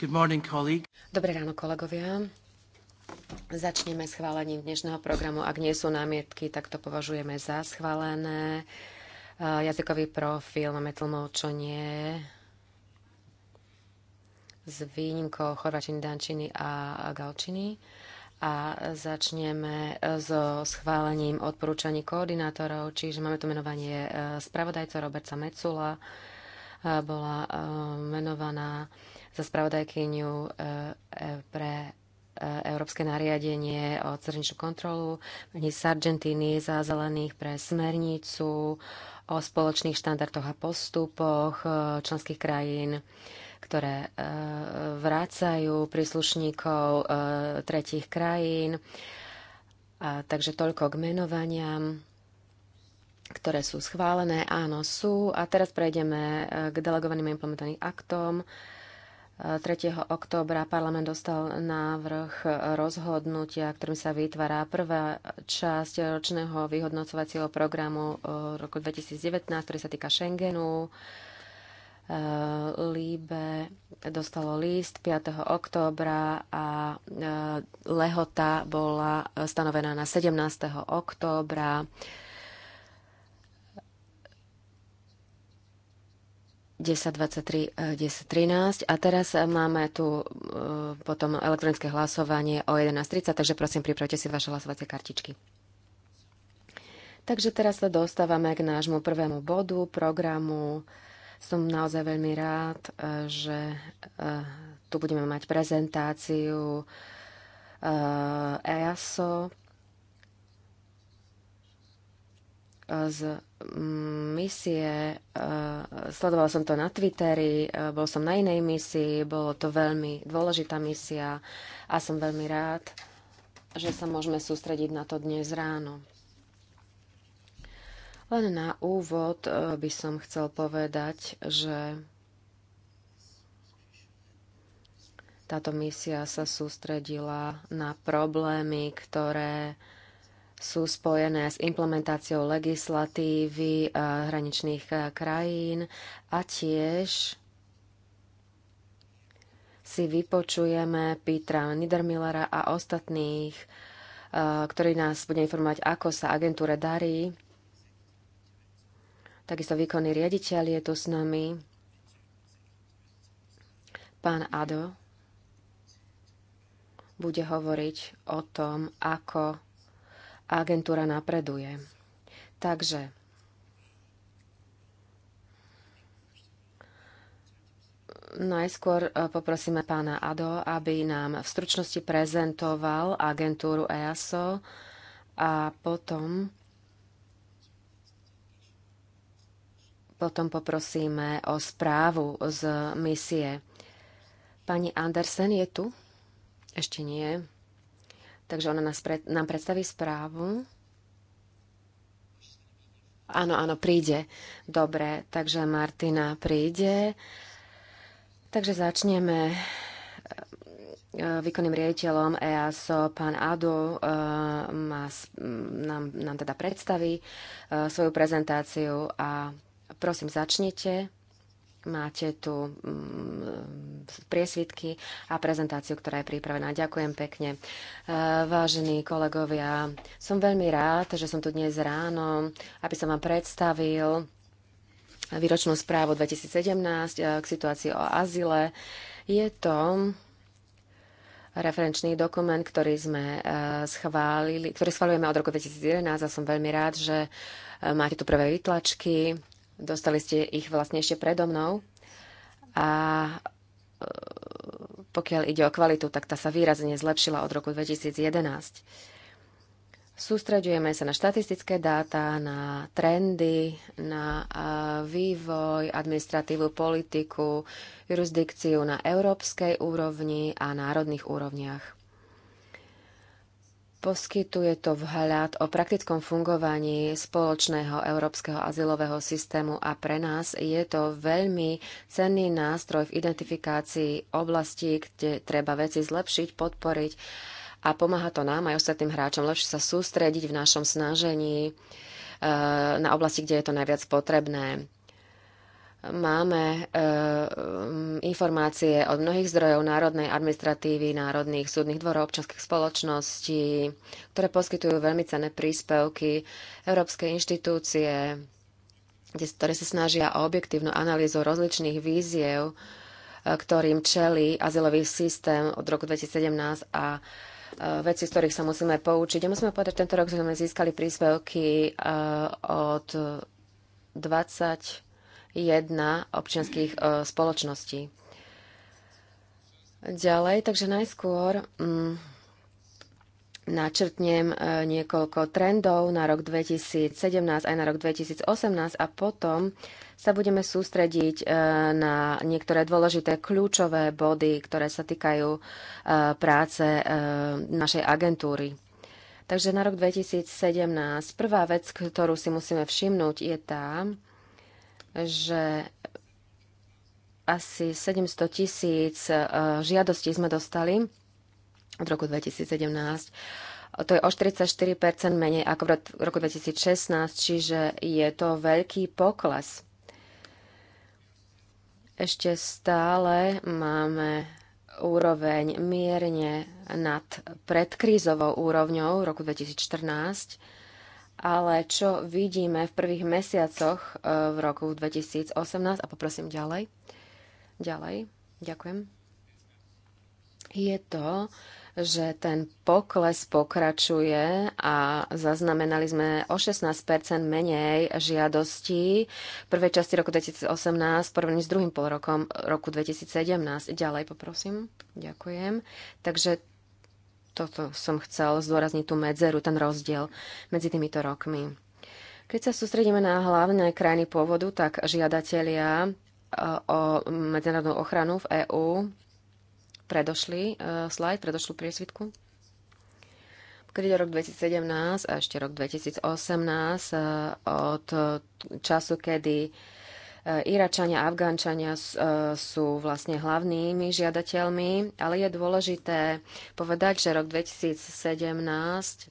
Good morning, colleague. Dobré ráno, kolegovia. Začneme schválením dnešného programu. Ak nie sú námietky, tak to považujeme za schválené. Jazykový profil máme nie. s výnimkou chorvačiny, dančiny a galčiny a začneme e, so schválením odporúčaní koordinátorov, čiže máme tu menovanie e, spravodajca Roberta Mecula, bola eh, menovaná za spravodajkyňu eh, eh, pre Európske nariadenie o cezhraničnú kontrolu, pani Sargentini za zelených pre smernicu o spoločných štandardoch a postupoch členských krajín, ktoré vrácajú príslušníkov tretích krajín. A takže toľko k menovaniam ktoré sú schválené. Áno, sú. A teraz prejdeme eh, k delegovaným implementovaným aktom. 3. Eh, októbra parlament dostal návrh rozhodnutia, ktorým sa vytvára prvá časť ročného vyhodnocovacieho programu eh, roku 2019, ktorý sa týka Schengenu. Líbe dostalo list 5. októbra a lehota bola stanovená na 17. októbra. 10, 1013 eh, a teraz eh, máme tu eh, potom elektronické hlasovanie o 11.30, takže prosím, pripravte si vaše hlasovacie kartičky. Takže teraz sa dostávame k nášmu prvému bodu programu. Som naozaj veľmi rád, že tu budeme mať prezentáciu EASO z misie. Eh, sledovala som to na Twitteri, eh, bol som na inej misii, bolo to veľmi dôležitá misia a som veľmi rád, že sa môžeme sústrediť na to dnes ráno. Len na úvod eh, by som chcel povedať, že táto misia sa sústredila na problémy, ktoré sú spojené s implementáciou legislatívy eh, hraničných eh, krajín a tiež si vypočujeme Petra Niedermillera a ostatných, eh, ktorí nás bude informovať, ako sa agentúre darí. Takisto výkonný riaditeľ je tu s nami, pán Ado bude hovoriť o tom, ako agentúra napreduje. Takže najskôr eh, poprosíme pána Ado, aby nám v stručnosti prezentoval agentúru EASO a potom potom poprosíme o správu z misie. Pani Andersen je tu? Ešte nie. Takže ona nás pre, nám predstaví správu. Áno, áno, príde. Dobre, takže Martina príde. Takže začneme eh, výkonným riaditeľom EASO, pán Adu, eh, má, mm, nám, nám teda predstaví eh, svoju prezentáciu a prosím, začnite. Máte tu mm, priesvitky a prezentáciu, ktorá je pripravená. Ďakujem pekne. E, vážení kolegovia, som veľmi rád, že som tu dnes ráno, aby som vám predstavil výročnú správu 2017 e, k situácii o azile. Je to referenčný dokument, ktorý sme e, schválili, ktorý schválujeme od roku 2011 a som veľmi rád, že máte tu prvé vytlačky Dostali ste ich vlastne ešte predo mnou. A e, pokiaľ ide o kvalitu, tak tá sa výrazne zlepšila od roku 2011. Sústreďujeme sa na štatistické dáta, na trendy, na e, vývoj, administratívu, politiku, jurisdikciu na európskej úrovni a národných úrovniach. Poskytuje to vhľad o praktickom fungovaní spoločného európskeho azylového systému a pre nás je to veľmi cenný nástroj v identifikácii oblastí, kde treba veci zlepšiť, podporiť a pomáha to nám aj ostatným hráčom lepšie sa sústrediť v našom snažení eh, na oblasti, kde je to najviac potrebné. Máme e, informácie od mnohých zdrojov národnej administratívy, národných súdnych dvorov, občanských spoločností, ktoré poskytujú veľmi cenné príspevky, európske inštitúcie, ktoré sa snažia o objektívnu analýzu rozličných víziev, e, ktorým čelí azylový systém od roku 2017 a e, veci, z ktorých sa musíme poučiť. A musíme povedať, že tento rok sme získali príspevky e, od 20 občianských e, spoločností. Ďalej, takže najskôr m, mm, načrtnem e, niekoľko trendov na rok 2017 aj na rok 2018 a potom sa budeme sústrediť e, na niektoré dôležité kľúčové body, ktoré sa týkajú práce našej agentúry. Takže na rok 2017 prvá vec, ktorú si musíme všimnúť, je tá, že asi 700 tisíc e, žiadostí sme dostali od roku 2017. To je o 44 menej ako v roku 2016, čiže je to veľký pokles. Ešte stále máme úroveň mierne nad predkrízovou úrovňou roku 2014 ale čo vidíme v prvých mesiacoch e, v roku 2018 a poprosím ďalej. Ďalej, ďakujem. Je to, že ten pokles pokračuje a zaznamenali sme o 16 menej žiadostí v prvej časti roku 2018 porovnaní s druhým polrokom roku 2017. Ďalej poprosím. Ďakujem. Takže toto som chcel zdôrazniť tú medzeru, ten rozdiel medzi týmito rokmi. Keď sa sústredíme na hlavné krajiny pôvodu, tak žiadatelia e, o medzinárodnú ochranu v EÚ predošli e, slide, predošlú priesvitku. Keď je rok 2017 a ešte rok 2018 e, od času, kedy Iračania a Afgánčania e, sú vlastne hlavnými žiadateľmi, ale je dôležité povedať, že rok 2017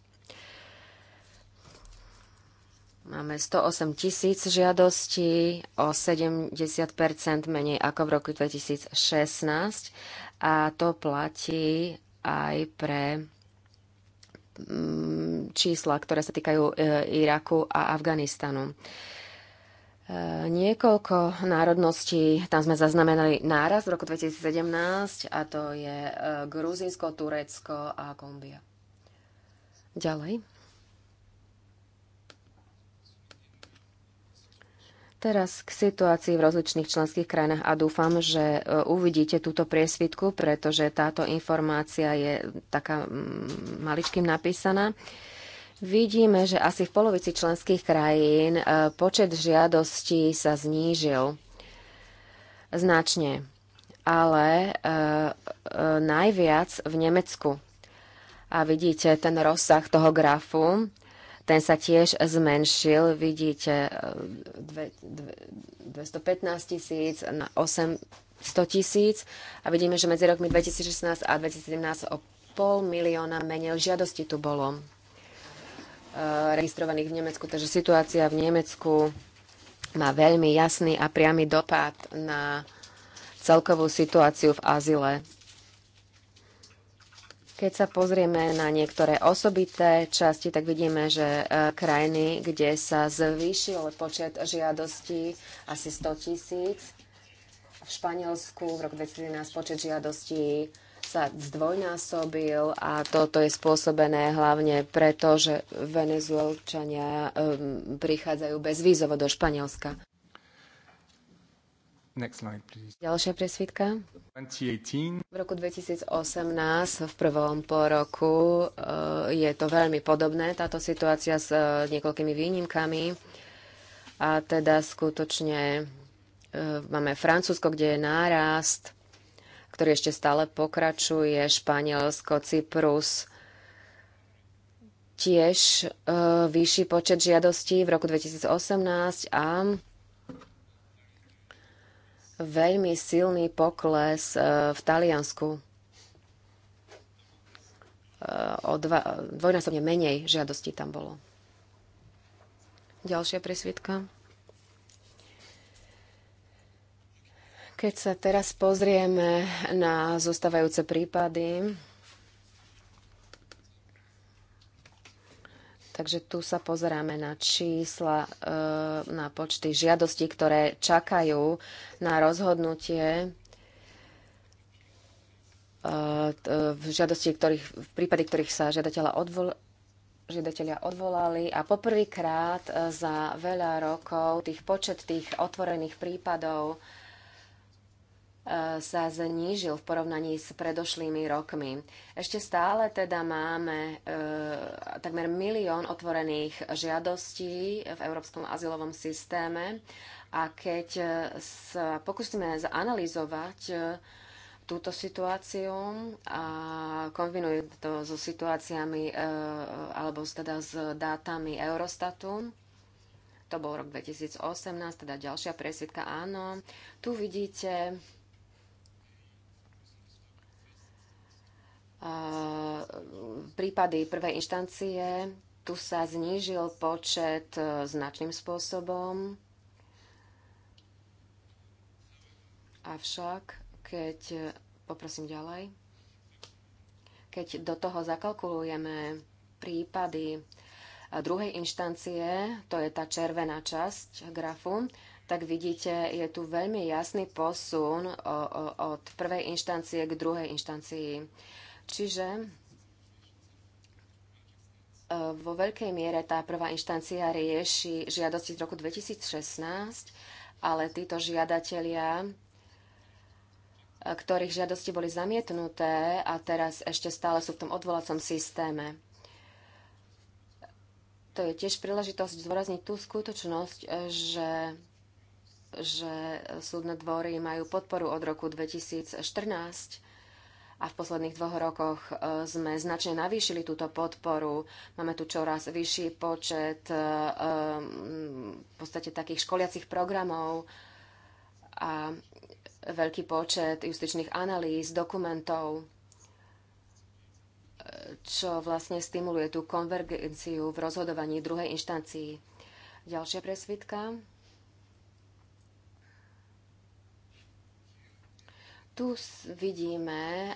máme 108 tisíc žiadostí, o 70 menej ako v roku 2016 a to platí aj pre mm, čísla, ktoré sa týkajú e, Iraku a Afganistanu. E, niekoľko národností, tam sme zaznamenali náraz v roku 2017 a to je e, Gruzinsko, Turecko a Kombia. Ďalej. Teraz k situácii v rozličných členských krajinách a dúfam, že e, uvidíte túto priesvitku, pretože táto informácia je taká mm, maličkým napísaná. Uh, vidíme, že asi v polovici členských krajín e, počet žiadostí sa znížil značne, ale e, e, najviac v Nemecku. A vidíte ten rozsah toho grafu, ten sa tiež zmenšil, vidíte 215 tisíc na 800 tisíc a vidíme, že medzi rokmi 2016 a 2017 o pol milióna menej žiadosti tu bolo. Eh, registrovaných v Nemecku. Takže situácia v Nemecku má veľmi jasný a priamy dopad na celkovú situáciu v azile. Keď sa pozrieme na niektoré osobité časti, tak vidíme, že eh, krajiny, kde sa zvýšil počet žiadostí asi 100 tisíc, v Španielsku v roku 2011 počet žiadostí sa zdvojnásobil a toto je spôsobené hlavne preto, že venezuelčania um, prichádzajú bez vízovo do Španielska. Next slide, please. Ďalšia presvitka. V roku 2018, v prvom poroku uh, je to veľmi podobné, táto situácia s uh, niekoľkými výnimkami. A teda skutočne uh, máme Francúzsko, kde je nárast ktorý ešte stále pokračuje, Španielsko, Cyprus, tiež e, vyšší počet žiadostí v roku 2018 a veľmi silný pokles e, v Taliansku. E, o dva, dvojnásobne menej žiadostí tam bolo. Ďalšia presvitka. Keď sa teraz pozrieme na zostávajúce prípady, takže tu sa pozeráme na čísla, e, na počty žiadostí, ktoré čakajú na rozhodnutie e, v žiadosti, ktorých, v prípade ktorých sa žiadateľa odvol, žiadateľia odvolali a poprvýkrát e, za veľa rokov tých počet tých otvorených prípadov sa znížil v porovnaní s predošlými rokmi. Ešte stále teda máme e, takmer milión otvorených žiadostí v Európskom azylovom systéme a keď sa pokúsime zanalizovať e, túto situáciu a kombinujú to so situáciami e, alebo teda s dátami Eurostatu, to bol rok 2018, teda ďalšia presvitka, áno. Tu vidíte Eh, prípady prvej inštancie. Tu sa znížil počet eh, značným spôsobom. Avšak, keď eh, poprosím ďalej, keď do toho zakalkulujeme prípady druhej inštancie, to je tá červená časť grafu, tak vidíte, je tu veľmi jasný posun od prvej inštancie k druhej inštancii. Čiže e, vo veľkej miere tá prvá inštancia rieši žiadosti z roku 2016, ale títo žiadatelia e, ktorých žiadosti boli zamietnuté a teraz ešte stále sú v tom odvolacom systéme. To je tiež príležitosť zdôrazniť tú skutočnosť, že, že súdne dvory majú podporu od roku 2014 a v posledných dvoch rokoch e, sme značne navýšili túto podporu. Máme tu čoraz vyšší počet e, v podstate takých školiacich programov a veľký počet justičných analýz, dokumentov, e, čo vlastne stimuluje tú konvergenciu v rozhodovaní druhej inštancii. Ďalšia presvitka. Tu vidíme eh,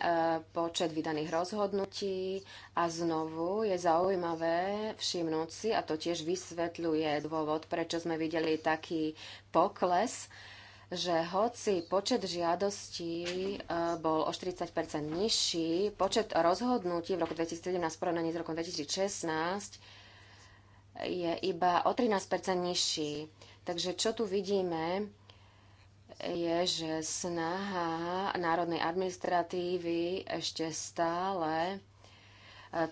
počet vydaných rozhodnutí a znovu je zaujímavé všimnúť si, a to tiež vysvetľuje dôvod, prečo sme videli taký pokles, že hoci počet žiadostí eh, bol o 40 nižší, počet rozhodnutí v roku 2017 v porovnaní s rokom 2016 je iba o 13 nižší. Takže čo tu vidíme, je, že snaha národnej administratívy ešte stále e,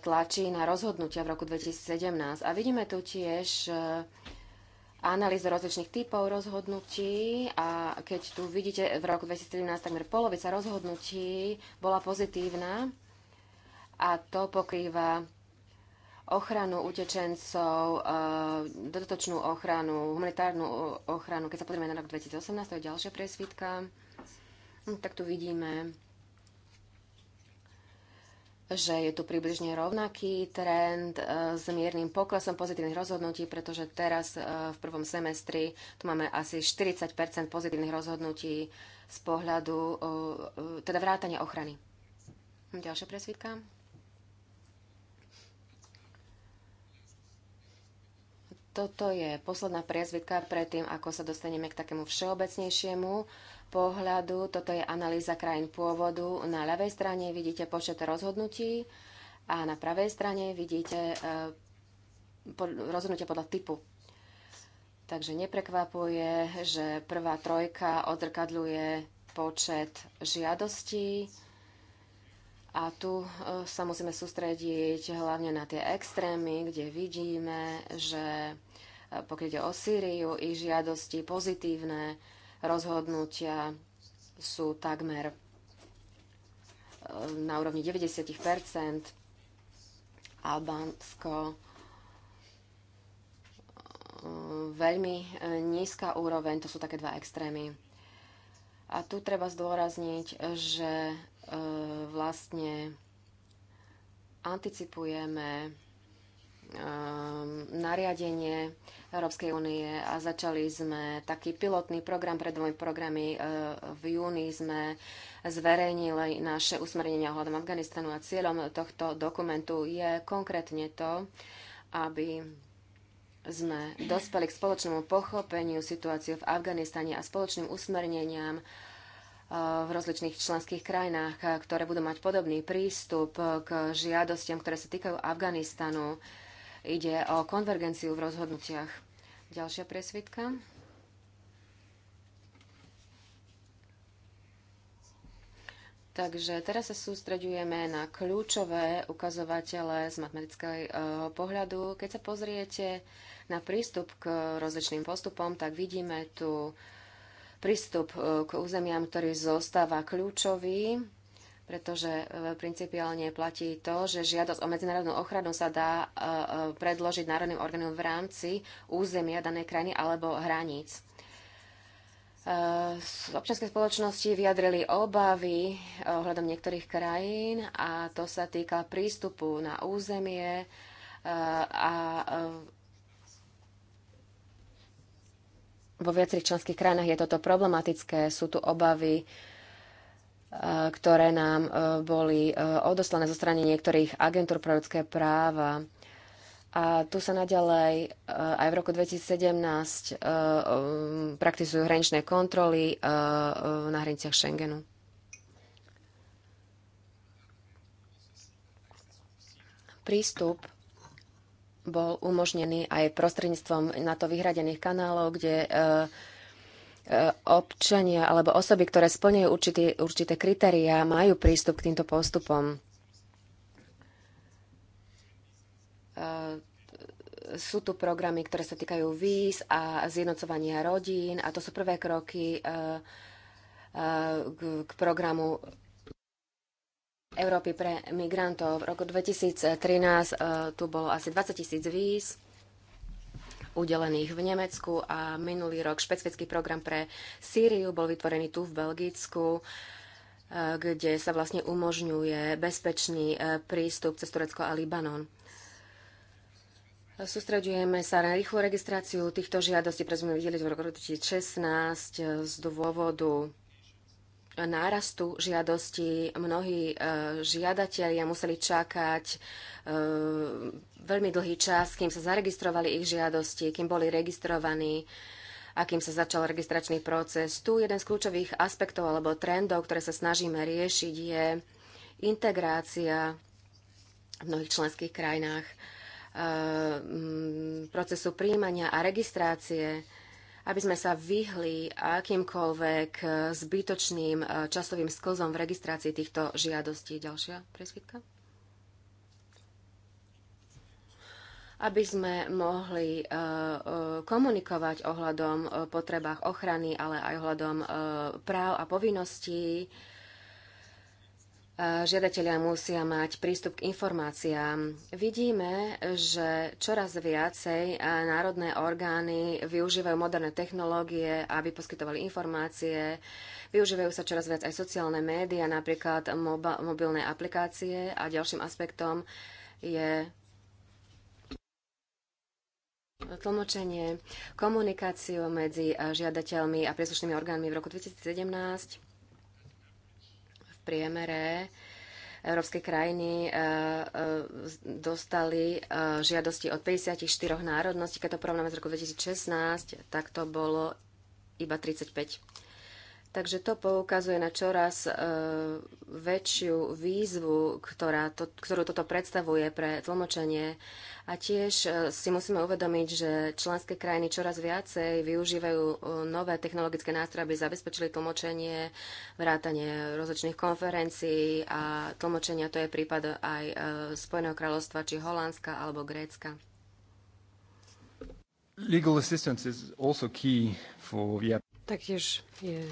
tlačí na rozhodnutia v roku 2017. A vidíme tu tiež e, analýzu rozličných typov rozhodnutí a keď tu vidíte v roku 2017 takmer polovica rozhodnutí bola pozitívna a to pokrýva ochranu utečencov, e, dodatočnú ochranu, humanitárnu ochranu. Keď sa pozrieme na rok 2018, to je ďalšia presvitka, hm, tak tu vidíme, že je tu približne rovnaký trend e, s miernym poklesom pozitívnych rozhodnutí, pretože teraz e, v prvom semestri tu máme asi 40 pozitívnych rozhodnutí z pohľadu teda vrátania ochrany. Hm, ďalšia presvitka. Toto je posledná priazvitka predtým, ako sa dostaneme k takému všeobecnejšiemu pohľadu. Toto je analýza krajín pôvodu. Na ľavej strane vidíte počet rozhodnutí a na pravej strane vidíte eh, rozhodnutie podľa typu Takže neprekvapuje, že prvá trojka odzrkadľuje počet žiadostí, a tu e, sa musíme sústrediť hlavne na tie extrémy, kde vidíme, že e, pokiaľ ide o Sýriu, ich žiadosti pozitívne rozhodnutia sú takmer e, na úrovni 90 Albánsko veľmi nízka úroveň, to sú také dva extrémy. A tu treba zdôrazniť, že E, vlastne anticipujeme e, nariadenie Európskej únie a začali sme taký pilotný program pred dvomi programy. E, v júni sme zverejnili naše usmernenia ohľadom Afganistanu a cieľom tohto dokumentu je konkrétne to, aby sme dospeli k spoločnému pochopeniu situácie v Afganistane a spoločným usmerneniam v rozličných členských krajinách, ktoré budú mať podobný prístup k žiadostiam, ktoré sa týkajú Afganistanu. Ide o konvergenciu v rozhodnutiach. Ďalšia presvitka. Takže teraz sa sústreďujeme na kľúčové ukazovatele z matematického pohľadu. Keď sa pozriete na prístup k rozličným postupom, tak vidíme tu prístup e, k územiam, ktorý zostáva kľúčový, pretože e, principiálne platí to, že žiadosť o medzinárodnú ochranu sa dá e, predložiť národným orgánom v rámci územia danej krajiny alebo hraníc. Občianske spoločnosti vyjadrili obavy ohľadom niektorých krajín a to sa týka prístupu na územie a Vo viacerých členských krajinách je toto problematické, sú tu obavy, e, ktoré nám e, boli e, odoslané zo strany niektorých agentúr pre ľudské práva. A tu sa naďalej aj v roku 2017 praktizujú hraničné kontroly na hraniciach Schengenu. Prístup bol umožnený aj prostredníctvom na to vyhradených kanálov, kde e, e, občania alebo osoby, ktoré splňujú určité, určité kritériá, majú prístup k týmto postupom. E, sú tu programy, ktoré sa týkajú víz a zjednocovania rodín a to sú prvé kroky k programu Európy pre migrantov. V roku 2013 e, tu bolo asi 20 tisíc víz udelených v Nemecku a minulý rok špecifický program pre Sýriu bol vytvorený tu v Belgicku e, kde sa vlastne umožňuje bezpečný e, prístup cez Turecko a Libanon. Sústredujeme sa na rýchlu registráciu týchto žiadostí, pretože sme videli v roku 2016 z dôvodu nárastu žiadosti. Mnohí e, žiadatelia museli čakať e, veľmi dlhý čas, kým sa zaregistrovali ich žiadosti, kým boli registrovaní a kým sa začal registračný proces. Tu jeden z kľúčových aspektov alebo trendov, ktoré sa snažíme riešiť, je integrácia v mnohých členských krajinách e, procesu príjmania a registrácie aby sme sa vyhli akýmkoľvek eh, zbytočným eh, časovým sklzom v registrácii týchto žiadostí. Ďalšia presvitka. aby sme mohli eh, komunikovať ohľadom potrebách ochrany, ale aj ohľadom práv a povinností žiadatelia musia mať prístup k informáciám. Vidíme, že čoraz viacej národné orgány využívajú moderné technológie, aby poskytovali informácie. Využívajú sa čoraz viac aj sociálne médiá, napríklad mobilné aplikácie. A ďalším aspektom je tlmočenie komunikáciu medzi žiadateľmi a príslušnými orgánmi v roku 2017 priemere európske krajiny e, e, dostali e, žiadosti od 54 národností. Keď to porovnáme z roku 2016, tak to bolo iba 35 Takže to poukazuje na čoraz e, väčšiu výzvu, ktorá to, ktorú toto predstavuje pre tlmočenie. A tiež e, si musíme uvedomiť, že členské krajiny čoraz viacej využívajú e, nové technologické nástroje, aby zabezpečili tlmočenie, vrátanie rozličných konferencií a tlmočenia to je prípad aj e, Spojeného kráľovstva, či Holandska alebo Grécka. Legal assistance is also key for Taktiež je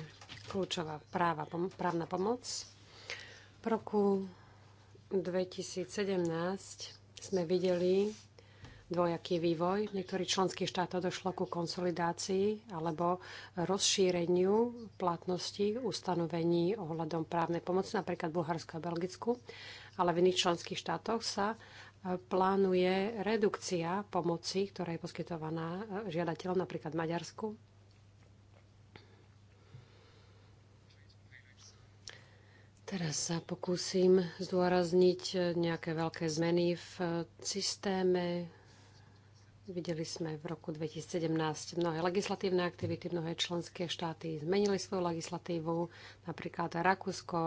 kľúčová práva, pom- právna pomoc. V roku 2017 sme videli dvojaký vývoj. V niektorých členských štátoch došlo ku konsolidácii alebo rozšíreniu platnosti ustanovení ohľadom právnej pomoci, napríklad Bulharsku a Belgicku, ale v iných členských štátoch sa e, plánuje redukcia pomoci, ktorá je poskytovaná e, žiadateľom, napríklad Maďarsku. Teraz sa pokúsim zdôrazniť nejaké veľké zmeny v eh, systéme. Videli sme v roku 2017 mnohé legislatívne aktivity, mnohé členské štáty zmenili svoju legislatívu, napríklad Rakúsko,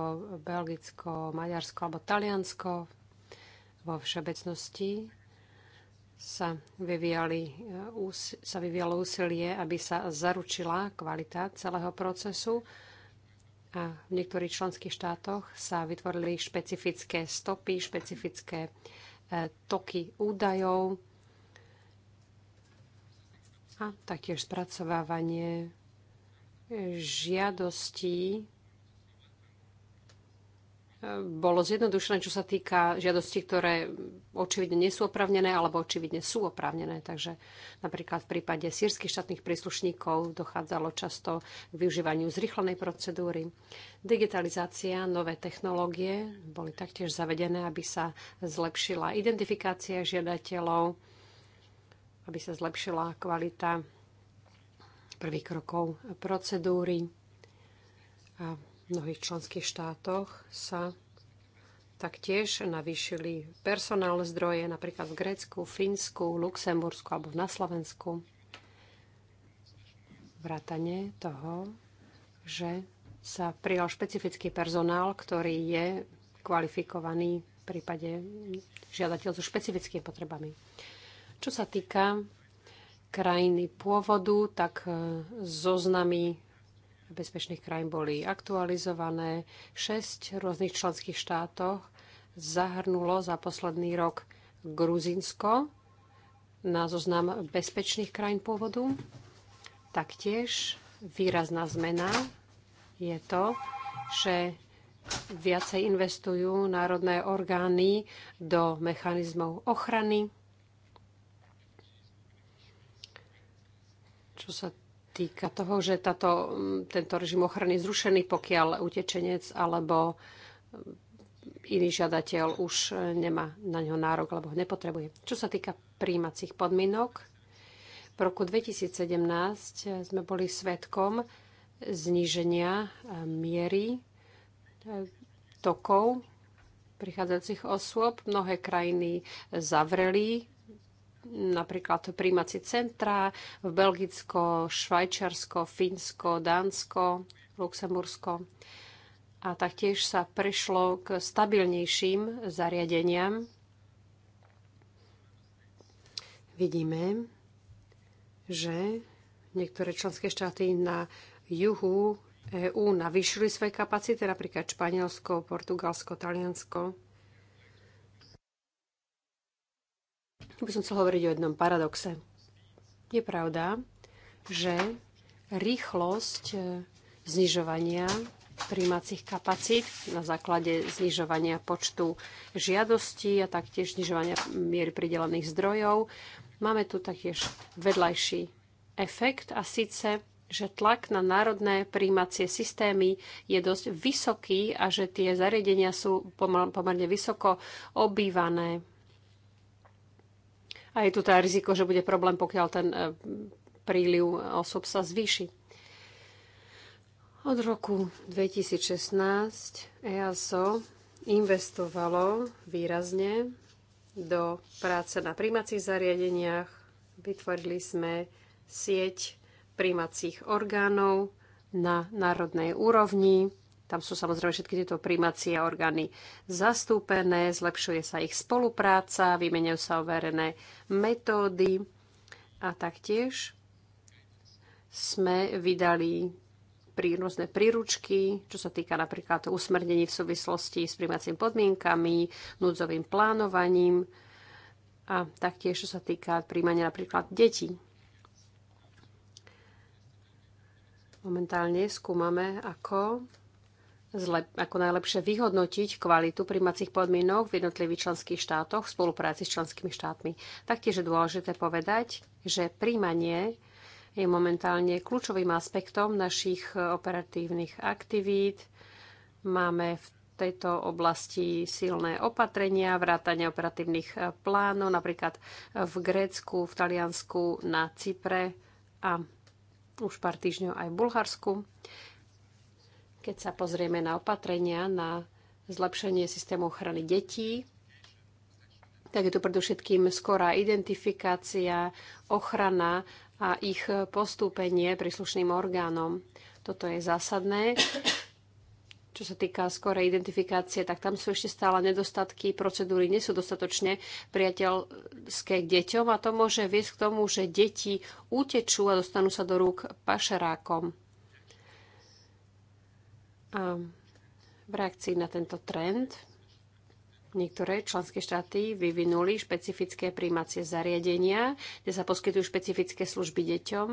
Belgicko, Maďarsko alebo Taliansko vo všeobecnosti sa, vyvíjali, eh, sa vyvíjalo úsilie, aby sa zaručila kvalita celého procesu a v niektorých členských štátoch sa vytvorili špecifické stopy, špecifické e, toky údajov a taktiež spracovávanie žiadostí bolo zjednodušené, čo sa týka žiadosti, ktoré očividne nie sú opravnené alebo očividne sú opravnené. Takže napríklad v prípade sírskych štátnych príslušníkov dochádzalo často k využívaniu zrychlenej procedúry. Digitalizácia, nové technológie boli taktiež zavedené, aby sa zlepšila identifikácia žiadateľov, aby sa zlepšila kvalita prvých krokov procedúry. A v mnohých členských štátoch sa taktiež navýšili personálne zdroje, napríklad v Grécku, Fínsku, Luxembursku alebo na Slovensku. Vrátanie toho, že sa prijal špecifický personál, ktorý je kvalifikovaný v prípade žiadateľ so špecifickými potrebami. Čo sa týka krajiny pôvodu, tak e, zoznamy bezpečných krajín boli aktualizované. Šesť rôznych členských štátoch zahrnulo za posledný rok Gruzinsko na zoznam bezpečných krajín pôvodu. Taktiež výrazná zmena je to, že viacej investujú národné orgány do mechanizmov ochrany. Čo sa týka toho, že táto, mm, tento režim ochrany je zrušený, pokiaľ utečenec alebo mm, iný žiadateľ už e, nemá na ňo nárok, alebo ho nepotrebuje. Čo sa týka príjímacích podmienok, v roku 2017 e, sme boli svetkom zníženia e, miery tokov prichádzajúcich osôb. Mnohé krajiny zavreli napríklad príjmacie centra v Belgicko, Švajčarsko, Fínsko, Dánsko, Luxembursko. A taktiež sa prešlo k stabilnejším zariadeniam. Vidíme, že niektoré členské štáty na juhu EÚ navýšili svoje kapacity, napríklad Španielsko, Portugalsko, Taliansko. by som chcel hovoriť o jednom paradoxe. Je pravda, že rýchlosť e, znižovania príjmacích kapacít na základe znižovania počtu žiadostí a taktiež znižovania miery pridelených zdrojov. Máme tu taktiež vedľajší efekt a síce, že tlak na národné príjmacie systémy je dosť vysoký a že tie zariadenia sú pomerne vysoko obývané. A je tu tá riziko, že bude problém, pokiaľ ten e, príliv osob sa zvýši. Od roku 2016 EASO investovalo výrazne do práce na príjmacích zariadeniach. Vytvorili sme sieť príjmacích orgánov na národnej úrovni. Tam sú samozrejme všetky tieto a orgány zastúpené, zlepšuje sa ich spolupráca, vymeniajú sa overené metódy a taktiež sme vydali pri rôzne príručky, čo sa týka napríklad usmernení v súvislosti s príjmacím podmienkami, núdzovým plánovaním a taktiež, čo sa týka príjmania napríklad detí. Momentálne skúmame, ako zlep- ako najlepšie vyhodnotiť kvalitu príjmacích podmienok v jednotlivých členských štátoch v spolupráci s členskými štátmi. Taktiež je dôležité povedať, že príjmanie je momentálne kľúčovým aspektom našich operatívnych aktivít. Máme v tejto oblasti silné opatrenia, vrátanie operatívnych plánov, napríklad v Grécku, v Taliansku, na Cypre a už pár týždňov aj v Bulharsku. Keď sa pozrieme na opatrenia na zlepšenie systému ochrany detí, tak je tu predovšetkým skorá identifikácia, ochrana a ich postúpenie príslušným orgánom. Toto je zásadné. Čo sa týka skorej identifikácie, tak tam sú ešte stále nedostatky, procedúry nie sú dostatočne priateľské k deťom a to môže viesť k tomu, že deti utečú a dostanú sa do rúk pašerákom. A v reakcii na tento trend Niektoré členské štáty vyvinuli špecifické príjmacie zariadenia, kde sa poskytujú špecifické služby deťom,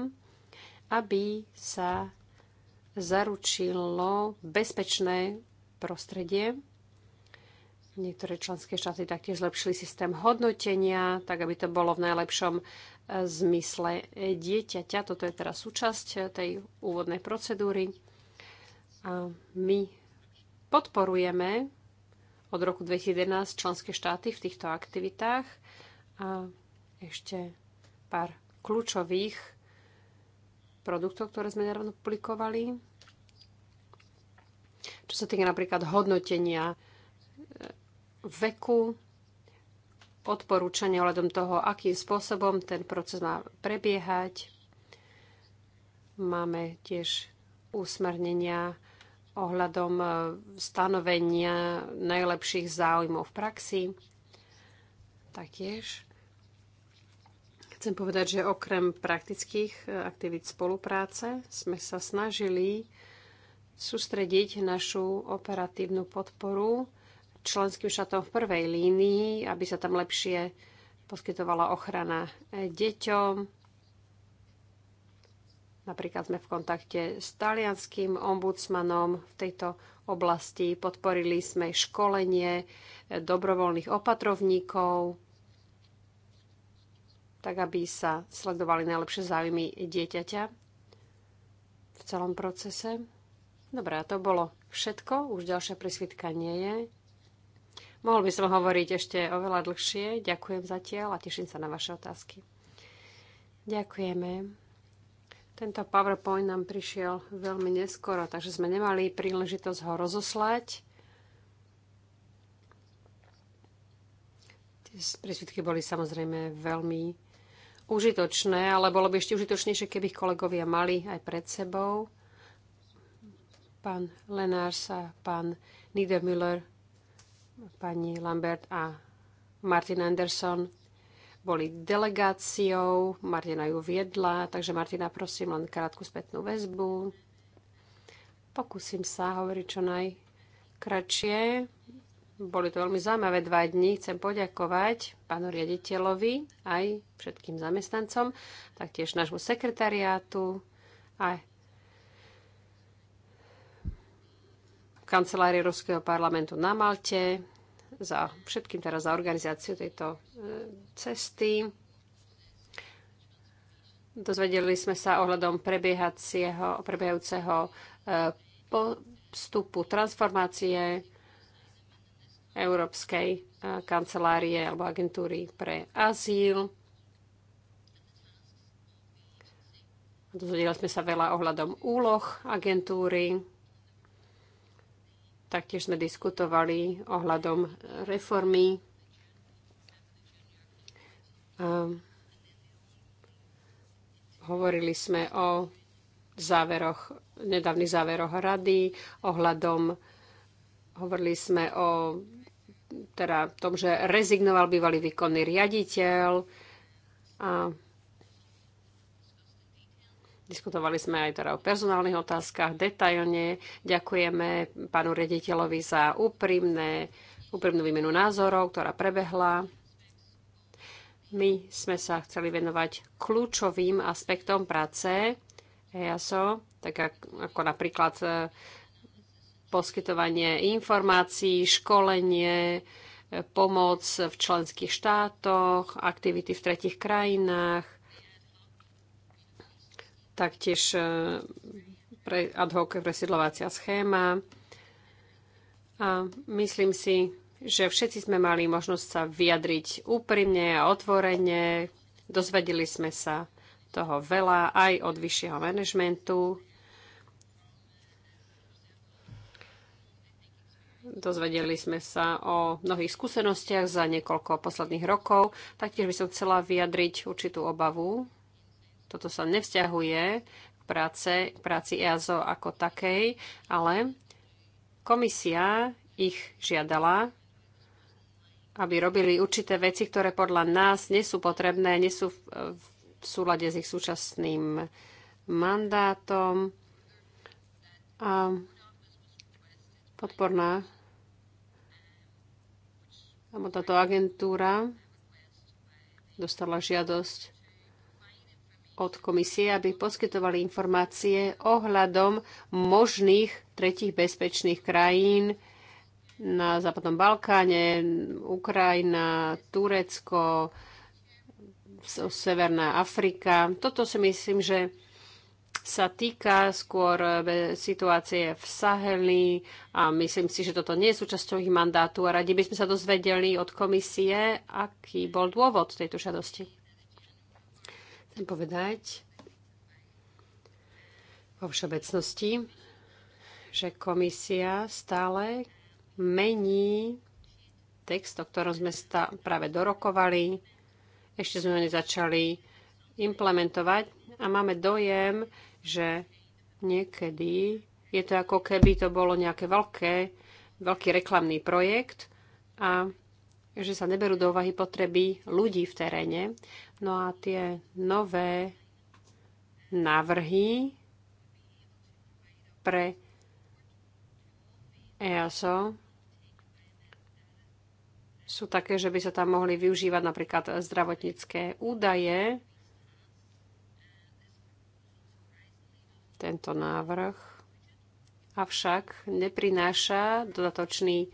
aby sa zaručilo bezpečné prostredie. Niektoré členské štáty taktiež zlepšili systém hodnotenia, tak aby to bolo v najlepšom e, zmysle dieťaťa. Toto je teraz súčasť tej úvodnej procedúry my podporujeme od roku 2011 členské štáty v týchto aktivitách a ešte pár kľúčových produktov, ktoré sme nedávno publikovali. Čo sa týka napríklad hodnotenia e, veku, odporúčania ohľadom toho, akým spôsobom ten proces má prebiehať. Máme tiež úsmernenia ohľadom e, stanovenia najlepších záujmov v praxi. Taktiež chcem povedať, že okrem praktických e, aktivít spolupráce sme sa snažili sústrediť našu operatívnu podporu členským štátom v prvej línii, aby sa tam lepšie poskytovala ochrana e, deťom, Napríklad sme v kontakte s talianským ombudsmanom v tejto oblasti. Podporili sme školenie e, dobrovoľných opatrovníkov, tak aby sa sledovali najlepšie záujmy dieťaťa v celom procese. Dobre, a to bolo všetko. Už ďalšia prísvitka nie je. Mohol by som hovoriť ešte oveľa dlhšie. Ďakujem zatiaľ a teším sa na vaše otázky. Ďakujeme. Tento PowerPoint nám prišiel veľmi neskoro, takže sme nemali príležitosť ho rozoslať. Tie prísvitky boli samozrejme veľmi užitočné, ale bolo by ešte užitočnejšie, keby ich kolegovia mali aj pred sebou. Pán Lenárs a pán Niedermüller, pani Lambert a Martin Anderson boli delegáciou, Martina ju viedla, takže Martina, prosím len krátku spätnú väzbu. Pokúsim sa hovoriť čo najkratšie. Boli to veľmi zaujímavé dva dni. Chcem poďakovať pánu riaditeľovi aj všetkým zamestnancom, taktiež nášmu sekretariátu a kancelárii Ruského parlamentu na Malte, za všetkým teraz za organizáciu tejto e, cesty. Dozvedeli sme sa ohľadom prebiehajúceho e, postupu transformácie Európskej e, kancelárie alebo agentúry pre azyl. Dozvedeli sme sa veľa ohľadom úloh agentúry. Taktiež sme diskutovali ohľadom reformy. A ehm, hovorili sme o záveroch, nedávnych záveroch rady, ohľadom, hovorili sme o teda tom, že rezignoval bývalý výkonný riaditeľ a Diskutovali sme aj teda o personálnych otázkach detailne. Ďakujeme pánu rediteľovi za úprimné, úprimnú výmenu názorov, ktorá prebehla. My sme sa chceli venovať kľúčovým aspektom práce EASO, tak ako napríklad e, poskytovanie informácií, školenie, e, pomoc v členských štátoch, aktivity v tretich krajinách, taktiež e, pre ad hoc presiedlovacia schéma. A myslím si, že všetci sme mali možnosť sa vyjadriť úprimne a otvorene. Dozvedeli sme sa toho veľa aj od vyššieho manažmentu. Dozvedeli sme sa o mnohých skúsenostiach za niekoľko posledných rokov. Taktiež by som chcela vyjadriť určitú obavu toto sa nevzťahuje k práce, k práci EASO ako takej, ale komisia ich žiadala, aby robili určité veci, ktoré podľa nás nie sú potrebné, nie sú v súlade s ich súčasným mandátom. A podporná alebo táto agentúra dostala žiadosť od komisie, aby poskytovali informácie ohľadom možných tretich bezpečných krajín na Západnom Balkáne, Ukrajina, Turecko, Severná Afrika. Toto si myslím, že sa týka skôr eh, situácie v Saheli a myslím si, že toto nie je súčasťou ich mandátu a radi by sme sa dozvedeli od komisie, aký bol dôvod tejto žiadosti. Chcem povedať vo všeobecnosti, že komisia stále mení text, o ktorom sme práve dorokovali. Ešte sme ho nezačali implementovať a máme dojem, že niekedy je to ako keby to bolo nejaké veľké, veľký reklamný projekt a že sa neberú do úvahy potreby ľudí v teréne. No a tie nové návrhy pre EASO sú také, že by sa tam mohli využívať napríklad zdravotnícke údaje. Tento návrh avšak neprináša dodatočný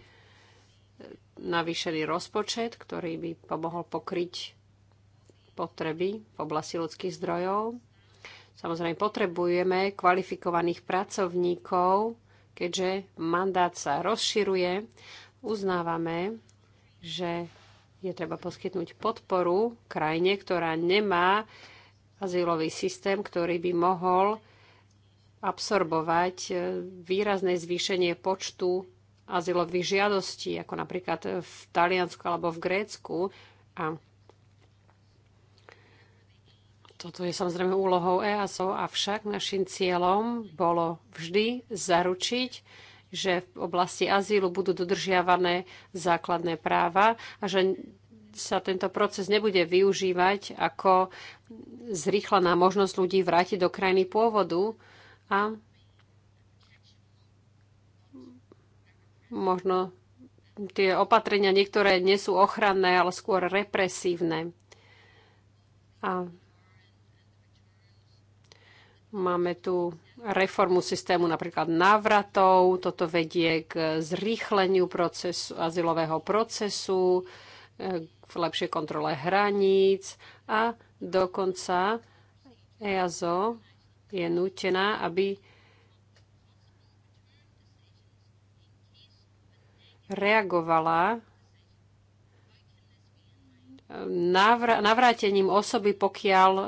navýšený rozpočet, ktorý by pomohol pokryť potreby v oblasti ľudských zdrojov. Samozrejme, potrebujeme kvalifikovaných pracovníkov, keďže mandát sa rozširuje. Uznávame, že je treba poskytnúť podporu krajine, ktorá nemá azylový systém, ktorý by mohol absorbovať e, výrazné zvýšenie počtu azylových žiadostí, ako napríklad v Taliansku alebo v Grécku. A toto je samozrejme úlohou EASO, avšak našim cieľom bolo vždy zaručiť, že v oblasti azylu budú dodržiavané základné práva a že sa tento proces nebude využívať ako zrýchlená možnosť ľudí vrátiť do krajiny pôvodu. A Možno tie opatrenia niektoré nie sú ochranné, ale skôr represívne. A Máme tu reformu systému napríklad návratov, toto vedie k zrýchleniu procesu, azylového procesu, k lepšej kontrole hraníc a dokonca EASO je nutená, aby reagovala navrátením osoby, pokiaľ e,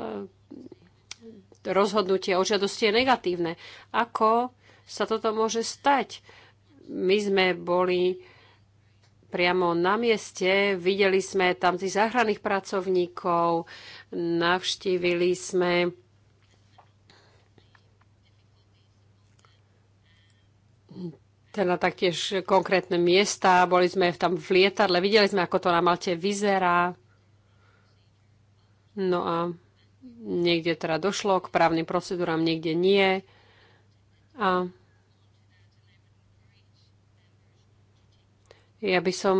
rozhodnutie o žiadosti je negatívne. Ako sa toto môže stať? My sme boli priamo na mieste, videli sme tam tých záchranných pracovníkov, navštívili sme teda taktiež konkrétne miesta. Boli sme tam v lietadle, videli sme, ako to na Malte vyzerá. No a niekde teda došlo k právnym procedúram, niekde nie. A ja by som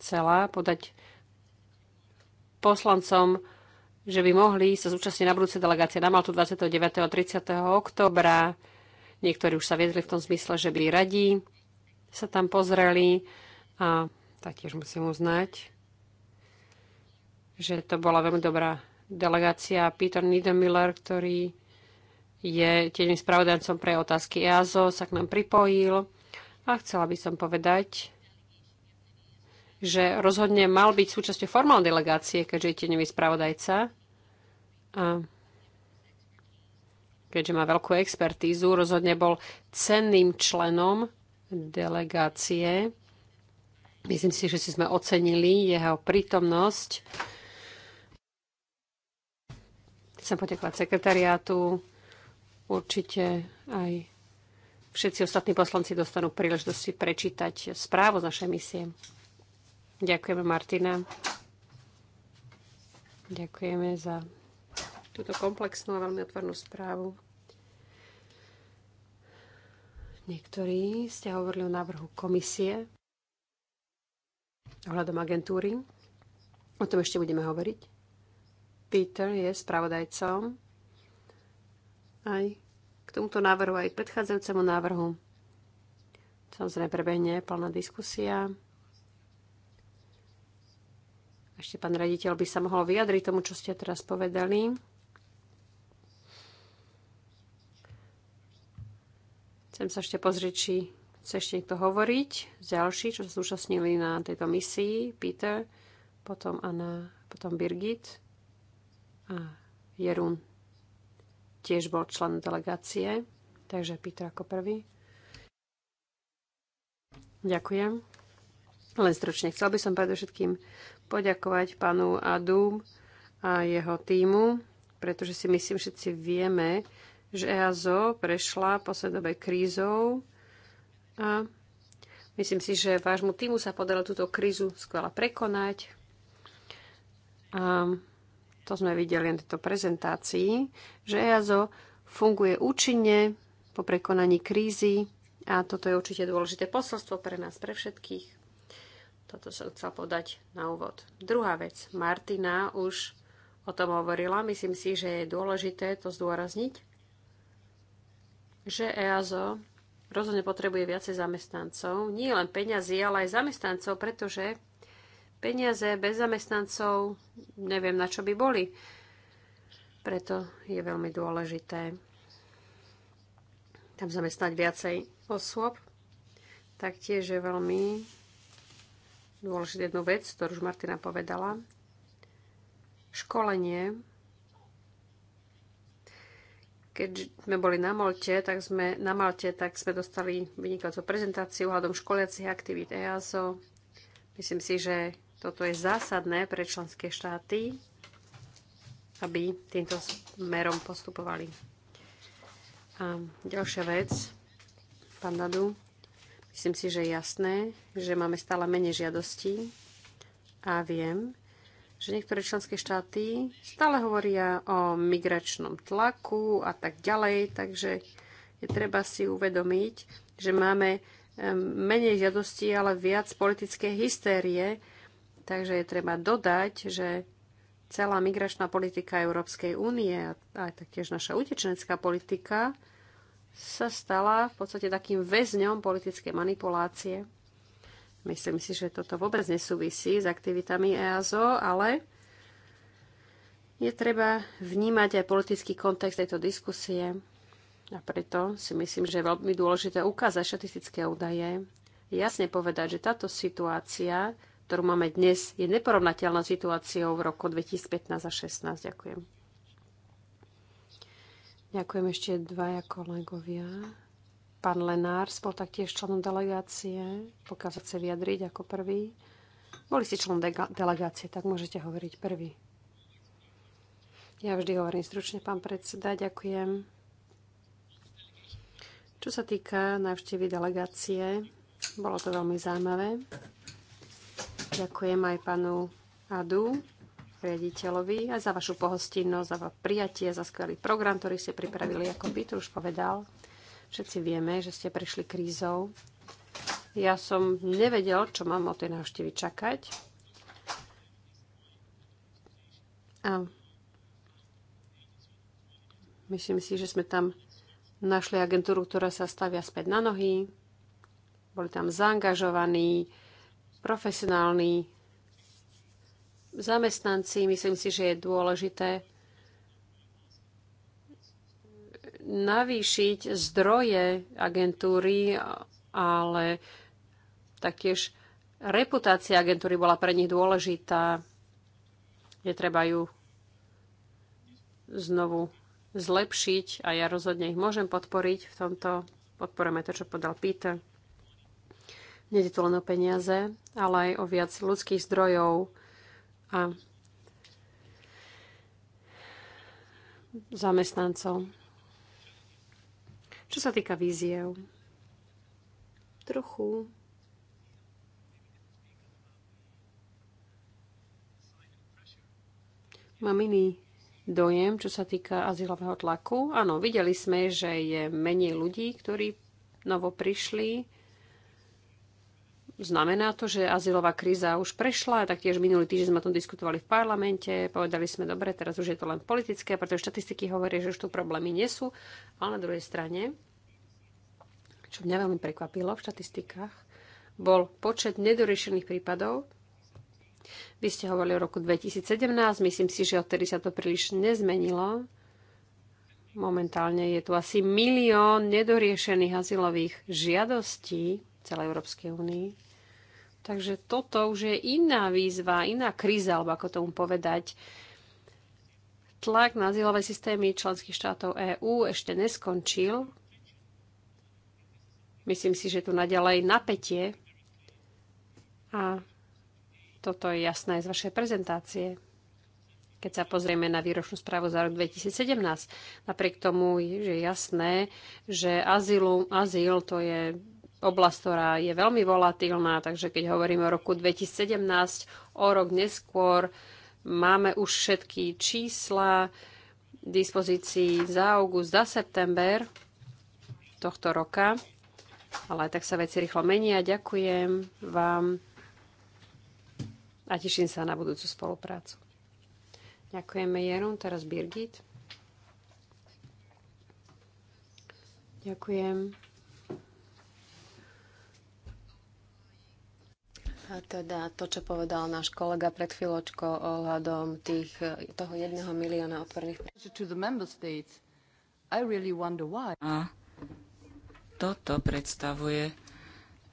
chcela podať poslancom, že by mohli sa zúčastniť na budúce delegácie na Maltu 29. a 30. oktobra Niektorí už sa viedli v tom zmysle, že by radí sa tam pozreli a taktiež musím uznať, že to bola veľmi dobrá delegácia. Peter Niedermiller, ktorý je tiež spravodajcom pre otázky EASO, sa k nám pripojil a chcela by som povedať, že rozhodne mal byť súčasťou formálnej delegácie, keďže je tieňový spravodajca. A keďže má veľkú expertízu, rozhodne bol cenným členom delegácie. Myslím si, že si sme ocenili jeho prítomnosť. Chcem poďakovať sekretariátu. Určite aj všetci ostatní poslanci dostanú príležitosť si prečítať správu z našej misie. Ďakujeme, Martina. Ďakujeme za túto komplexnú a veľmi otvornú správu. Niektorí ste hovorili o návrhu komisie ohľadom agentúry. O tom ešte budeme hovoriť. Peter je spravodajcom aj k tomuto návrhu, aj k predchádzajúcemu návrhu. Samozrejme prebehne plná diskusia. Ešte pán raditeľ by sa mohol vyjadriť tomu, čo ste teraz povedali. Chcem sa ešte pozrieť, či chce ešte niekto hovoriť. Ďalší, čo sa zúčastnili na tejto misii, Peter, potom Anna, potom Birgit a Jerun tiež bol člen delegácie, takže Peter ako prvý. Ďakujem. Len stručne. Chcel by som predovšetkým poďakovať pánu Adum a jeho týmu, pretože si myslím, všetci vieme, že EASO prešla posledovej krízou a myslím si, že vášmu týmu sa podarilo túto krízu skvele prekonať. A to sme videli na tejto prezentácii, že EASO funguje účinne po prekonaní krízy a toto je určite dôležité posolstvo pre nás, pre všetkých. Toto som chcel podať na úvod. Druhá vec. Martina už o tom hovorila. Myslím si, že je dôležité to zdôrazniť že EASO rozhodne potrebuje viacej zamestnancov. Nie len peňazí, ale aj zamestnancov, pretože peniaze bez zamestnancov neviem, na čo by boli. Preto je veľmi dôležité tam zamestnať viacej osôb. Taktiež je veľmi dôležitá jednu vec, ktorú už Martina povedala. Školenie keď sme boli na Malte, tak sme, na Malte, tak sme dostali vynikajúcu prezentáciu hľadom školiacich aktivít EASO. Myslím si, že toto je zásadné pre členské štáty, aby týmto smerom postupovali. A ďalšia vec, pán Dadu, myslím si, že je jasné, že máme stále menej žiadostí a viem, že niektoré členské štáty stále hovoria o migračnom tlaku a tak ďalej, takže je treba si uvedomiť, že máme menej žiadostí, ale viac politické hystérie, takže je treba dodať, že celá migračná politika Európskej únie a aj taktiež naša utečenecká politika sa stala v podstate takým väzňom politickej manipulácie. Myslím si, že toto vôbec nesúvisí s aktivitami EASO, ale je treba vnímať aj politický kontext tejto diskusie. A preto si myslím, že je veľmi dôležité ukázať štatistické údaje, jasne povedať, že táto situácia, ktorú máme dnes, je neporovnateľná situáciou v roku 2015 a 2016. Ďakujem. Ďakujem ešte dvaja kolegovia. Pán Lenárs bol taktiež členom delegácie, pokiaľ sa chce vyjadriť ako prvý. Boli ste členom de delegácie, tak môžete hovoriť prvý. Ja vždy hovorím stručne, pán predseda, ďakujem. Čo sa týka návštevy delegácie, bolo to veľmi zaujímavé. Ďakujem aj panu Adu, riaditeľovi, aj za vašu pohostinnosť, za prijatie, za skvelý program, ktorý ste pripravili, ako by to už povedal. Všetci vieme, že ste prešli krízou. Ja som nevedel, čo mám od tej návštevy čakať. A myslím si, že sme tam našli agentúru, ktorá sa stavia späť na nohy. Boli tam zaangažovaní, profesionálni zamestnanci. Myslím si, že je dôležité navýšiť zdroje agentúry, ale taktiež reputácia agentúry bola pre nich dôležitá. Je treba ju znovu zlepšiť a ja rozhodne ich môžem podporiť v tomto. Podporujeme to, čo podal Peter. je to len o peniaze, ale aj o viac ľudských zdrojov a zamestnancov. Čo sa týka víziev, trochu mám iný dojem, čo sa týka azylového tlaku. Áno, videli sme, že je menej ľudí, ktorí novo prišli. Znamená to, že azylová kríza už prešla, taktiež minulý týždeň sme o tom diskutovali v parlamente, povedali sme, dobre, teraz už je to len politické, pretože štatistiky hovoria, že už tu problémy nie sú, ale na druhej strane, čo mňa veľmi prekvapilo v štatistikách, bol počet nedoriešených prípadov. Vy ste hovorili o roku 2017, myslím si, že odtedy sa to príliš nezmenilo. Momentálne je tu asi milión nedoriešených azylových žiadostí, celej Európskej únii. Takže toto už je iná výzva, iná kríza, alebo ako tomu povedať. Tlak na azylové systémy členských štátov EÚ ešte neskončil. Myslím si, že tu naďalej napätie. A toto je jasné z vašej prezentácie. Keď sa pozrieme na výročnú správu za rok 2017, napriek tomu, že je jasné, že azyl, azyl to je oblasť, ktorá je veľmi volatilná, takže keď hovoríme o roku 2017, o rok neskôr máme už všetky čísla v dispozícii za august, za september tohto roka. Ale tak sa veci rýchlo menia. Ďakujem vám a teším sa na budúcu spoluprácu. Ďakujeme Jerum, teraz Birgit. Ďakujem. A teda to, čo povedal náš kolega pred chvíľočkou ohľadom tých, toho jedného milióna otvorených... A toto predstavuje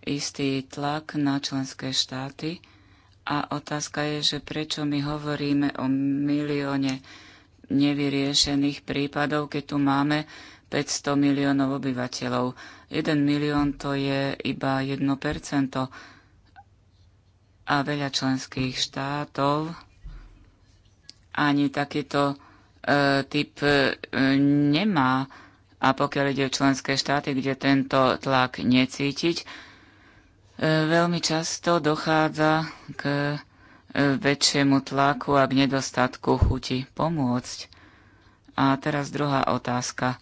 istý tlak na členské štáty a otázka je, že prečo my hovoríme o milióne nevyriešených prípadov, keď tu máme 500 miliónov obyvateľov. 1 milión to je iba 1 a veľa členských štátov ani takýto e, typ e, nemá. A pokiaľ ide o členské štáty, kde tento tlak necítiť, e, veľmi často dochádza k e, väčšiemu tlaku a k nedostatku chuti pomôcť. A teraz druhá otázka.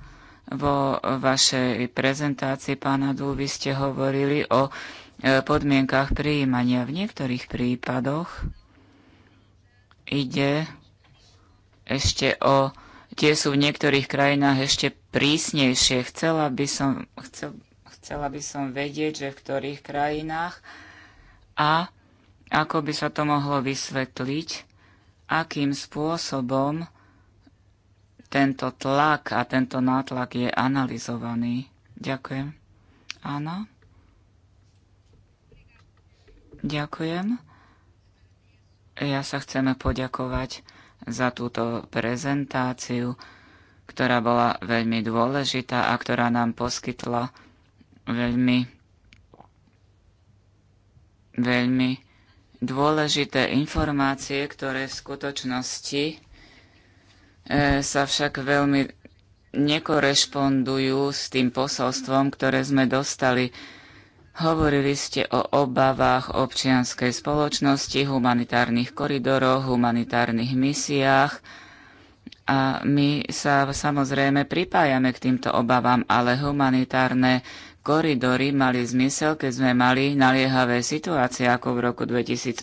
Vo vašej prezentácii, pána Dú, vy ste hovorili o E, podmienkach prijímania. V niektorých prípadoch ide ešte o... Tie sú v niektorých krajinách ešte prísnejšie. Chcela by som, chcel, chcela by som vedieť, že v ktorých krajinách a ako by sa to mohlo vysvetliť, akým spôsobom tento tlak a tento nátlak je analyzovaný. Ďakujem. Áno. Ďakujem. Ja sa chceme poďakovať za túto prezentáciu, ktorá bola veľmi dôležitá a ktorá nám poskytla veľmi, veľmi dôležité informácie, ktoré v skutočnosti e, sa však veľmi nekorešpondujú s tým posolstvom, ktoré sme dostali Hovorili ste o obavách občianskej spoločnosti, humanitárnych koridoroch, humanitárnych misiách a my sa samozrejme pripájame k týmto obavám, ale humanitárne koridory mali zmysel, keď sme mali naliehavé situácie ako v roku 2015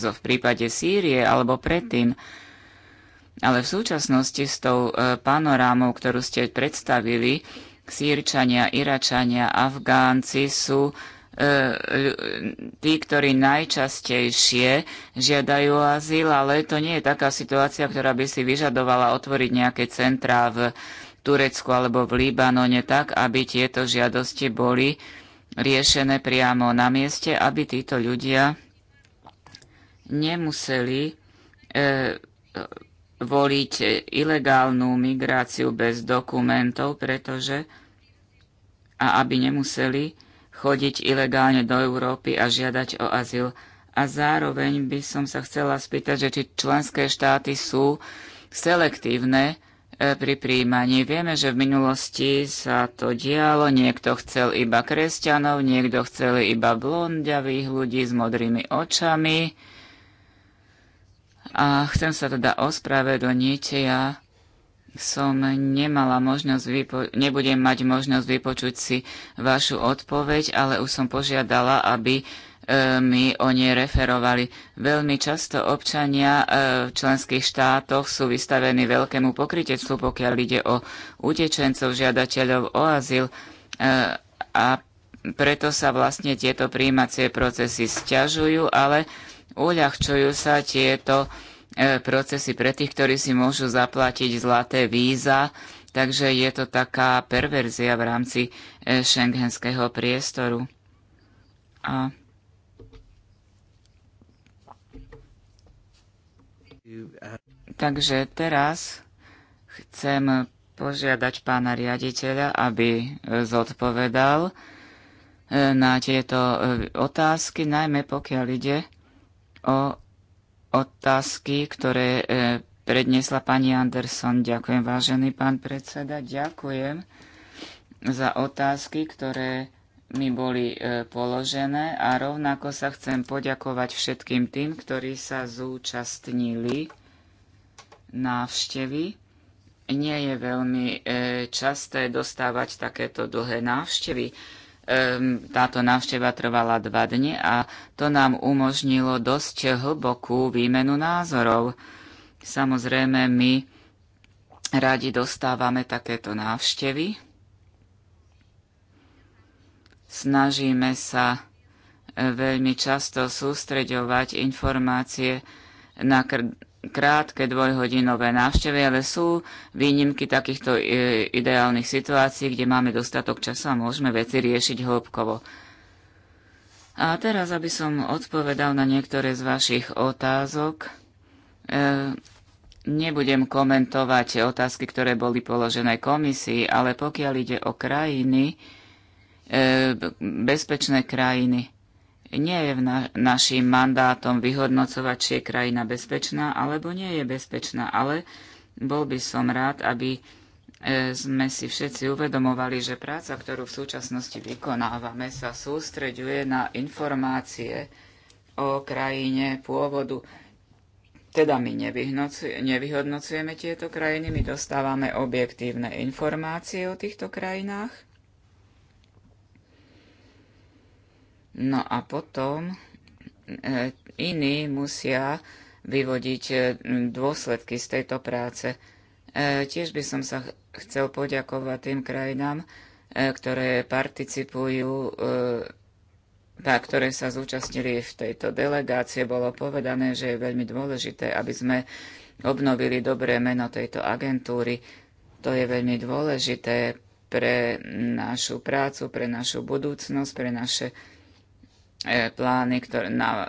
zo v prípade Sýrie alebo predtým. Ale v súčasnosti s tou e, panorámou, ktorú ste predstavili, Sýrčania, Iračania, Afgánci sú e, tí, ktorí najčastejšie žiadajú azyl, ale to nie je taká situácia, ktorá by si vyžadovala otvoriť nejaké centrá v Turecku alebo v Líbanone tak, aby tieto žiadosti boli riešené priamo na mieste, aby títo ľudia nemuseli e, voliť ilegálnu migráciu bez dokumentov, pretože a aby nemuseli chodiť ilegálne do Európy a žiadať o azyl. A zároveň by som sa chcela spýtať, že či členské štáty sú selektívne e, pri príjmaní. Vieme, že v minulosti sa to dialo. Niekto chcel iba kresťanov, niekto chcel iba blondiavých ľudí s modrými očami a chcem sa teda ospravedlniť, ja som nemala možnosť, vypo- nebudem mať možnosť vypočuť si vašu odpoveď, ale už som požiadala, aby e, mi o nej referovali. Veľmi často občania e, v členských štátoch sú vystavení veľkému pokrytectvu, pokiaľ ide o utečencov, žiadateľov o azyl e, a preto sa vlastne tieto príjímacie procesy stiažujú, ale uľahčujú sa tieto e, procesy pre tých, ktorí si môžu zaplatiť zlaté víza, takže je to taká perverzia v rámci e, šengenského priestoru. A Takže teraz chcem požiadať pána riaditeľa, aby e, zodpovedal na tieto otázky, najmä pokiaľ ide o otázky, ktoré e, predniesla pani Anderson. Ďakujem, vážený pán predseda. Ďakujem za otázky, ktoré mi boli e, položené a rovnako sa chcem poďakovať všetkým tým, ktorí sa zúčastnili návštevy. Nie je veľmi e, časté dostávať takéto dlhé návštevy táto návšteva trvala dva dni a to nám umožnilo dosť hlbokú výmenu názorov. Samozrejme, my radi dostávame takéto návštevy. Snažíme sa eh, veľmi často sústreďovať informácie na, kr- krátke dvojhodinové návštevy, ale sú výnimky takýchto e, ideálnych situácií, kde máme dostatok času a môžeme veci riešiť hĺbkovo. A teraz, aby som odpovedal na niektoré z vašich otázok, e, nebudem komentovať otázky, ktoré boli položené komisii, ale pokiaľ ide o krajiny, e, bezpečné krajiny, nie je na, našim mandátom vyhodnocovať, či je krajina bezpečná alebo nie je bezpečná, ale bol by som rád, aby e, sme si všetci uvedomovali, že práca, ktorú v súčasnosti vykonávame, sa sústreďuje na informácie o krajine pôvodu. Teda my nevyhodnocujeme tieto krajiny, my dostávame objektívne informácie o týchto krajinách No a potom e, iní musia vyvodiť e, dôsledky z tejto práce. E, tiež by som sa chcel poďakovať tým krajinám, ktoré participujú, a ktoré sa zúčastnili v tejto delegácie. Bolo povedané, že je veľmi dôležité, aby sme obnovili dobré meno tejto agentúry. To je veľmi dôležité pre našu prácu, pre našu budúcnosť, pre naše E, plány ktoré, na e,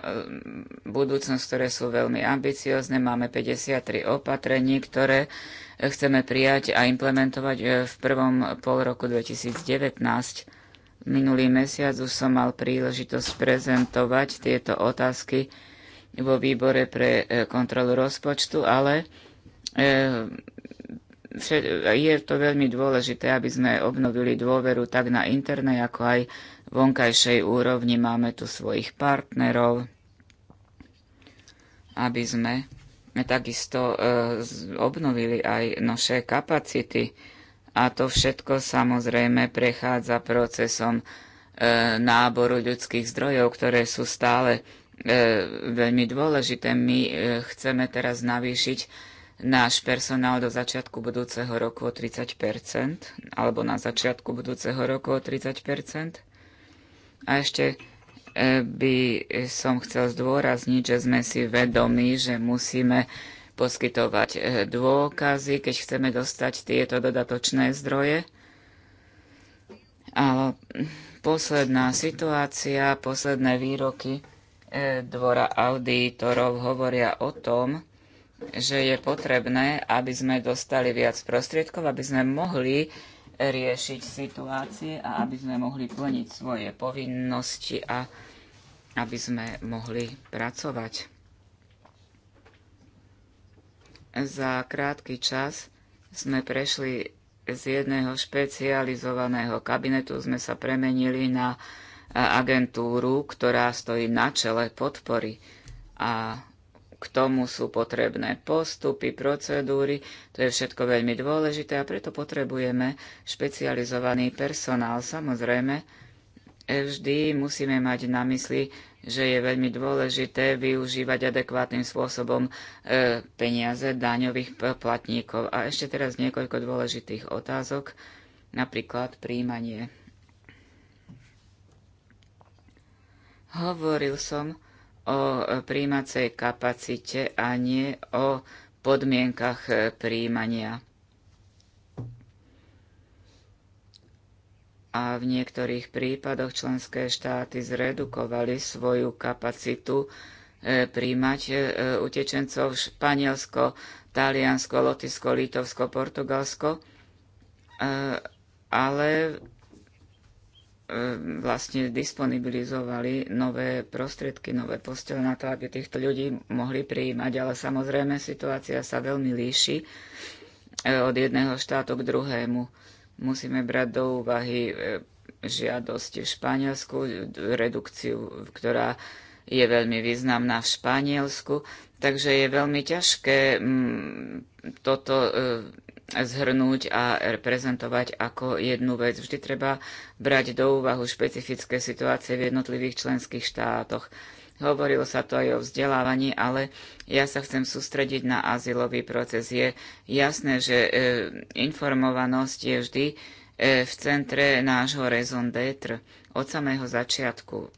budúcnosť, ktoré sú veľmi ambiciozne. Máme 53 opatrení, ktoré chceme prijať a implementovať e, v prvom pol roku 2019. Minulý mesiac už som mal príležitosť prezentovať tieto otázky vo výbore pre kontrolu rozpočtu, ale je to veľmi dôležité, aby sme obnovili dôveru tak na internej, ako aj vonkajšej úrovni. Máme tu svojich partnerov, aby sme takisto e, obnovili aj naše kapacity. A to všetko samozrejme prechádza procesom e, náboru ľudských zdrojov, ktoré sú stále e, veľmi dôležité. My chceme teraz navýšiť náš personál do začiatku budúceho roku o 30 alebo na začiatku budúceho roku o 30 A ešte e, by som chcel zdôrazniť, že sme si vedomi, že musíme poskytovať e, dôkazy, keď chceme dostať tieto dodatočné zdroje. Ale posledná situácia, posledné výroky e, Dvora auditorov hovoria o tom, že je potrebné, aby sme dostali viac prostriedkov, aby sme mohli riešiť situácie a aby sme mohli plniť svoje povinnosti a aby sme mohli pracovať. Za krátky čas sme prešli z jedného špecializovaného kabinetu, sme sa premenili na agentúru, ktorá stojí na čele podpory. A k tomu sú potrebné postupy, procedúry, to je všetko veľmi dôležité a preto potrebujeme špecializovaný personál. Samozrejme, vždy musíme mať na mysli, že je veľmi dôležité využívať adekvátnym spôsobom e, peniaze daňových platníkov. A ešte teraz niekoľko dôležitých otázok, napríklad príjmanie. Hovoril som o príjmacej kapacite a nie o podmienkach príjmania. A v niektorých prípadoch členské štáty zredukovali svoju kapacitu e, príjmať e, utečencov Španielsko, Taliansko, Lotisko, Litovsko, Portugalsko, e, ale E, vlastne disponibilizovali nové prostriedky, nové postele na to, aby týchto ľudí mohli prijímať. Ale samozrejme situácia sa veľmi líši e, od jedného štátu k druhému. Musíme brať do úvahy e, žiadosti v Španielsku, redukciu, ktorá je veľmi významná v Španielsku. Takže je veľmi ťažké toto zhrnúť a reprezentovať ako jednu vec. Vždy treba brať do úvahu špecifické situácie v jednotlivých členských štátoch. Hovorilo sa to aj o vzdelávaní, ale ja sa chcem sústrediť na azylový proces. Je jasné, že e, informovanosť je vždy e, v centre nášho raison d'être od samého začiatku.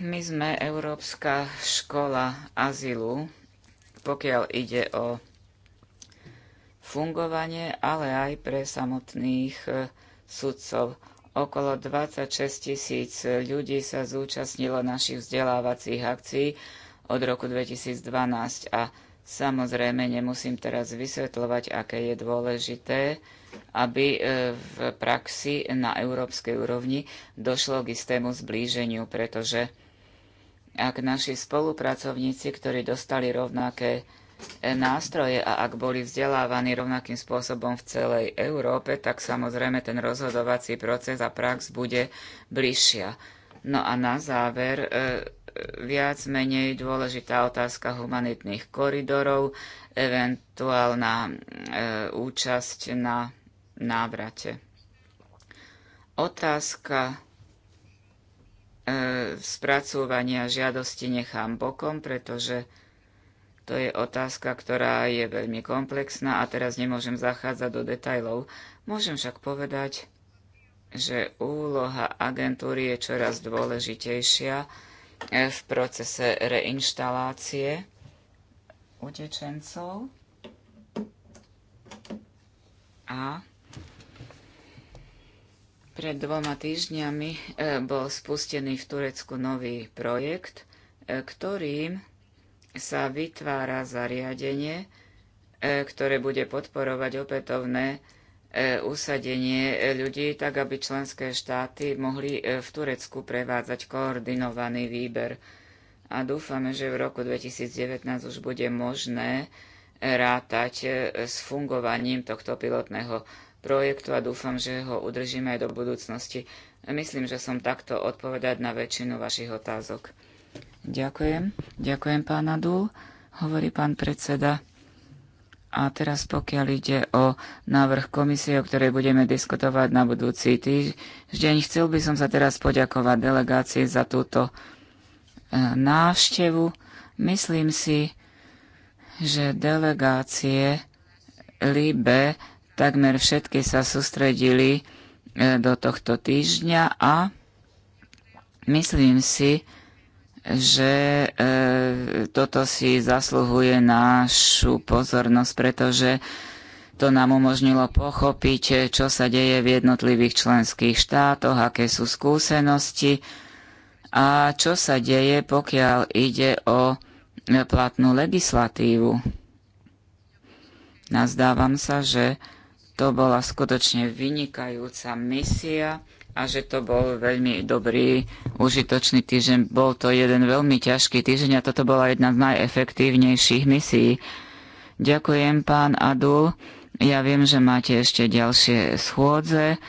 My sme Európska škola azylu pokiaľ ide o fungovanie, ale aj pre samotných e, sudcov. Okolo 26 tisíc ľudí sa zúčastnilo našich vzdelávacích akcií od roku 2012 a samozrejme nemusím teraz vysvetľovať, aké je dôležité, aby e, v praxi na európskej úrovni došlo k istému zblíženiu, pretože ak naši spolupracovníci, ktorí dostali rovnaké e, nástroje a ak boli vzdelávaní rovnakým spôsobom v celej Európe, tak samozrejme ten rozhodovací proces a prax bude bližšia. No a na záver, e, e, viac menej dôležitá otázka humanitných koridorov, eventuálna účasť na návrate. Otázka E, spracúvania žiadosti nechám bokom, pretože to je otázka, ktorá je veľmi komplexná a teraz nemôžem zachádzať do detajlov. Môžem však povedať, že úloha agentúry je čoraz dôležitejšia e, v procese reinštalácie utečencov a pred dvoma týždňami e, bol spustený v Turecku nový projekt, e, ktorým sa vytvára zariadenie, e, ktoré bude podporovať opätovné usadenie ľudí, tak aby členské štáty mohli v Turecku prevádzať koordinovaný výber. A dúfame, že v roku 2019 už bude možné rátať s fungovaním tohto pilotného projektu a dúfam, že ho udržíme aj do budúcnosti. Myslím, že som takto odpovedať na väčšinu vašich otázok. Ďakujem. Ďakujem, pán Adu, hovorí pán predseda. A teraz pokiaľ ide o návrh komisie, o ktorej budeme diskutovať na budúci týždeň, chcel by som sa teraz poďakovať delegácii za túto e, návštevu. Myslím si, že delegácie LIBE Takmer všetky sa sústredili e, do tohto týždňa a myslím si, že e, toto si zasluhuje našu pozornosť, pretože to nám umožnilo pochopiť, e, čo sa deje v jednotlivých členských štátoch, aké sú skúsenosti a čo sa deje, pokiaľ ide o platnú legislatívu. Nazdávam sa, že to bola skutočne vynikajúca misia a že to bol veľmi dobrý, užitočný týždeň. Bol to jeden veľmi ťažký týždeň a toto bola jedna z najefektívnejších misií. Ďakujem, pán Adul. Ja viem, že máte ešte ďalšie schôdze.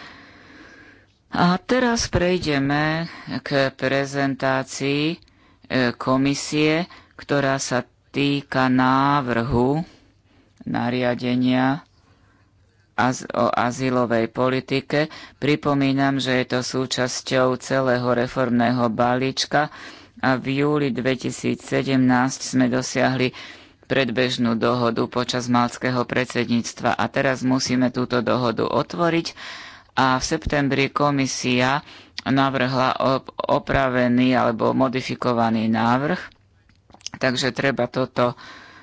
A teraz prejdeme k prezentácii e, komisie, ktorá sa týka návrhu nariadenia az, o azylovej politike. Pripomínam, že je to súčasťou celého reformného balíčka a v júli 2017 sme dosiahli predbežnú dohodu počas malckého predsedníctva a teraz musíme túto dohodu otvoriť a v septembri komisia navrhla opravený alebo modifikovaný návrh, takže treba toto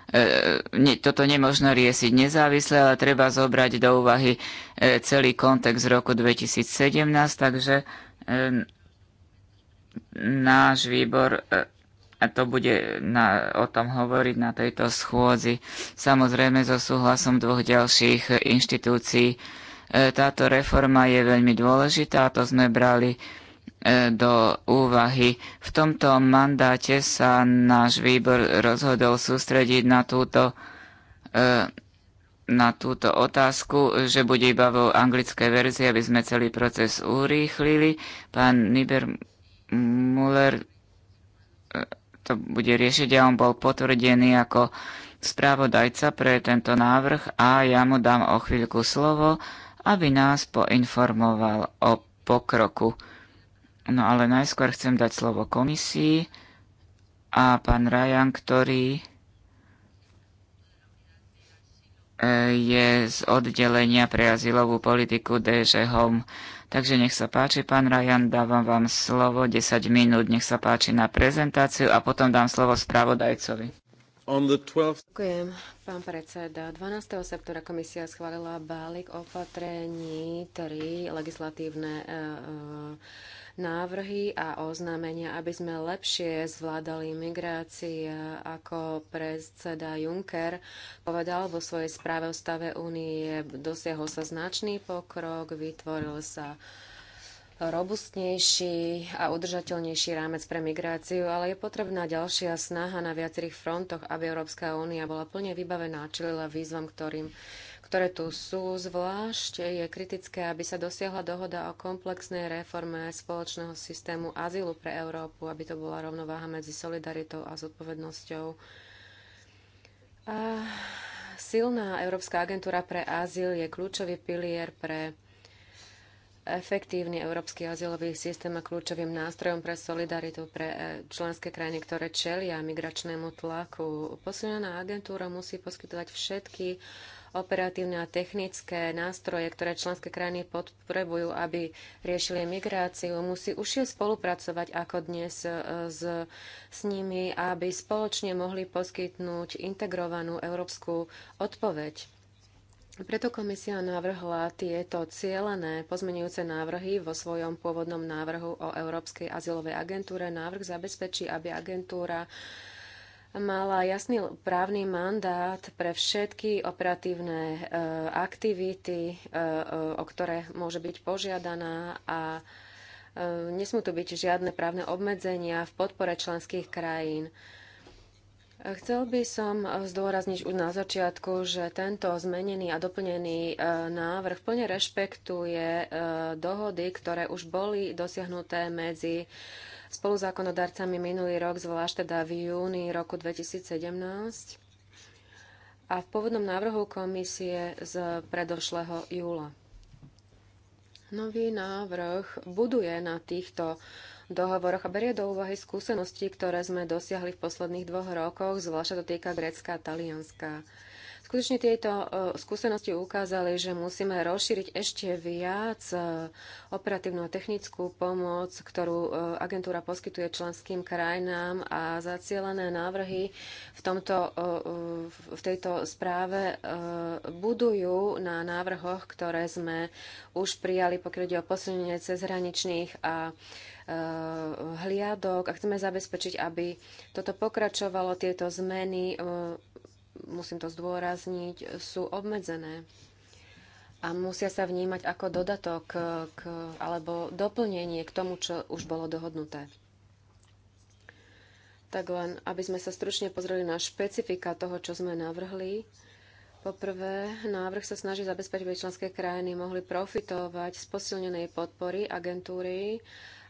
E, toto nemožno riešiť nezávisle, ale treba zobrať do úvahy e, celý kontext roku 2017, takže e, náš výbor a to bude na, o tom hovoriť na tejto schôdzi, samozrejme so súhlasom dvoch ďalších inštitúcií. Táto reforma je veľmi dôležitá, to sme brali E, do úvahy. V tomto mandáte sa náš výbor rozhodol sústrediť na túto, e, na túto otázku, že bude iba vo anglickej verzii, aby sme celý proces urýchlili. Pán Niber Muller e, to bude riešiť a on bol potvrdený ako správodajca pre tento návrh a ja mu dám o chvíľku slovo, aby nás poinformoval o pokroku. No ale najskôr chcem dať slovo komisii a pán Rajan, ktorý e, je z oddelenia pre azylovú politiku DŽ Home. Takže nech sa páči, pán Rajan, dávam vám slovo 10 minút, nech sa páči na prezentáciu a potom dám slovo spravodajcovi. Ďakujem, pán predseda. 12. septembra komisia schválila balík opatrení, 3 legislatívne uh, uh, návrhy a oznámenia, aby sme lepšie zvládali migrácie, ako predseda Juncker povedal vo svojej správe o stave únie. Dosiahol sa značný pokrok, vytvoril sa robustnejší a udržateľnejší rámec pre migráciu, ale je potrebná ďalšia snaha na viacerých frontoch, aby Európska únia bola plne vybavená a čelila výzvam, ktorým ktoré tu sú. Zvlášť je kritické, aby sa dosiahla dohoda o komplexnej reforme spoločného systému azylu pre Európu, aby to bola rovnováha medzi solidaritou a zodpovednosťou. A silná Európska agentúra pre azyl je kľúčový pilier pre efektívny európsky azylový systém a kľúčovým nástrojom pre solidaritu pre e, členské krajiny, ktoré čelia migračnému tlaku. Posilnená agentúra musí poskytovať všetky operatívne a technické nástroje, ktoré členské krajiny potrebujú, aby riešili migráciu, musí užšie spolupracovať ako dnes e, s, s nimi, aby spoločne mohli poskytnúť integrovanú európsku odpoveď. Preto komisia navrhla tieto cieľené pozmenujúce návrhy vo svojom pôvodnom návrhu o Európskej azylovej agentúre. Návrh zabezpečí, aby agentúra mala jasný právny mandát pre všetky operatívne e, aktivity, e, e, o ktoré môže byť požiadaná a nesmú tu byť žiadne právne obmedzenia v podpore členských krajín. Chcel by som zdôrazniť už na začiatku, že tento zmenený a doplnený návrh plne rešpektuje dohody, ktoré už boli dosiahnuté medzi spoluzákonodarcami minulý rok, zvlášť teda v júni roku 2017. A v pôvodnom návrhu komisie z predošlého júla. Nový návrh buduje na týchto dohovoroch a berie do úvahy skúsenosti, ktoré sme dosiahli v posledných dvoch rokoch, zvlášť to týka Grécka a Talianska. Skutočne tieto e, skúsenosti ukázali, že musíme rozšíriť ešte viac e, operatívnu a technickú pomoc, ktorú e, agentúra poskytuje členským krajinám a zacielené návrhy v, tomto, v tejto správe budujú na návrhoch, ktoré sme už prijali, pokiaľ ide o posunenie cezhraničných a hliadok a chceme zabezpečiť, aby toto pokračovalo, tieto zmeny musím to zdôrazniť, sú obmedzené a musia sa vnímať ako dodatok k, alebo doplnenie k tomu, čo už bolo dohodnuté. Tak len, aby sme sa stručne pozreli na špecifika toho, čo sme navrhli. Poprvé, návrh sa snaží zabezpečiť, aby členské krajiny mohli profitovať z posilnenej podpory agentúry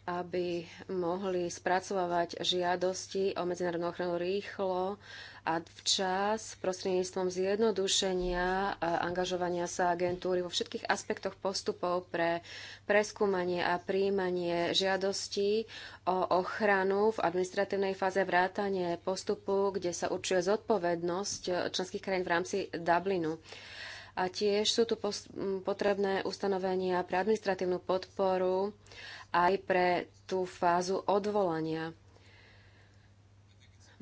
aby mohli spracovávať žiadosti o medzinárodnú ochranu rýchlo a včas prostredníctvom zjednodušenia a angažovania sa agentúry vo všetkých aspektoch postupov pre preskúmanie a príjmanie žiadostí o ochranu v administratívnej fáze vrátanie postupu, kde sa určuje zodpovednosť členských krajín v rámci Dublinu. A tiež sú tu potrebné ustanovenia pre administratívnu podporu aj pre tú fázu odvolania.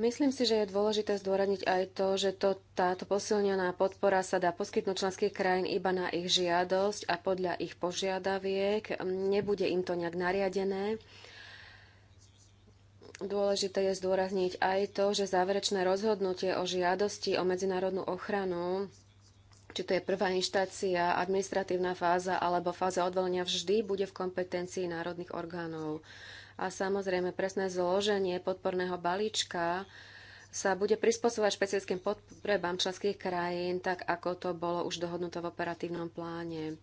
Myslím si, že je dôležité zdôradniť aj to, že to, táto posilnená podpora sa dá poskytnúť členských krajín iba na ich žiadosť a podľa ich požiadaviek. Nebude im to nejak nariadené. Dôležité je zdôrazniť aj to, že záverečné rozhodnutie o žiadosti o medzinárodnú ochranu či to je prvá inštácia, administratívna fáza alebo fáza odvolenia vždy bude v kompetencii národných orgánov. A samozrejme, presné zloženie podporného balíčka sa bude prispôsobovať špecifickým potrebám členských krajín, tak ako to bolo už dohodnuté v operatívnom pláne.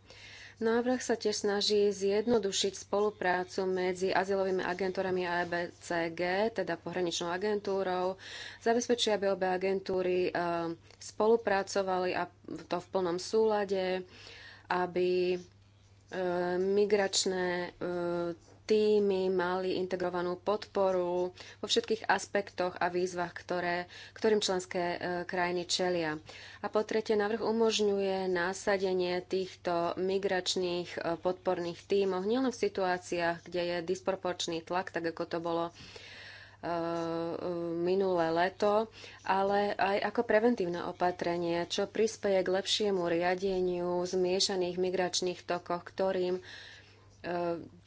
Návrh sa tiež snaží zjednodušiť spoluprácu medzi azylovými agentúrami a EBCG, teda pohraničnou agentúrou. Zabezpečí, aby obe agentúry e, spolupracovali a to v plnom súlade, aby e, migračné e, týmy mali integrovanú podporu vo všetkých aspektoch a výzvach, ktoré, ktorým členské e, krajiny čelia. A po tretie, návrh umožňuje násadenie týchto migračných e, podporných týmov nielen v situáciách, kde je disproporčný tlak, tak ako to bolo e, minulé leto, ale aj ako preventívne opatrenie, čo prispieje k lepšiemu riadeniu zmiešaných migračných tokoch, ktorým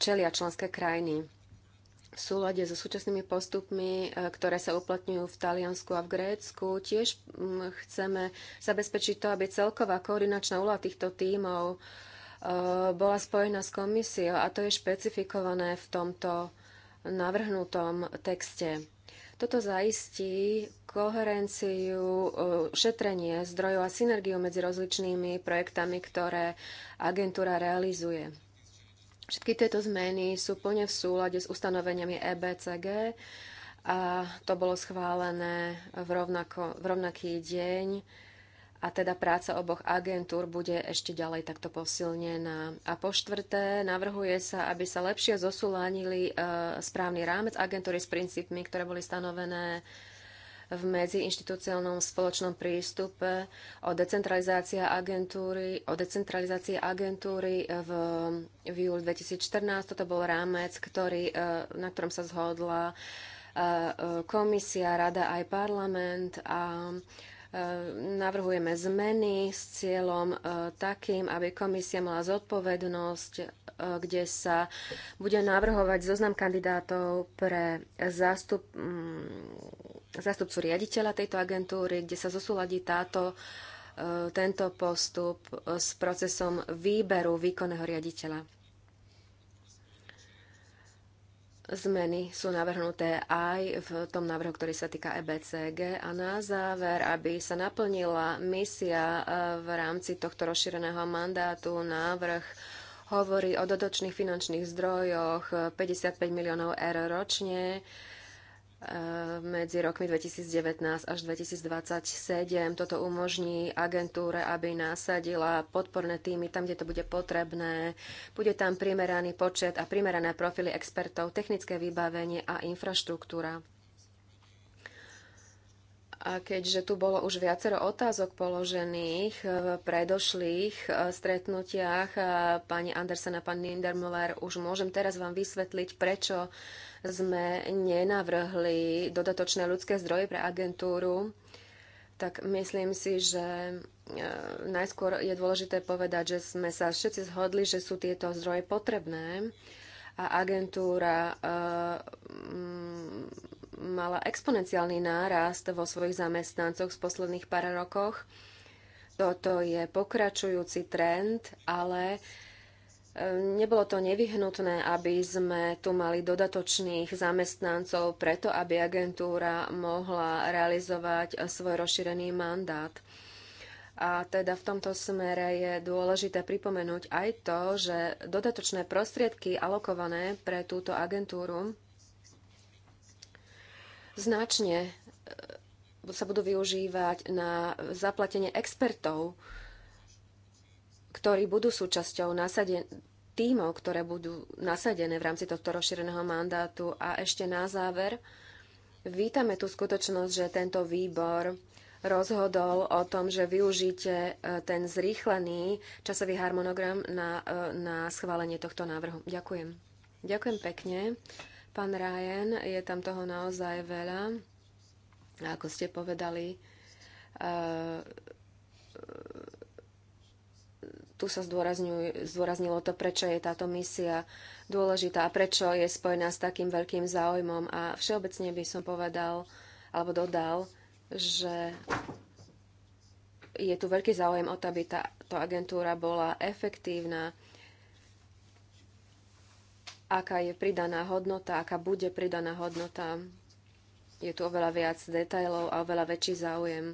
čelia členské krajiny. V súlade so súčasnými postupmi, e, ktoré sa uplatňujú v Taliansku a v Grécku, tiež chceme zabezpečiť to, aby celková koordinačná úloha týchto tímov e, bola spojená s komisiou a to je špecifikované v tomto navrhnutom texte. Toto zaistí koherenciu, e, šetrenie zdrojov a synergiu medzi rozličnými projektami, ktoré agentúra realizuje. Všetky tieto zmeny sú plne v súlade s ustanoveniami EBCG a to bolo schválené v, rovnako, v rovnaký deň a teda práca oboch agentúr bude ešte ďalej takto posilnená. A po štvrté, navrhuje sa, aby sa lepšie zosúlanili e, správny rámec agentúry s princípmi, ktoré boli stanovené v medziinštitucionálnom spoločnom prístupe o decentralizácii agentúry, o decentralizácii agentúry v, v júli 2014. Toto bol rámec, ktorý, e, na ktorom sa zhodla e, e, komisia, rada aj parlament a navrhujeme zmeny s cieľom takým, aby komisia mala zodpovednosť, kde sa bude navrhovať zoznam kandidátov pre zástup zástupcu riaditeľa tejto agentúry, kde sa zosúladí táto, e, tento postup s procesom výberu výkonného riaditeľa. Zmeny sú navrhnuté aj v tom návrhu, ktorý sa týka EBCG. A na záver, aby sa naplnila misia e, v rámci tohto rozšíreného mandátu, návrh hovorí o dodočných finančných zdrojoch 55 e, miliónov eur ročne Eh, medzi rokmi 2019 až 2027. Toto umožní agentúre, aby násadila podporné týmy tam, kde to bude potrebné. Bude tam primeraný počet a primerané profily expertov, technické vybavenie a infraštruktúra. A keďže tu bolo už viacero otázok položených v predošlých eh, stretnutiach eh, pani Andersen a pán Nindermüller, už môžem teraz vám vysvetliť, prečo sme nenavrhli dodatočné ľudské zdroje pre agentúru, tak myslím si, že e, najskôr je dôležité povedať, že sme sa všetci zhodli, že sú tieto zdroje potrebné a agentúra e, mala exponenciálny nárast vo svojich zamestnancoch z posledných pár rokoch. Toto je pokračujúci trend, ale Nebolo to nevyhnutné, aby sme tu mali dodatočných zamestnancov preto, aby agentúra mohla realizovať svoj rozšírený mandát. A teda v tomto smere je dôležité pripomenúť aj to, že dodatočné prostriedky alokované pre túto agentúru značne e, sa budú využívať na zaplatenie expertov, ktorí budú súčasťou tímov, ktoré budú nasadené v rámci tohto rozšíreného mandátu. A ešte na záver, vítame tú skutočnosť, že tento výbor rozhodol o tom, že využite e, ten zrýchlený časový harmonogram na, e, na schválenie tohto návrhu. Ďakujem. Ďakujem pekne. Pán Ryan, je tam toho naozaj veľa. A ako ste povedali, e, tu sa zdôraznilo to, prečo je táto misia dôležitá a prečo je spojená s takým veľkým záujmom. A všeobecne by som povedal, alebo dodal, že je tu veľký záujem o to, aby táto agentúra bola efektívna, aká je pridaná hodnota, aká bude pridaná hodnota. Je tu oveľa viac detajlov a oveľa väčší záujem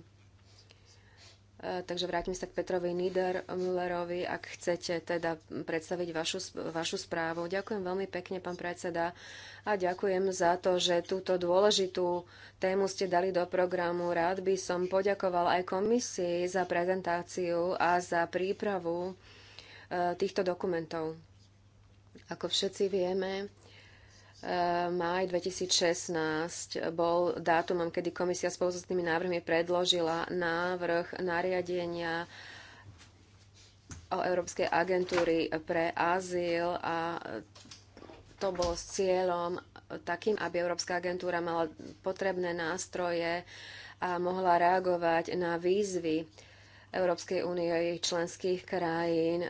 Takže vrátim sa k Petrovi Niedermüllerovi, ak chcete teda predstaviť vašu, vašu správu. Ďakujem veľmi pekne, pán predseda, a ďakujem za to, že túto dôležitú tému ste dali do programu. Rád by som poďakoval aj komisii za prezentáciu a za prípravu e, týchto dokumentov. Ako všetci vieme, Eh, maj 2016 bol dátumom, kedy komisia spolu s tými návrhmi predložila návrh nariadenia o Európskej agentúry pre azyl a to bolo s cieľom takým, aby Európska agentúra mala potrebné nástroje a mohla reagovať na výzvy, Európskej únie a jej členských krajín e,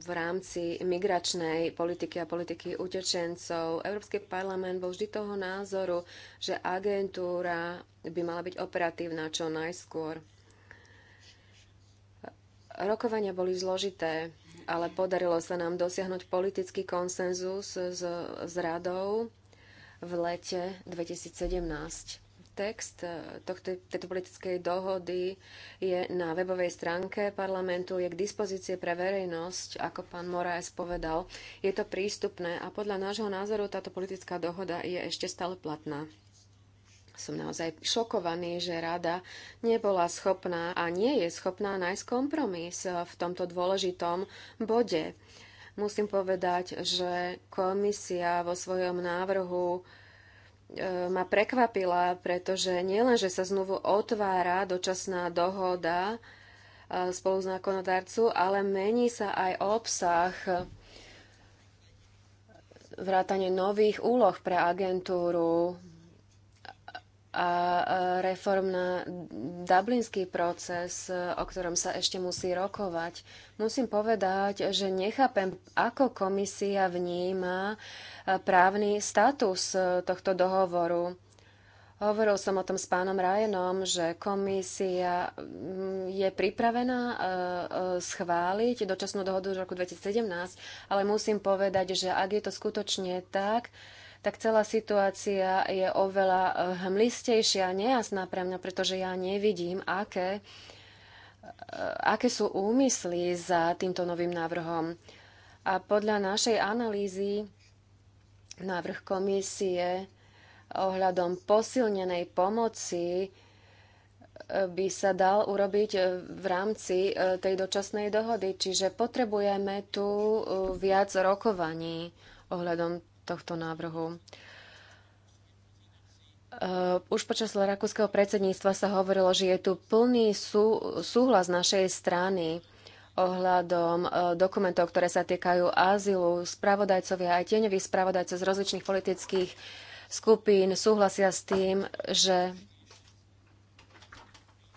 v rámci migračnej politiky a politiky utečencov. Európsky parlament bol vždy toho názoru, že agentúra by mala byť operatívna čo najskôr. Rokovania boli zložité, ale podarilo sa nám dosiahnuť politický konsenzus s, s radou v lete 2017. Text e, tohto, tejto politickej dohody je na webovej stránke parlamentu, je k dispozícii pre verejnosť, ako pán Moraes povedal. Je to prístupné a podľa nášho názoru táto politická dohoda je ešte stále platná som naozaj šokovaný, že rada nebola schopná a nie je schopná nájsť kompromis v tomto dôležitom bode. Musím povedať, že komisia vo svojom návrhu E, ma prekvapila, pretože nielen, že sa znovu otvára dočasná dohoda e, spolu s zákonodárcu, ale mení sa aj obsah vrátane nových úloh pre agentúru, a reform na dublinský proces, o ktorom sa ešte musí rokovať. Musím povedať, že nechápem, ako komisia vníma právny status e, tohto dohovoru. Hovoril som o tom s pánom Ryanom, že komisia mm, je pripravená e, e, schváliť dočasnú dohodu z roku 2017, ale musím povedať, že ak je to skutočne tak, tak celá situácia je oveľa eh, hmlistejšia a nejasná pre mňa, pretože ja nevidím, aké, eh, aké sú úmysly za týmto novým návrhom. A podľa našej analýzy návrh komisie ohľadom posilnenej pomoci eh, by sa dal urobiť v rámci tej dočasnej dohody. Čiže potrebujeme tu viac rokovaní ohľadom tohto návrhu. Uh, už počas rakúskeho predsedníctva sa hovorilo, že je tu plný sú, súhlas našej strany ohľadom uh, dokumentov, ktoré sa týkajú azylu. Spravodajcovia aj tieňoví spravodajce z rozličných politických skupín súhlasia s tým, že,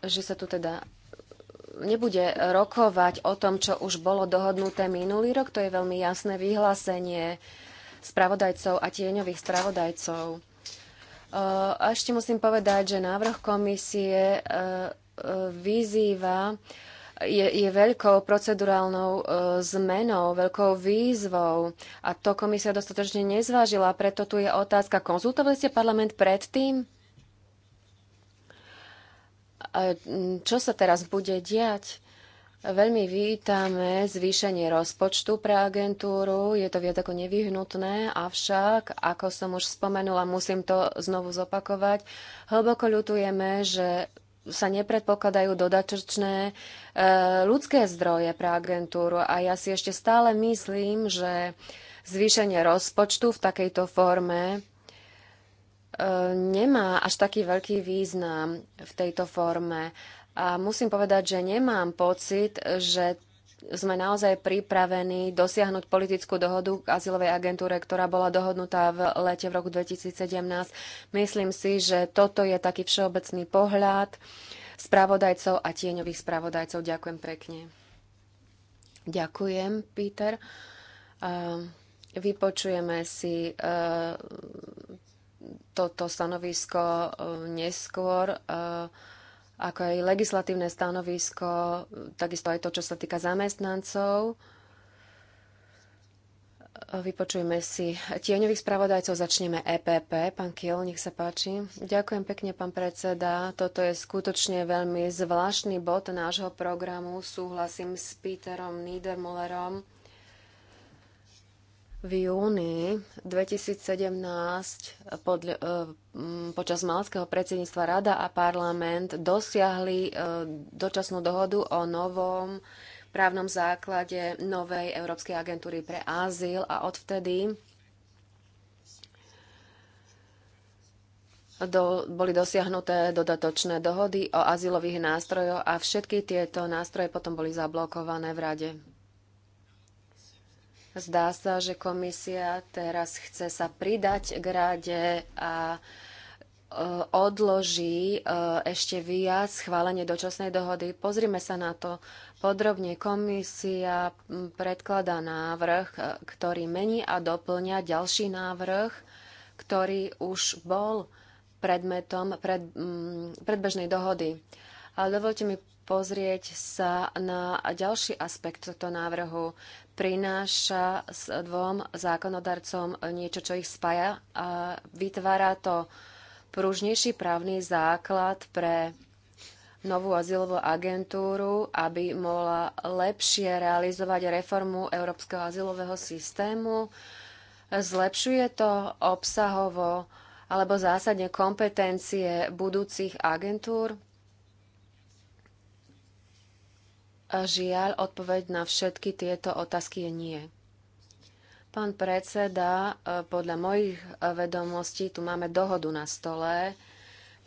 že sa tu teda nebude rokovať o tom, čo už bolo dohodnuté minulý rok. To je veľmi jasné vyhlásenie spravodajcov a tieňových spravodajcov. E, a ešte musím povedať, že návrh komisie e, e, vyzýva je, je veľkou procedurálnou zmenou, veľkou výzvou a to komisia dostatočne nezvážila, preto tu je otázka, konzultovali ste parlament predtým? čo sa teraz bude diať? Veľmi vítame zvýšenie rozpočtu pre agentúru, je to viac ako nevyhnutné, avšak, ako som už spomenula, musím to znovu zopakovať, hlboko ľutujeme, že sa nepredpokladajú dodatočné e, ľudské zdroje pre agentúru a ja si ešte stále myslím, že zvýšenie rozpočtu v takejto forme e, nemá až taký veľký význam v tejto forme. A musím povedať, že nemám pocit, že sme naozaj pripravení dosiahnuť politickú dohodu k azylovej agentúre, ktorá bola dohodnutá v lete v roku 2017. Myslím si, že toto je taký všeobecný pohľad spravodajcov a tieňových spravodajcov. Ďakujem pekne. Ďakujem, Peter. Vypočujeme si e, toto stanovisko e, neskôr. E, ako aj legislatívne stanovisko, takisto aj to, čo sa týka zamestnancov. Vypočujme si tieňových spravodajcov, začneme EPP. Pán Kiel, nech sa páči. Ďakujem pekne, pán predseda. Toto je skutočne veľmi zvláštny bod nášho programu. Súhlasím s Peterom Niedermullerom v júni 2017 pod, e, počas malského predsedníctva Rada a parlament dosiahli e, dočasnú dohodu o novom právnom základe novej Európskej agentúry pre azyl a odvtedy do, boli dosiahnuté dodatočné dohody o azylových nástrojoch a všetky tieto nástroje potom boli zablokované v Rade. Zdá sa, že komisia teraz chce sa pridať k rade a e, odloží e, ešte viac schválenie dočasnej dohody. Pozrime sa na to podrobne. Komisia predkladá návrh, e, ktorý mení a doplňa ďalší návrh, ktorý už bol predmetom pred, predbežnej dohody. Ale dovolte mi pozrieť sa na ďalší aspekt tohto návrhu prináša s dvom zákonodarcom niečo, čo ich spája a vytvára to pružnejší právny základ pre novú azylovú agentúru, aby mohla lepšie realizovať reformu európskeho azylového systému. Zlepšuje to obsahovo alebo zásadne kompetencie budúcich agentúr Žiaľ, odpoveď na všetky tieto otázky je nie. Pán predseda, e, podľa mojich e, vedomostí tu máme dohodu na stole.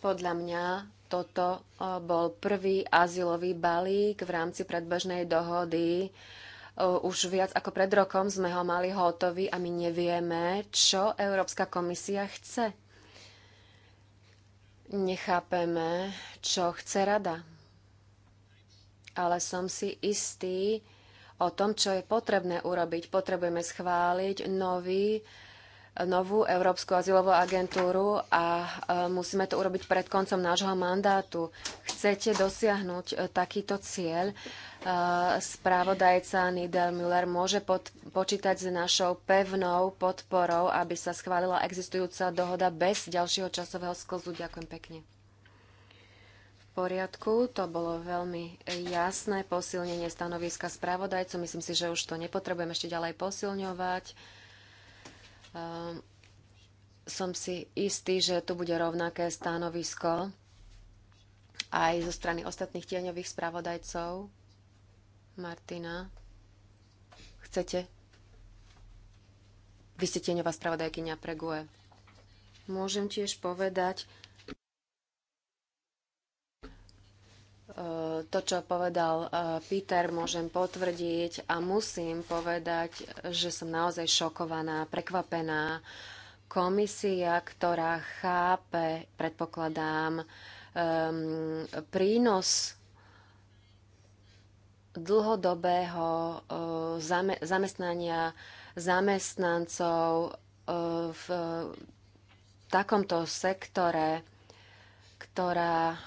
Podľa mňa toto e, bol prvý azylový balík v rámci predbežnej dohody. Už viac ako pred rokom sme ho mali hotový a my nevieme, čo Európska komisia chce. Nechápeme, čo chce rada ale som si istý o tom, čo je potrebné urobiť. Potrebujeme schváliť nový novú Európsku azylovú agentúru a e, musíme to urobiť pred koncom nášho mandátu. Chcete dosiahnuť e, takýto cieľ? E, Správodajca Nidel Müller môže pod, počítať s našou pevnou podporou, aby sa schválila existujúca dohoda bez ďalšieho časového sklzu. Ďakujem pekne poriadku, to bolo veľmi jasné posilnenie stanoviska spravodajcu. Myslím si, že už to nepotrebujem ešte ďalej posilňovať. Um, som si istý, že tu bude rovnaké stanovisko aj zo strany ostatných tieňových spravodajcov. Martina, chcete? Vy ste tieňová spravodajkynia pre GUE. Môžem tiež povedať, E, to, čo povedal e, Peter, môžem potvrdiť a musím povedať, že som naozaj šokovaná, prekvapená. Komisia, ktorá chápe, predpokladám, um, prínos dlhodobého uh, zame- zamestnania zamestnancov uh, v uh, takomto sektore ktorá e,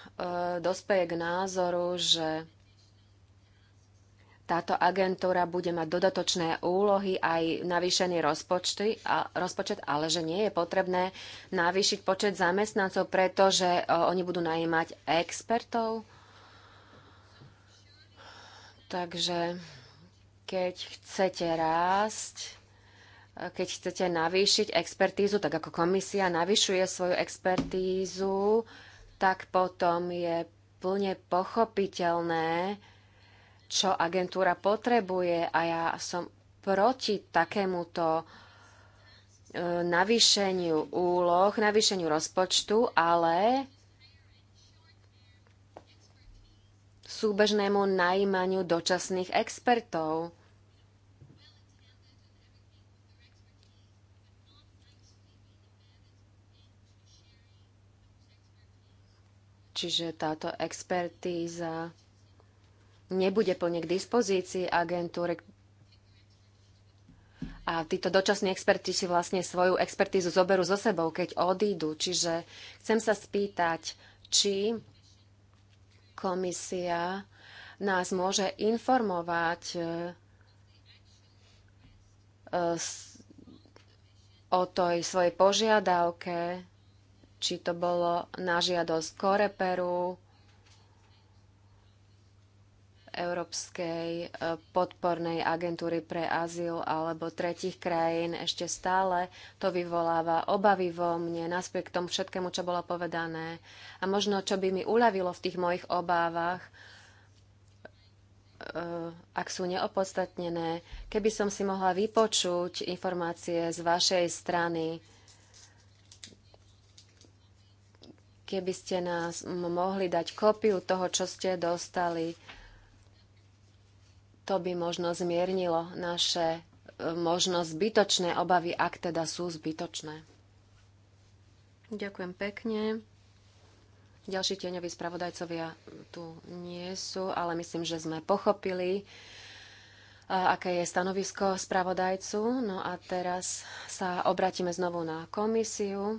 dospeje k názoru, že táto agentúra bude mať dodatočné úlohy aj navýšený rozpočty, a, rozpočet, ale že nie je potrebné navýšiť počet zamestnancov, pretože e, oni budú najímať expertov. Takže keď chcete rásť, e, keď chcete navýšiť expertízu, tak ako komisia navyšuje svoju expertízu, tak potom je plne pochopiteľné, čo agentúra potrebuje a ja som proti takémuto e, navýšeniu úloh, navýšeniu rozpočtu, ale súbežnému najímaniu dočasných expertov. Čiže táto expertíza nebude plne k dispozícii agentúry. A títo dočasní experti si vlastne svoju expertízu zoberú so sebou, keď odídu. Čiže chcem sa spýtať, či komisia nás môže informovať e, o tej svojej požiadavke či to bolo na žiadosť Koreperu, Európskej e, podpornej agentúry pre azyl alebo tretich krajín ešte stále to vyvoláva obavy vo mne k tomu všetkému, čo bolo povedané. A možno, čo by mi uľavilo v tých mojich obávach, e, ak sú neopodstatnené, keby som si mohla vypočuť informácie z vašej strany, keby ste nás mohli dať kopiu toho, čo ste dostali, to by možno zmiernilo naše e, možno zbytočné obavy, ak teda sú zbytočné. Ďakujem pekne. Ďalší tieňoví spravodajcovia tu nie sú, ale myslím, že sme pochopili, e, aké je stanovisko spravodajcu. No a teraz sa obratíme znovu na komisiu.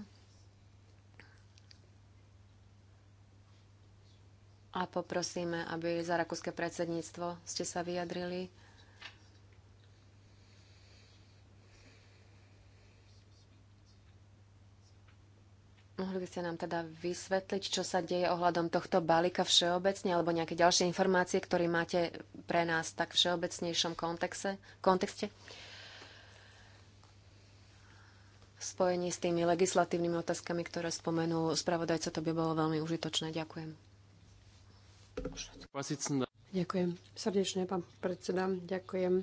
a poprosíme, aby za rakúske predsedníctvo ste sa vyjadrili. Mohli by ste nám teda vysvetliť, čo sa deje ohľadom tohto balíka všeobecne, alebo nejaké ďalšie informácie, ktoré máte pre nás tak všeobecnejšom kontexte? kontexte? V spojení s tými legislatívnymi otázkami, ktoré spomenul spravodajca, to by bolo veľmi užitočné. Ďakujem. Ďakujem srdečne, pán predseda. Ďakujem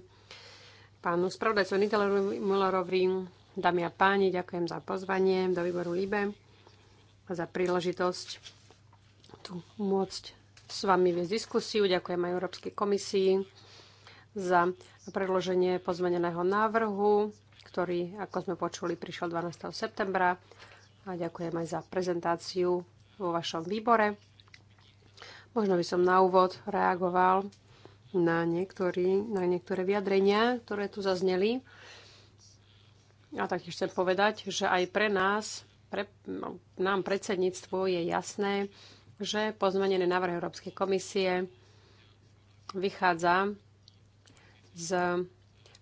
pánu spravodajcu Nitelerovi Mullerovi, dámy a páni, ďakujem za pozvanie do výboru LIBE a za príležitosť tu môcť s vami viesť diskusiu. Ďakujem aj Európskej komisii za predloženie pozmeneného návrhu, ktorý, ako sme počuli, prišiel 12. septembra. A ďakujem aj za prezentáciu vo vašom výbore. Možno by som na úvod reagoval na, niektorý, na niektoré vyjadrenia, ktoré tu zazneli. A taktiež chcem povedať, že aj pre nás, pre, no, nám predsedníctvo je jasné, že pozmenené návrh Európskej komisie vychádza z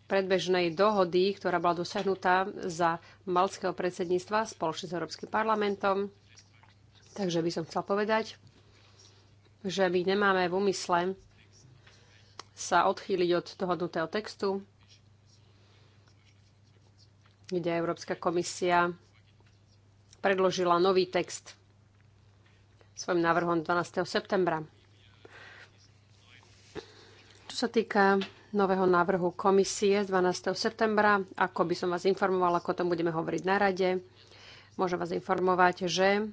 predbežnej dohody, ktorá bola dosiahnutá za malského predsedníctva spoločne s Európskym parlamentom. Takže by som chcel povedať, že my nemáme v úmysle sa odchýliť od dohodnutého textu, kde Európska komisia predložila nový text svojim návrhom 12. septembra. Čo sa týka nového návrhu komisie 12. septembra, ako by som vás informovala, ako o tom budeme hovoriť na rade, môžem vás informovať, že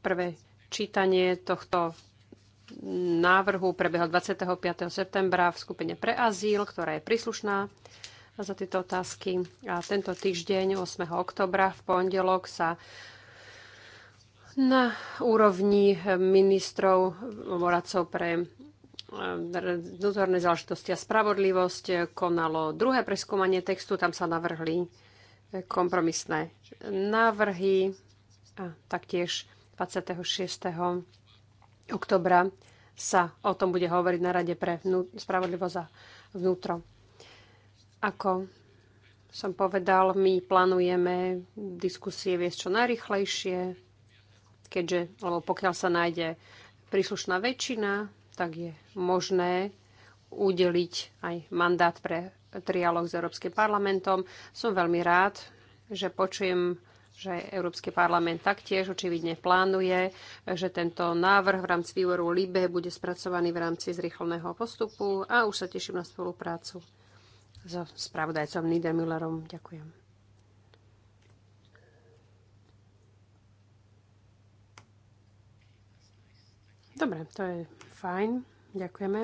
prvé Čítanie tohto návrhu prebehlo 25. septembra v skupine pre azyl, ktorá je príslušná za tieto otázky. A tento týždeň, 8. oktobra, v pondelok sa na úrovni ministrov poradcov pre vnútorné eh, záležitosti a spravodlivosť konalo druhé preskúmanie textu. Tam sa navrhli kompromisné návrhy a taktiež 26. oktobra sa o tom bude hovoriť na Rade pre vnú, spravodlivosť a vnútro. Ako som povedal, my plánujeme diskusie viesť čo najrychlejšie, keďže, lebo pokiaľ sa nájde príslušná väčšina, tak je možné udeliť aj mandát pre trialog s Európskym parlamentom. Som veľmi rád, že počujem že Európsky parlament taktiež očividne plánuje, že tento návrh v rámci výboru LIBE bude spracovaný v rámci zrýchleného postupu a už sa teším na spoluprácu so spravodajcom Niedermüllerom. Ďakujem. Dobre, to je fajn. Ďakujeme.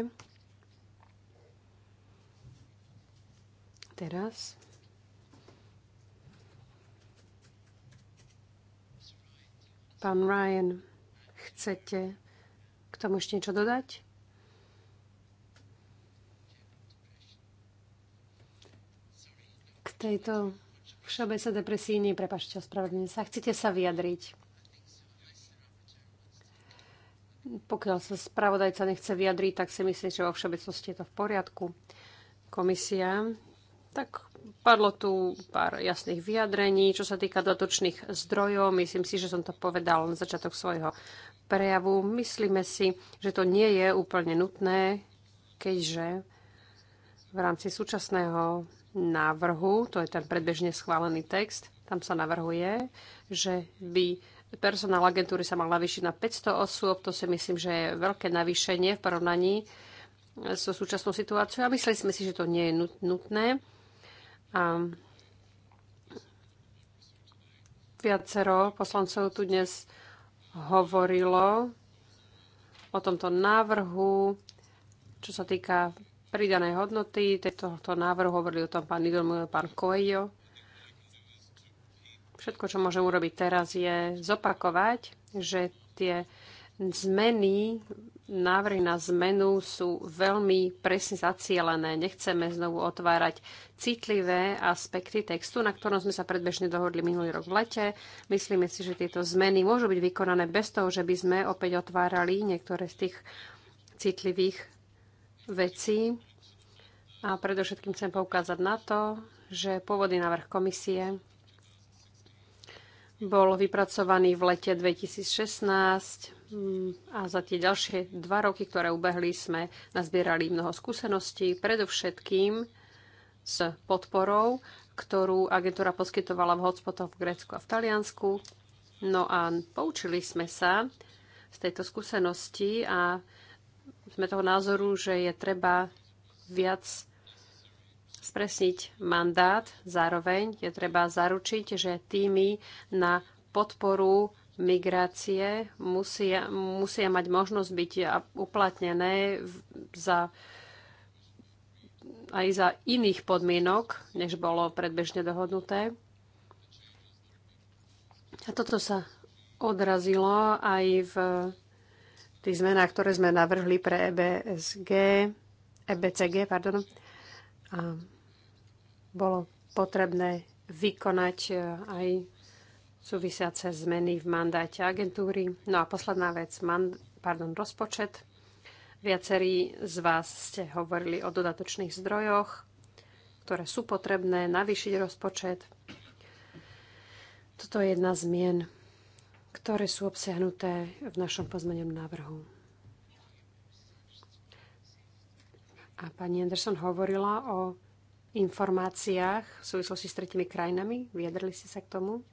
Teraz Pán Ryan, chcete k tomu ešte niečo dodať? K tejto všeobecnej depresii, nie, prepašte, ospravedlňujem sa. Chcete sa vyjadriť? Pokiaľ sa spravodajca nechce vyjadriť, tak si myslím, že vo všeobecnosti je to v poriadku. Komisia, tak Padlo tu pár jasných vyjadrení, čo sa týka dotočných zdrojov. Myslím si, že som to povedal na začiatok svojho prejavu. Myslíme si, že to nie je úplne nutné, keďže v rámci súčasného návrhu, to je ten predbežne schválený text, tam sa navrhuje, že by personál agentúry sa mal navýšiť na 500 osôb. To si myslím, že je veľké navýšenie v porovnaní so súčasnou situáciou a mysleli sme si, že to nie je nutné. A viacero poslancov tu dnes hovorilo o tomto návrhu, čo sa týka pridanej hodnoty tohto návrhu, hovorili o tom pán Idolmuj a pán Coelho. Všetko, čo môžem urobiť teraz, je zopakovať, že tie zmeny návrhy na zmenu sú veľmi presne zacielené. Nechceme znovu otvárať citlivé aspekty textu, na ktorom sme sa predbežne dohodli minulý rok v lete. Myslíme si, že tieto zmeny môžu byť vykonané bez toho, že by sme opäť otvárali niektoré z tých citlivých vecí. A predovšetkým chcem poukázať na to, že pôvodný návrh komisie bol vypracovaný v lete 2016 Mm, a za tie ďalšie dva roky, ktoré ubehli, sme nazbierali mnoho skúseností, predovšetkým s podporou, ktorú agentúra poskytovala v hotspotoch v Grécku a v Taliansku. No a poučili sme sa z tejto skúsenosti a sme toho názoru, že je treba viac spresniť mandát. Zároveň je treba zaručiť, že týmy na podporu migrácie musia, musia mať možnosť byť uplatnené za, aj za iných podmienok, než bolo predbežne dohodnuté. A toto sa odrazilo aj v tých zmenách, ktoré sme navrhli pre EBSG, EBCG, pardon, a bolo potrebné vykonať eh, aj súvisiace zmeny v mandáte agentúry. No a posledná vec, man, pardon, rozpočet. Viacerí z vás ste hovorili o dodatočných zdrojoch, ktoré sú potrebné navýšiť rozpočet. Toto je jedna zmien, ktoré sú obsiahnuté v našom pozmenom návrhu. A pani Anderson hovorila o informáciách v súvislosti s tretimi krajinami. Vyjadrili ste sa k tomu?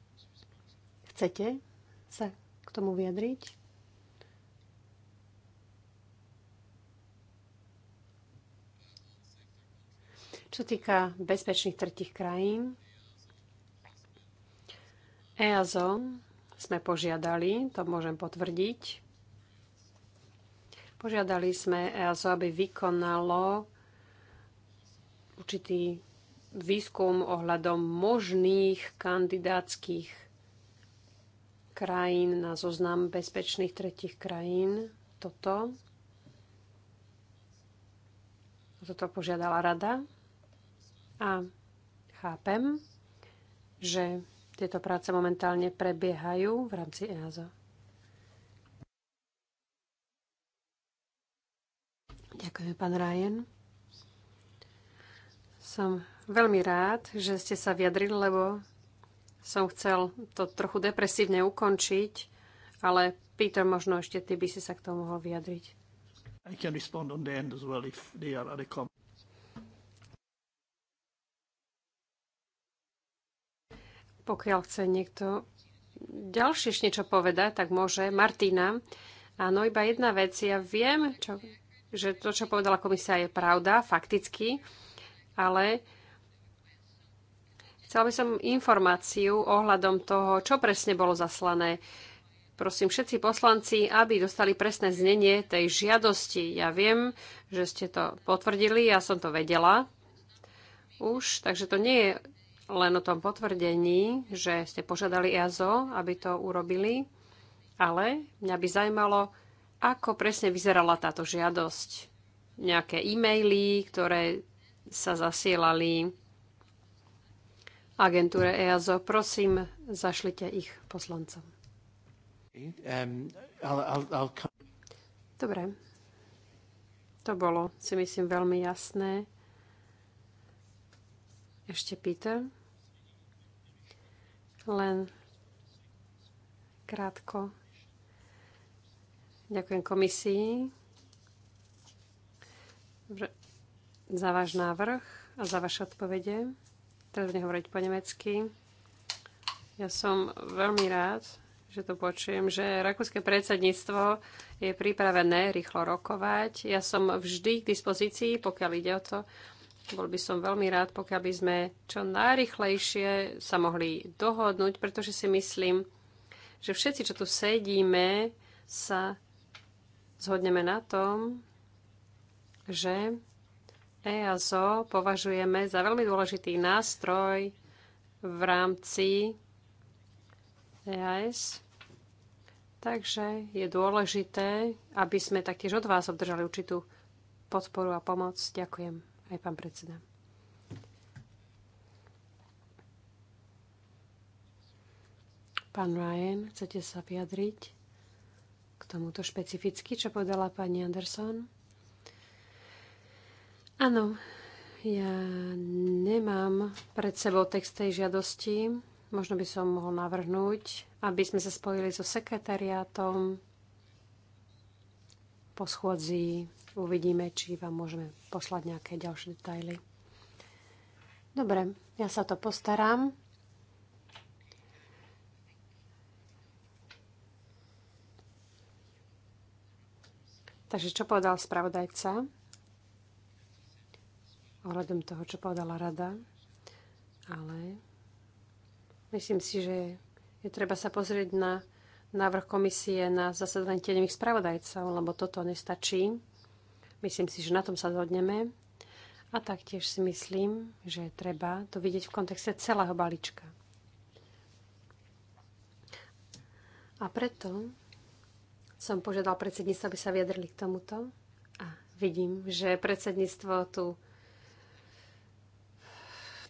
Chcete sa k tomu vyjadriť? Čo týka bezpečných tretich krajín, EASO sme požiadali, to môžem potvrdiť, požiadali sme EASO, aby vykonalo určitý výskum ohľadom možných kandidátskych krajín na zoznam bezpečných tretich krajín. Toto. Toto požiadala rada. A chápem, že tieto práce momentálne prebiehajú v rámci EASA. Ďakujem, pán Ryan. Som veľmi rád, že ste sa vyjadrili, lebo som chcel to trochu depresívne ukončiť, ale Peter, možno ešte ty by si sa k tomu mohol vyjadriť. I can respond on the end as well if are Pokiaľ chce niekto ďalšie ešte niečo povedať, tak môže. Martina, áno, iba jedna vec. Ja viem, čo, že to, čo povedala komisia, je pravda, fakticky, ale Chcela by som informáciu ohľadom toho, čo presne bolo zaslané. Prosím všetci poslanci, aby dostali presné znenie tej žiadosti. Ja viem, že ste to potvrdili, ja som to vedela už, takže to nie je len o tom potvrdení, že ste požiadali EASO, aby to urobili, ale mňa by zajímalo, ako presne vyzerala táto žiadosť. Nejaké e-maily, ktoré sa zasielali, agentúre EASO. Prosím, zašlite ich poslancom. Um, Dobre. To bolo, si myslím, veľmi jasné. Ešte Peter. Len krátko. Ďakujem komisii za váš návrh a za vaše odpovede. Teraz budem hovoriť po nemecky. Ja som veľmi rád, že to počujem, že rakúske predsedníctvo je pripravené rýchlo rokovať. Ja som vždy k dispozícii, pokiaľ ide o to. Bol by som veľmi rád, pokiaľ by sme čo najrychlejšie sa mohli dohodnúť, pretože si myslím, že všetci, čo tu sedíme, sa zhodneme na tom, že EASO považujeme za veľmi dôležitý nástroj v rámci EAS. Takže je dôležité, aby sme taktiež od vás obdržali určitú podporu a pomoc. Ďakujem aj pán predseda. Pán Ryan, chcete sa vyjadriť k tomuto špecificky, čo povedala pani Anderson? Áno, ja nemám pred sebou text tej žiadosti. Možno by som mohol navrhnúť, aby sme sa spojili so sekretariátom. Po schôdzi uvidíme, či vám môžeme poslať nejaké ďalšie detaily. Dobre, ja sa to postaram. Takže čo povedal spravodajca? ohľadom toho, čo povedala rada, ale myslím si, že je treba sa pozrieť na návrh komisie na zasadanie tieňových spravodajcov, lebo toto nestačí. Myslím si, že na tom sa zhodneme. A taktiež si myslím, že treba to vidieť v kontexte celého balíčka. A preto som požiadal predsedníctvo, aby sa vyjadrili k tomuto. A vidím, že predsedníctvo tu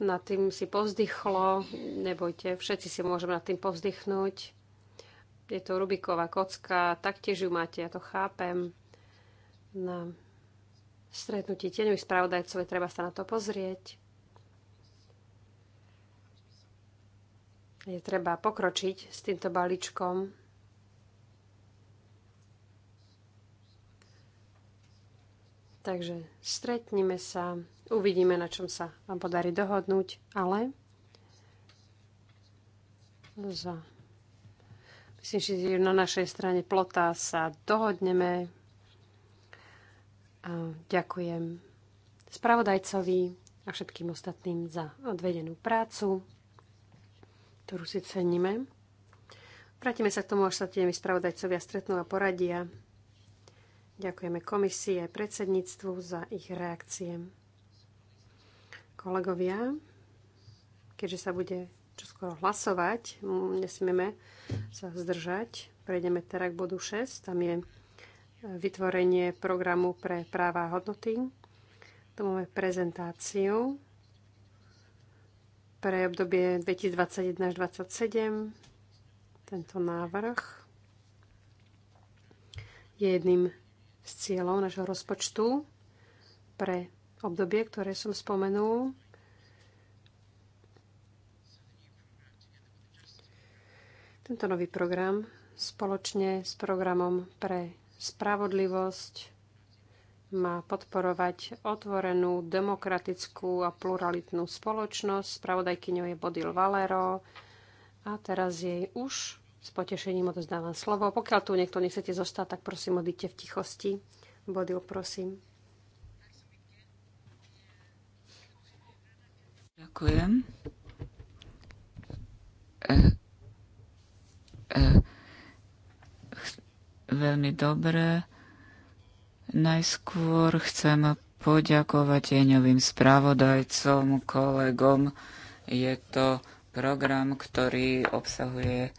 nad tým si povzdychlo. Nebojte, všetci si môžeme nad tým povzdychnúť. Je to Rubiková kocka, taktiež ju máte, ja to chápem. Na stretnutí tieňových spravodajcov je treba sa na to pozrieť. Je treba pokročiť s týmto balíčkom Takže stretnime sa, uvidíme, na čom sa vám podarí dohodnúť, ale za... Myslím, že na našej strane plota sa dohodneme. A ďakujem spravodajcovi a všetkým ostatným za odvedenú prácu, ktorú si ceníme. Vrátime sa k tomu, až sa tie spravodajcovia stretnú a poradia. Ďakujeme komisii aj predsedníctvu za ich reakcie. Kolegovia, keďže sa bude čoskoro hlasovať, nesmieme sa zdržať. Prejdeme teraz k bodu 6. Tam je vytvorenie programu pre práva a hodnoty. Tu máme prezentáciu pre obdobie 2021 až 2027. Tento návrh je jedným z cieľov našho rozpočtu pre obdobie, ktoré som spomenul. Tento nový program spoločne s programom pre spravodlivosť má podporovať otvorenú, demokratickú a pluralitnú spoločnosť. Spravodajkyňou je Bodil Valero a teraz jej už s potešením odozdávam slovo. Pokiaľ tu niekto nechcete zostať, tak prosím odíďte v tichosti. Bodil, prosím. Ďakujem. Eh, eh, veľmi dobré. Najskôr chcem poďakovať jeňovým spravodajcom, kolegom. Je to program, ktorý obsahuje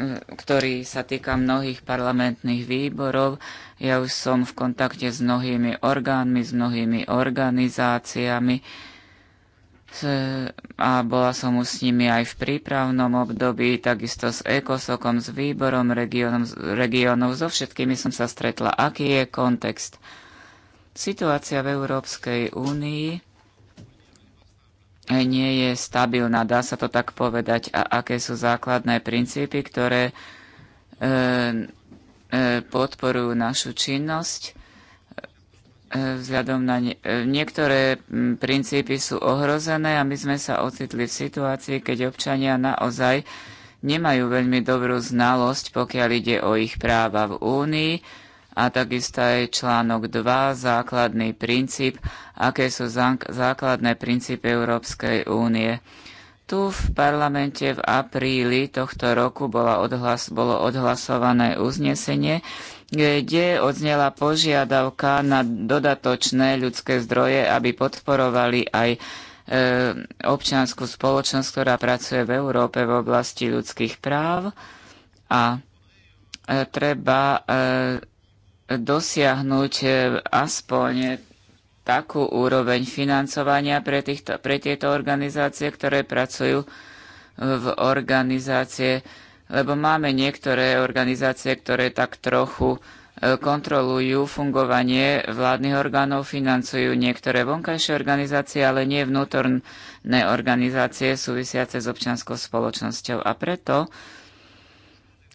Mm, ktorý sa týka mnohých parlamentných výborov. Ja už som v kontakte s mnohými orgánmi, s mnohými organizáciami a bola som už s nimi aj v prípravnom období, takisto s ECOSOKom, s výborom regionom, regionov, so všetkými som sa stretla. Aký je kontext? Situácia v Európskej únii nie je stabilná, dá sa to tak povedať, a aké sú základné princípy, ktoré e, e, podporujú našu činnosť. E, vzhľadom na nie, niektoré princípy sú ohrozené a my sme sa ocitli v situácii, keď občania naozaj nemajú veľmi dobrú znalosť, pokiaľ ide o ich práva v Únii a takisto aj článok 2, základný princíp, aké sú základné princípy Európskej únie. Tu v parlamente v apríli tohto roku bola odhlas, bolo odhlasované uznesenie, kde odznela požiadavka na dodatočné ľudské zdroje, aby podporovali aj e, občianskú spoločnosť, ktorá pracuje v Európe v oblasti ľudských práv. A e, treba e, dosiahnuť e, aspoň takú úroveň financovania pre, týchto, pre tieto organizácie, ktoré pracujú v organizácie, lebo máme niektoré organizácie, ktoré tak trochu e, kontrolujú fungovanie vládnych orgánov, financujú niektoré vonkajšie organizácie, ale nie vnútorné organizácie súvisiace s občianskou spoločnosťou. A preto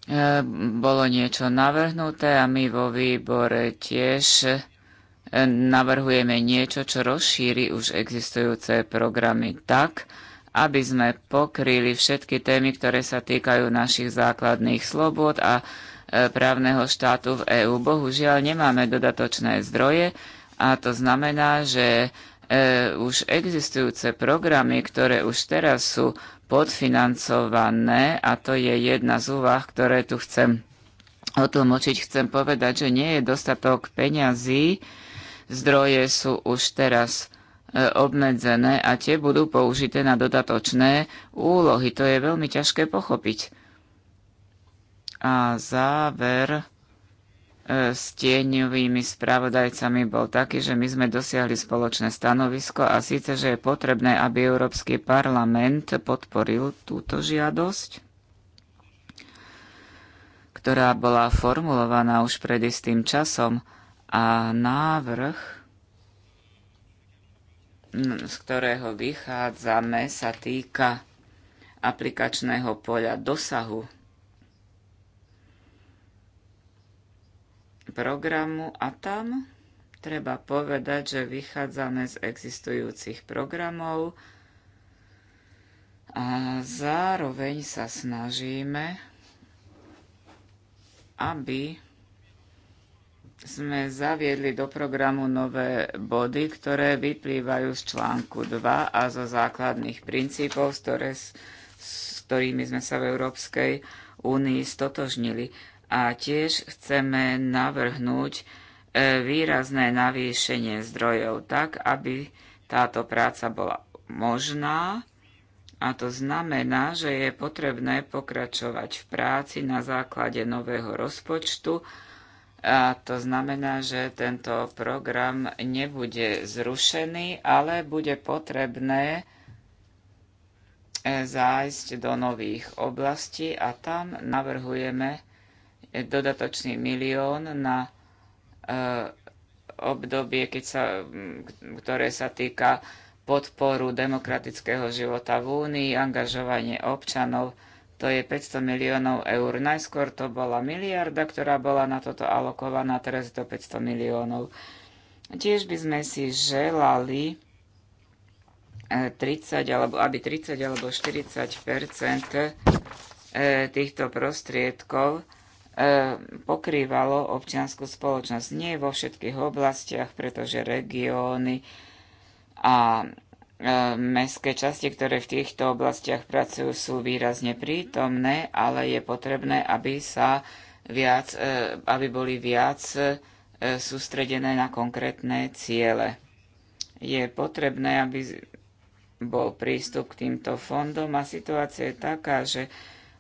Ehm, bolo niečo navrhnuté a my vo výbore tiež e, navrhujeme niečo, čo rozšíri už existujúce programy tak, aby sme pokryli všetky témy, ktoré sa týkajú našich základných slobod a e, právneho štátu v EÚ. Bohužiaľ nemáme dodatočné zdroje a to znamená, že e, už existujúce programy, ktoré už teraz sú podfinancované a to je jedna z úvah, ktoré tu chcem otlmočiť. Chcem povedať, že nie je dostatok peňazí, zdroje sú už teraz e, obmedzené a tie budú použité na dodatočné úlohy. To je veľmi ťažké pochopiť. A záver s tieňovými spravodajcami bol taký, že my sme dosiahli spoločné stanovisko a síce, že je potrebné, aby Európsky parlament podporil túto žiadosť, ktorá bola formulovaná už pred istým časom a návrh, z ktorého vychádzame, sa týka aplikačného poľa dosahu programu a tam treba povedať, že vychádzame z existujúcich programov a zároveň sa snažíme, aby sme zaviedli do programu nové body, ktoré vyplývajú z článku 2 a zo základných princípov, s, ktorými sme sa v Európskej únii stotožnili a tiež chceme navrhnúť e, výrazné navýšenie zdrojov tak, aby táto práca bola možná a to znamená, že je potrebné pokračovať v práci na základe nového rozpočtu a to znamená, že tento program nebude zrušený, ale bude potrebné e, zájsť do nových oblastí a tam navrhujeme dodatočný milión na eh, obdobie, keď sa, mm, ktoré sa týka podporu demokratického života v Únii, angažovanie občanov. To je 500 miliónov eur. Najskôr to bola miliarda, ktorá bola na toto alokovaná, teraz je to 500 miliónov. Tiež by sme si želali, 30 eh, alebo aby 30 alebo 40 eh, týchto prostriedkov Eh, pokrývalo občianskú spoločnosť. Nie vo všetkých oblastiach, pretože regióny a eh, mestské časti, ktoré v týchto oblastiach pracujú, sú výrazne prítomné, ale je potrebné, aby sa viac, eh, aby boli viac sústredené na konkrétne ciele. Je potrebné, aby bol prístup k týmto fondom a situácia je taká, že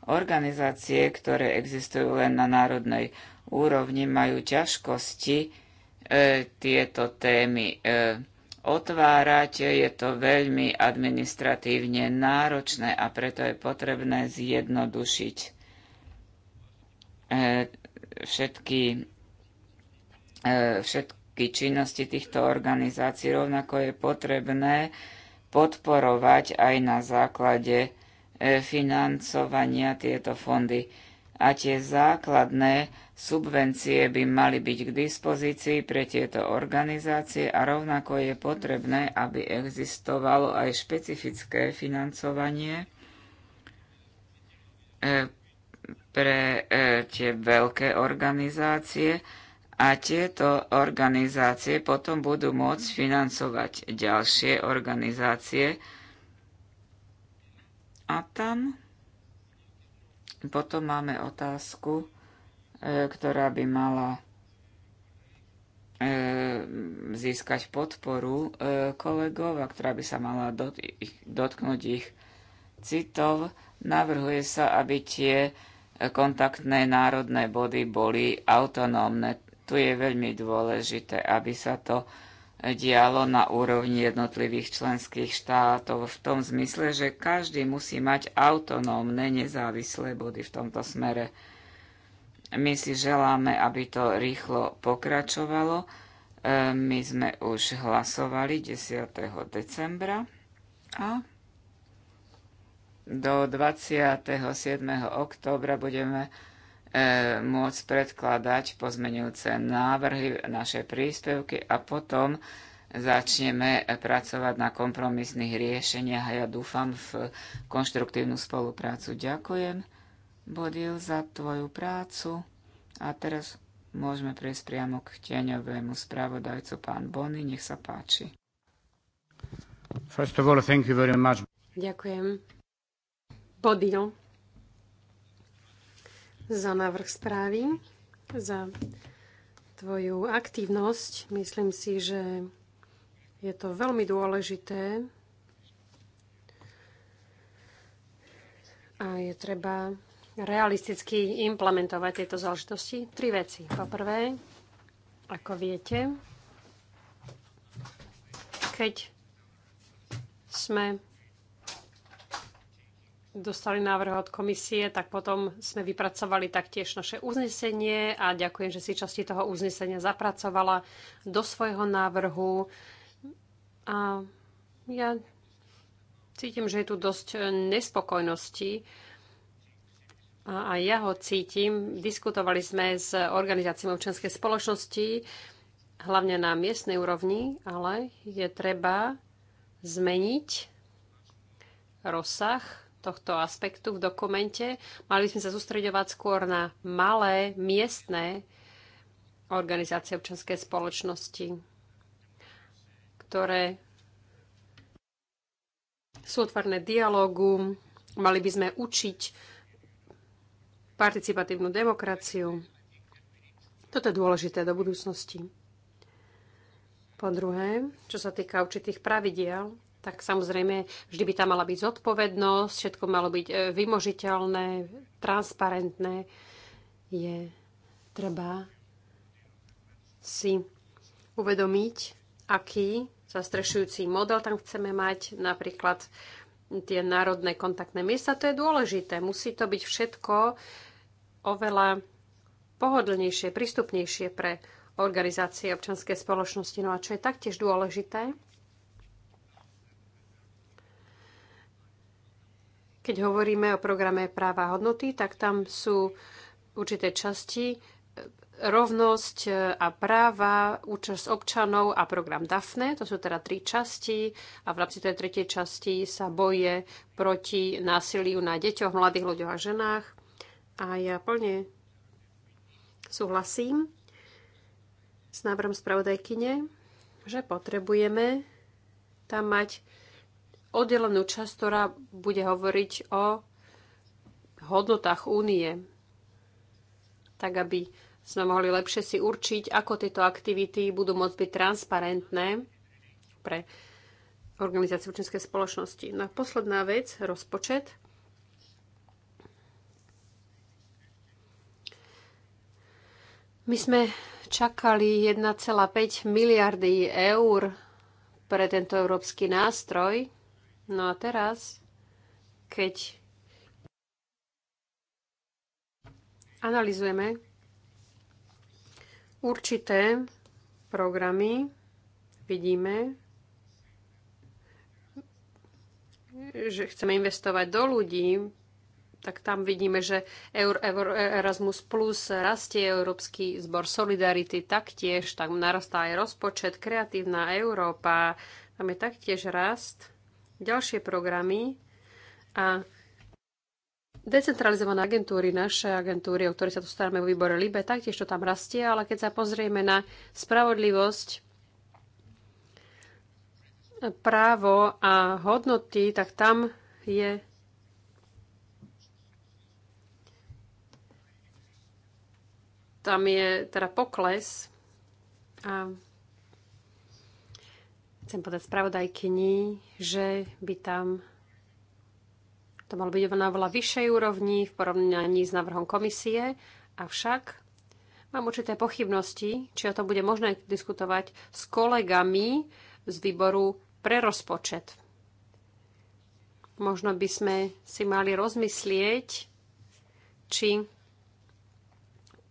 Organizácie, ktoré existujú len na národnej úrovni, majú ťažkosti e, tieto témy e, otvárať. Je to veľmi administratívne náročné a preto je potrebné zjednodušiť e, všetky, e, všetky činnosti týchto organizácií. Rovnako je potrebné podporovať aj na základe E, financovania tieto fondy. A tie základné subvencie by mali byť k dispozícii pre tieto organizácie a rovnako je potrebné, aby existovalo aj špecifické financovanie e, pre e, tie veľké organizácie a tieto organizácie potom budú môcť financovať ďalšie organizácie, a tam potom máme otázku, e, ktorá by mala e, získať podporu e, kolegov a ktorá by sa mala dotknúť ich citov. Navrhuje sa, aby tie kontaktné národné body boli autonómne. Tu je veľmi dôležité, aby sa to dialo na úrovni jednotlivých členských štátov v tom zmysle, že každý musí mať autonómne nezávislé body v tomto smere. My si želáme, aby to rýchlo pokračovalo. E, my sme už hlasovali 10. decembra a do 27. oktobra budeme E, môcť predkladať pozmenujúce návrhy, naše príspevky a potom začneme pracovať na kompromisných riešeniach a ja dúfam v konštruktívnu spoluprácu. Ďakujem, Bodil, za tvoju prácu a teraz môžeme prejsť priamo k tieňovému spravodajcu, pán Bonny, nech sa páči. First of all, thank you very much. Ďakujem. Bodil, za návrh správy, za tvoju aktívnosť. Myslím si, že je to veľmi dôležité a je treba realisticky implementovať tieto záležitosti. Tri veci. Po prvé, ako viete, keď sme dostali návrh od komisie, tak potom sme vypracovali taktiež naše uznesenie a ďakujem, že si časti toho uznesenia zapracovala do svojho návrhu. A ja cítim, že je tu dosť nespokojnosti a aj ja ho cítim. Diskutovali sme s organizáciami občianskej spoločnosti, hlavne na miestnej úrovni, ale je treba zmeniť rozsah tohto aspektu v dokumente. Mali sme sa sústreďovať skôr na malé, miestne organizácie občanskej spoločnosti, ktoré sú otvorné dialogu, mali by sme učiť participatívnu demokraciu. Toto je dôležité do budúcnosti. Po druhé, čo sa týka určitých pravidiel, tak samozrejme vždy by tam mala byť zodpovednosť, všetko malo byť e, vymožiteľné, transparentné. Je treba si uvedomiť, aký zastrešujúci model tam chceme mať, napríklad tie národné kontaktné miesta, to je dôležité. Musí to byť všetko oveľa pohodlnejšie, prístupnejšie pre organizácie občanskej spoločnosti. No a čo je taktiež dôležité, Keď hovoríme o programe práva a hodnoty, tak tam sú určité časti e, rovnosť e, a práva, účasť občanov a program DAFNE. To sú teda tri časti a v rámci tej tretej časti sa boje proti násiliu na deťoch, mladých ľuďoch a ženách. A ja plne súhlasím s návrhom spravodajkyne, že potrebujeme tam mať oddelenú časť, ktorá bude hovoriť o hodnotách únie, tak aby sme mohli lepšie si určiť, ako tieto aktivity budú môcť byť transparentné pre organizáciu občianskej spoločnosti. No a posledná vec, rozpočet. My sme čakali 1,5 miliardy eur pre tento európsky nástroj, No a teraz, keď analizujeme určité programy, vidíme, že chceme investovať do ľudí, tak tam vidíme, že Eur, Eur, Erasmus Plus rastie Európsky zbor Solidarity taktiež, tak narastá aj rozpočet, kreatívna Európa, tam je taktiež rast ďalšie programy a decentralizované agentúry, naše agentúry, o ktoré sa tu staráme vo výbore LIBE, taktiež to tam rastie, ale keď sa pozrieme na spravodlivosť, právo a hodnoty, tak tam je tam je teda pokles a Chcem povedať spravodajkyni, že by tam to malo byť na veľa vyššej úrovni v porovnaní s návrhom komisie, avšak mám určité pochybnosti, či o to bude možné diskutovať s kolegami z výboru pre rozpočet. Možno by sme si mali rozmyslieť, či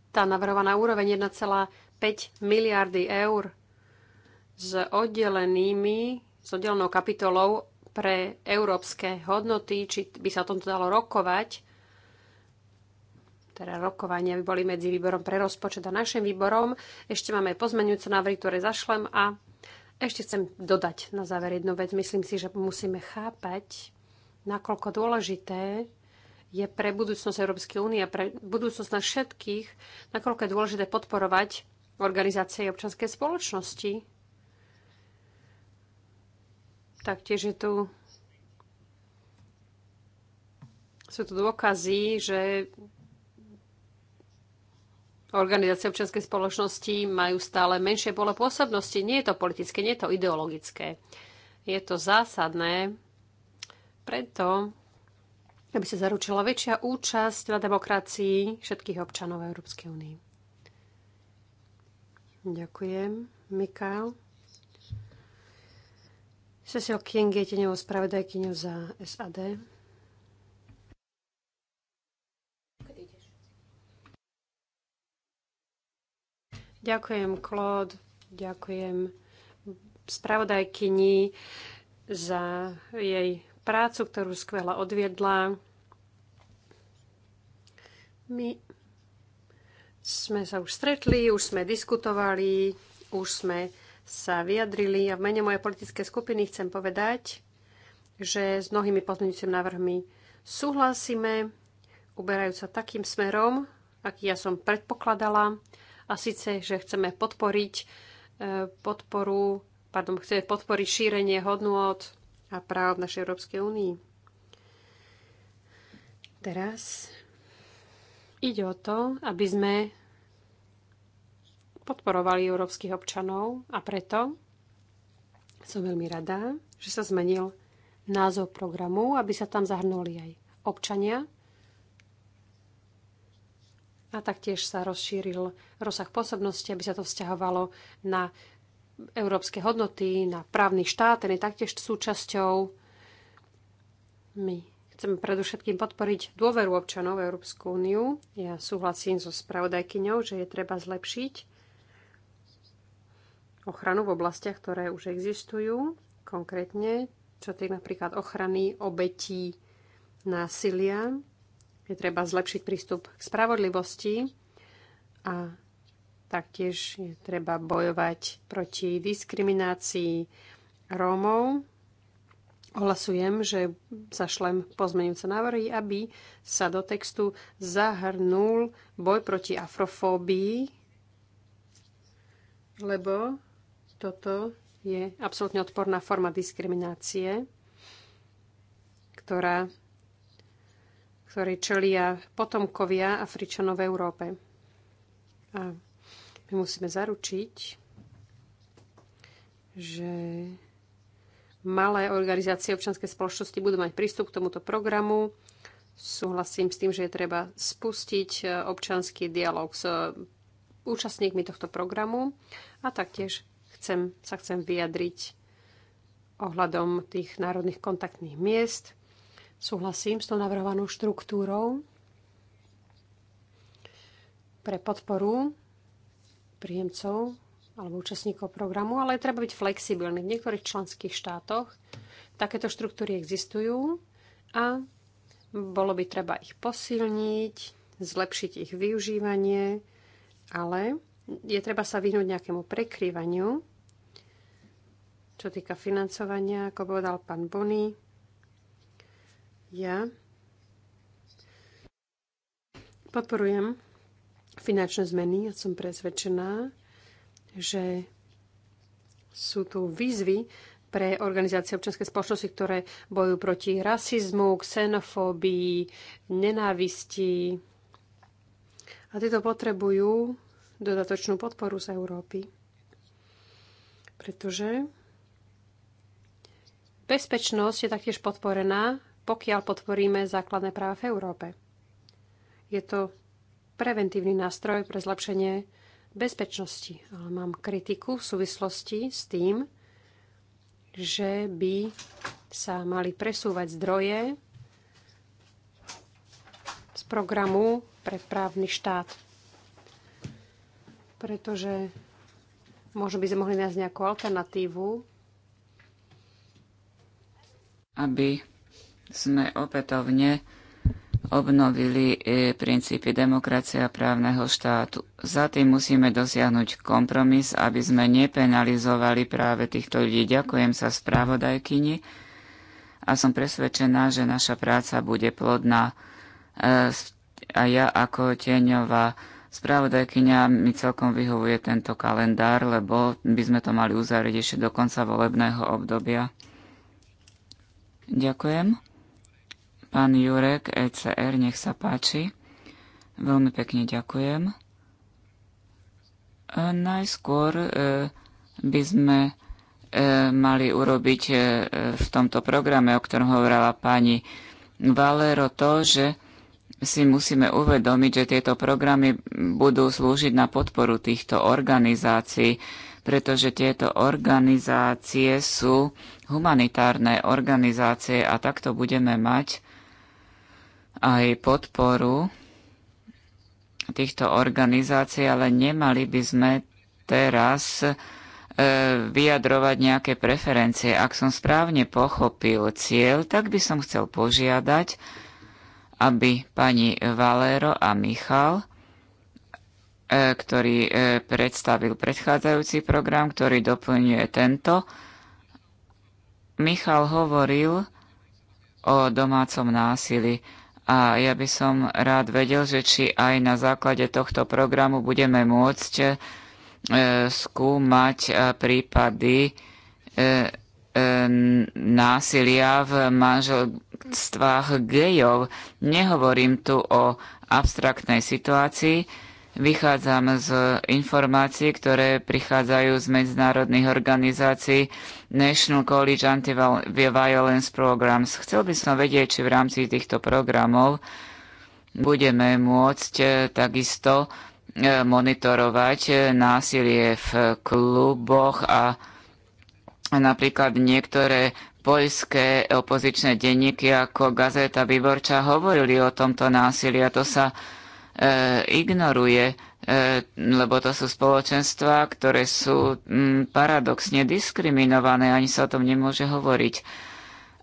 tá navrhovaná úroveň 1,5 miliardy eur s oddelenými, s oddelenou kapitolou pre európske hodnoty, či by sa o tomto dalo rokovať, teda rokovania by boli medzi výborom pre rozpočet a našim výborom. Ešte máme pozmenujúce návrhy, ktoré zašlem a ešte chcem dodať na záver jednu vec. Myslím si, že musíme chápať, nakoľko dôležité je pre budúcnosť Európskej únie a pre budúcnosť nás všetkých, nakoľko je dôležité podporovať organizácie občanskej spoločnosti, Taktiež je tu sú tu dôkazy, že organizácie občianskej spoločnosti majú stále menšie pole pôsobnosti. Nie je to politické, nie je to ideologické. Je to zásadné preto, aby sa zaručila väčšia účasť na demokracii všetkých občanov Európskej únie. Ďakujem, Mikael. Cecil King je teňovou spravodajkyňou za SAD. Ďakujem, Claude. Ďakujem spravodajkyni za jej prácu, ktorú skvela odviedla. My sme sa už stretli, už sme diskutovali, už sme sa vyjadrili a v mene mojej politické skupiny chcem povedať, že s mnohými pozmeňujúcimi návrhmi súhlasíme, uberajú sa takým smerom, aký ja som predpokladala, a síce, že chceme podporiť e, podporu, pardon, chceme podporiť šírenie hodnôt a práv v našej Európskej únii. Teraz ide o to, aby sme podporovali európskych občanov a preto som veľmi rada, že sa zmenil názov programu, aby sa tam zahrnuli aj občania. A taktiež sa rozšíril rozsah pôsobnosti, aby sa to vzťahovalo na európske hodnoty, na právny štát, ten je taktiež súčasťou. My chceme predovšetkým podporiť dôveru občanov v Európsku úniu. Ja súhlasím so spravodajkyňou, že je treba zlepšiť ochranu v oblastiach, ktoré už existujú, konkrétne čo týka napríklad ochrany obetí násilia, je treba zlepšiť prístup k spravodlivosti a taktiež je treba bojovať proti diskriminácii Rómov. Ohlasujem, že zašlem pozmeňujúce návrhy, aby sa do textu zahrnul boj proti afrofóbii, lebo toto je absolútne odporná forma diskriminácie, ktorá, ktorej čelia potomkovia Afričanov v Európe. A my musíme zaručiť, že malé organizácie občianskej spoločnosti budú mať prístup k tomuto programu. Súhlasím s tým, že je treba spustiť eh, občanský dialog s eh, účastníkmi tohto programu a taktiež chcem, sa chcem vyjadriť ohľadom tých národných kontaktných miest. Súhlasím s tou navrhovanou štruktúrou pre podporu príjemcov alebo účastníkov programu, ale je treba byť flexibilný. V niektorých členských štátoch takéto štruktúry existujú a bolo by treba ich posilniť, zlepšiť ich využívanie, ale je treba sa vyhnúť nejakému prekrývaniu čo týka financovania, ako povedal pán Bony, ja podporujem finančné zmeny. Ja som presvedčená, že sú tu výzvy pre organizácie občianskej spoločnosti, ktoré bojujú proti rasizmu, xenofóbii, nenávisti. A tieto potrebujú dodatočnú podporu z Európy. Pretože Bezpečnosť je taktiež podporená, pokiaľ podporíme základné práva v Európe. Je to preventívny nástroj pre zlepšenie bezpečnosti, ale mám kritiku v súvislosti s tým, že by sa mali presúvať zdroje z programu pre právny štát. Pretože možno by sme mohli nájsť nejakú alternatívu aby sme opätovne obnovili e, princípy demokracie a právneho štátu. Za tým musíme dosiahnuť kompromis, aby sme nepenalizovali práve týchto ľudí. Ďakujem sa správodajkyni a som presvedčená, že naša práca bude plodná. E, a ja ako tieňová spravodajkyňa mi celkom vyhovuje tento kalendár, lebo by sme to mali uzavrieť ešte do konca volebného obdobia. Ďakujem. Pán Jurek, ECR, nech sa páči. Veľmi pekne ďakujem. E, najskôr e, by sme e, mali urobiť v tomto programe, o ktorom hovorila pani Valero, to, že si musíme uvedomiť, že tieto programy budú slúžiť na podporu týchto organizácií pretože tieto organizácie sú humanitárne organizácie a takto budeme mať aj podporu týchto organizácií, ale nemali by sme teraz e, vyjadrovať nejaké preferencie. Ak som správne pochopil cieľ, tak by som chcel požiadať, aby pani Valero a Michal E, ktorý e, predstavil predchádzajúci program, ktorý doplňuje tento. Michal hovoril o domácom násili a ja by som rád vedel, že či aj na základe tohto programu budeme môcť e, skúmať prípady násilia v manželstvách gejov. Nehovorím tu o abstraktnej situácii, Vychádzam z informácií, ktoré prichádzajú z medzinárodných organizácií National College Anti-Violence Programs. Chcel by som vedieť, či v rámci týchto programov budeme môcť eh, takisto eh, monitorovať eh, násilie v kluboch a napríklad niektoré poľské opozičné denníky ako Gazeta Vyborča hovorili o tomto násilí a to sa Eh, ignoruje, eh, lebo to sú spoločenstvá, ktoré sú mm, paradoxne diskriminované, ani sa o tom nemôže hovoriť.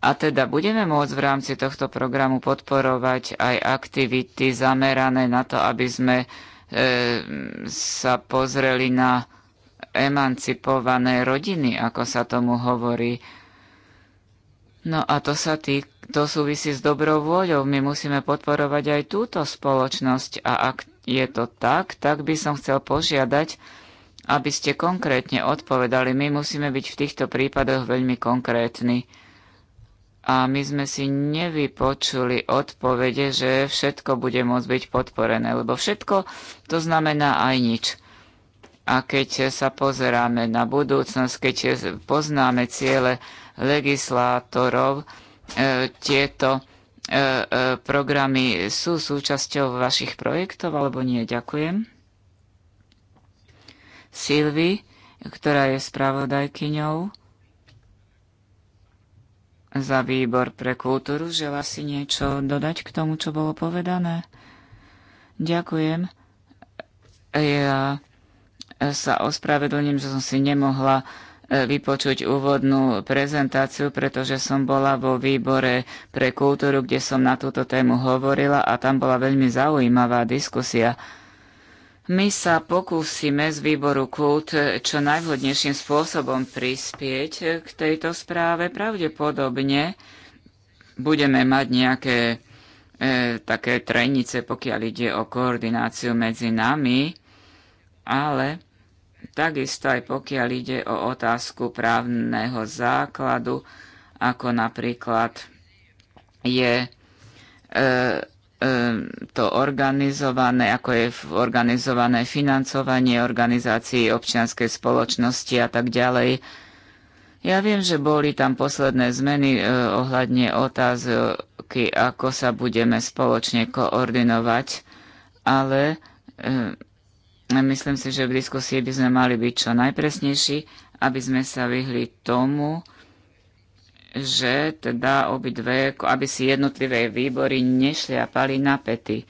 A teda budeme môcť v rámci tohto programu podporovať aj aktivity zamerané na to, aby sme e, sa pozreli na emancipované rodiny, ako sa tomu hovorí. No a to sa týka to súvisí s dobrou vôľou. My musíme podporovať aj túto spoločnosť a ak je to tak, tak by som chcel požiadať, aby ste konkrétne odpovedali. My musíme byť v týchto prípadoch veľmi konkrétni. A my sme si nevypočuli odpovede, že všetko bude môcť byť podporené, lebo všetko to znamená aj nič. A keď sa pozeráme na budúcnosť, keď poznáme ciele legislátorov, E, tieto e, e, programy sú súčasťou vašich projektov alebo nie? Ďakujem. Silvi, ktorá je spravodajkyňou za výbor pre kultúru, žela si niečo dodať k tomu, čo bolo povedané? Ďakujem. Ja sa ospravedlním, že som si nemohla uh, vypočuť úvodnú prezentáciu, pretože som bola vo výbore pre kultúru, kde som na túto tému hovorila a tam bola veľmi zaujímavá diskusia. My sa pokúsime z výboru KULT čo najvhodnejším spôsobom prispieť k tejto správe. Pravdepodobne budeme mať nejaké e, také trenice, pokiaľ ide o koordináciu medzi nami, ale Takisto aj pokiaľ ide o otázku právneho základu, ako napríklad je e, e, to organizované, ako je organizované financovanie organizácií občianskej spoločnosti a tak ďalej. Ja viem, že boli tam posledné zmeny e, ohľadne otázky, ako sa budeme spoločne koordinovať, ale e, Myslím si, že v diskusii by sme mali byť čo najpresnejší, aby sme sa vyhli tomu, že teda obidve, aby si jednotlivé výbory nešliapali na pety.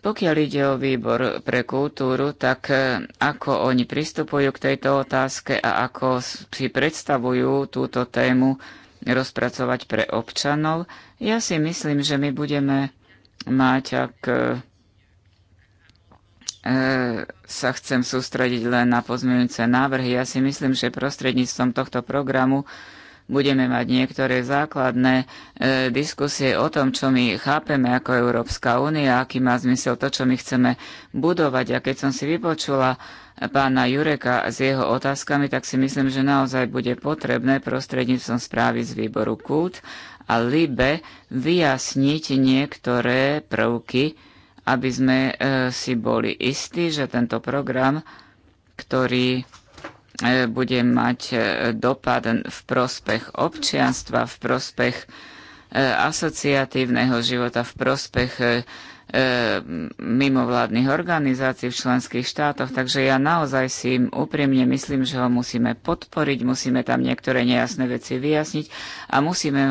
Pokiaľ ide o výbor pre kultúru, tak e, ako oni pristupujú k tejto otázke a ako si predstavujú túto tému rozpracovať pre občanov, ja si myslím, že my budeme mať ak e, E, sa chcem sústrediť len na pozmeňujúce návrhy. Ja si myslím, že prostredníctvom tohto programu budeme mať niektoré základné e, diskusie o tom, čo my chápeme ako Európska únia, aký má zmysel to, čo my chceme budovať. A keď som si vypočula pána Jureka s jeho otázkami, tak si myslím, že naozaj bude potrebné prostredníctvom správy z výboru KULT a LIBE vyjasniť niektoré prvky, aby sme e, si boli istí, že tento program, ktorý e, bude mať e, dopad v prospech občianstva, v prospech asociatívneho života, v prospech mimovládnych organizácií v členských štátoch. Takže ja naozaj si úprimne myslím, že ho musíme podporiť, musíme tam niektoré nejasné veci vyjasniť a musíme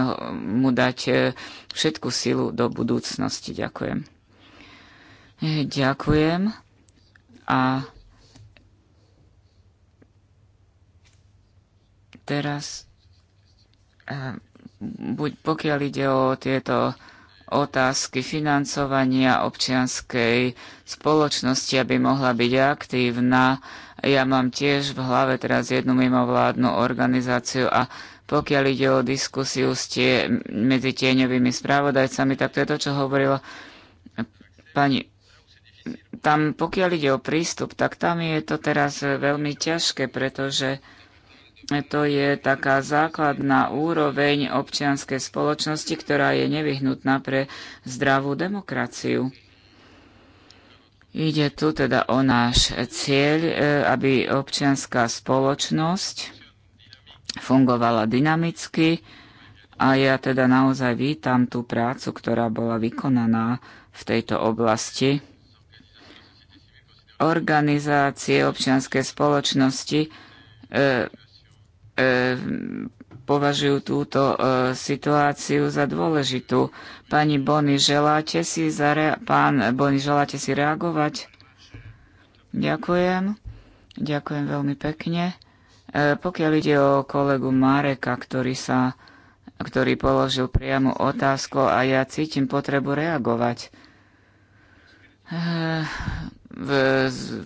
mu dať všetku silu do budúcnosti. Ďakujem. Eh, ďakujem. A teraz, eh, buď pokiaľ ide o tieto otázky financovania občianskej spoločnosti, aby mohla byť aktívna. Ja mám tiež v hlave teraz jednu mimovládnu organizáciu a pokiaľ ide o diskusiu s tie, medzi tieňovými správodajcami, tak to je to, čo hovorila pani tam pokiaľ ide o prístup, tak tam je to teraz veľmi ťažké, pretože to je taká základná úroveň občianskej spoločnosti, ktorá je nevyhnutná pre zdravú demokraciu. Ide tu teda o náš cieľ, e, aby občianská spoločnosť fungovala dynamicky a ja teda naozaj vítam tú prácu, ktorá bola vykonaná v tejto oblasti organizácie občianskej spoločnosti e, e, považujú túto e, situáciu za dôležitú. Pani Bony, želáte si, zare- pán Bony, želáte si reagovať? Ďakujem. Ďakujem veľmi pekne. E, pokiaľ ide o kolegu Mareka, ktorý sa ktorý položil priamu otázku a ja cítim potrebu reagovať. E, v,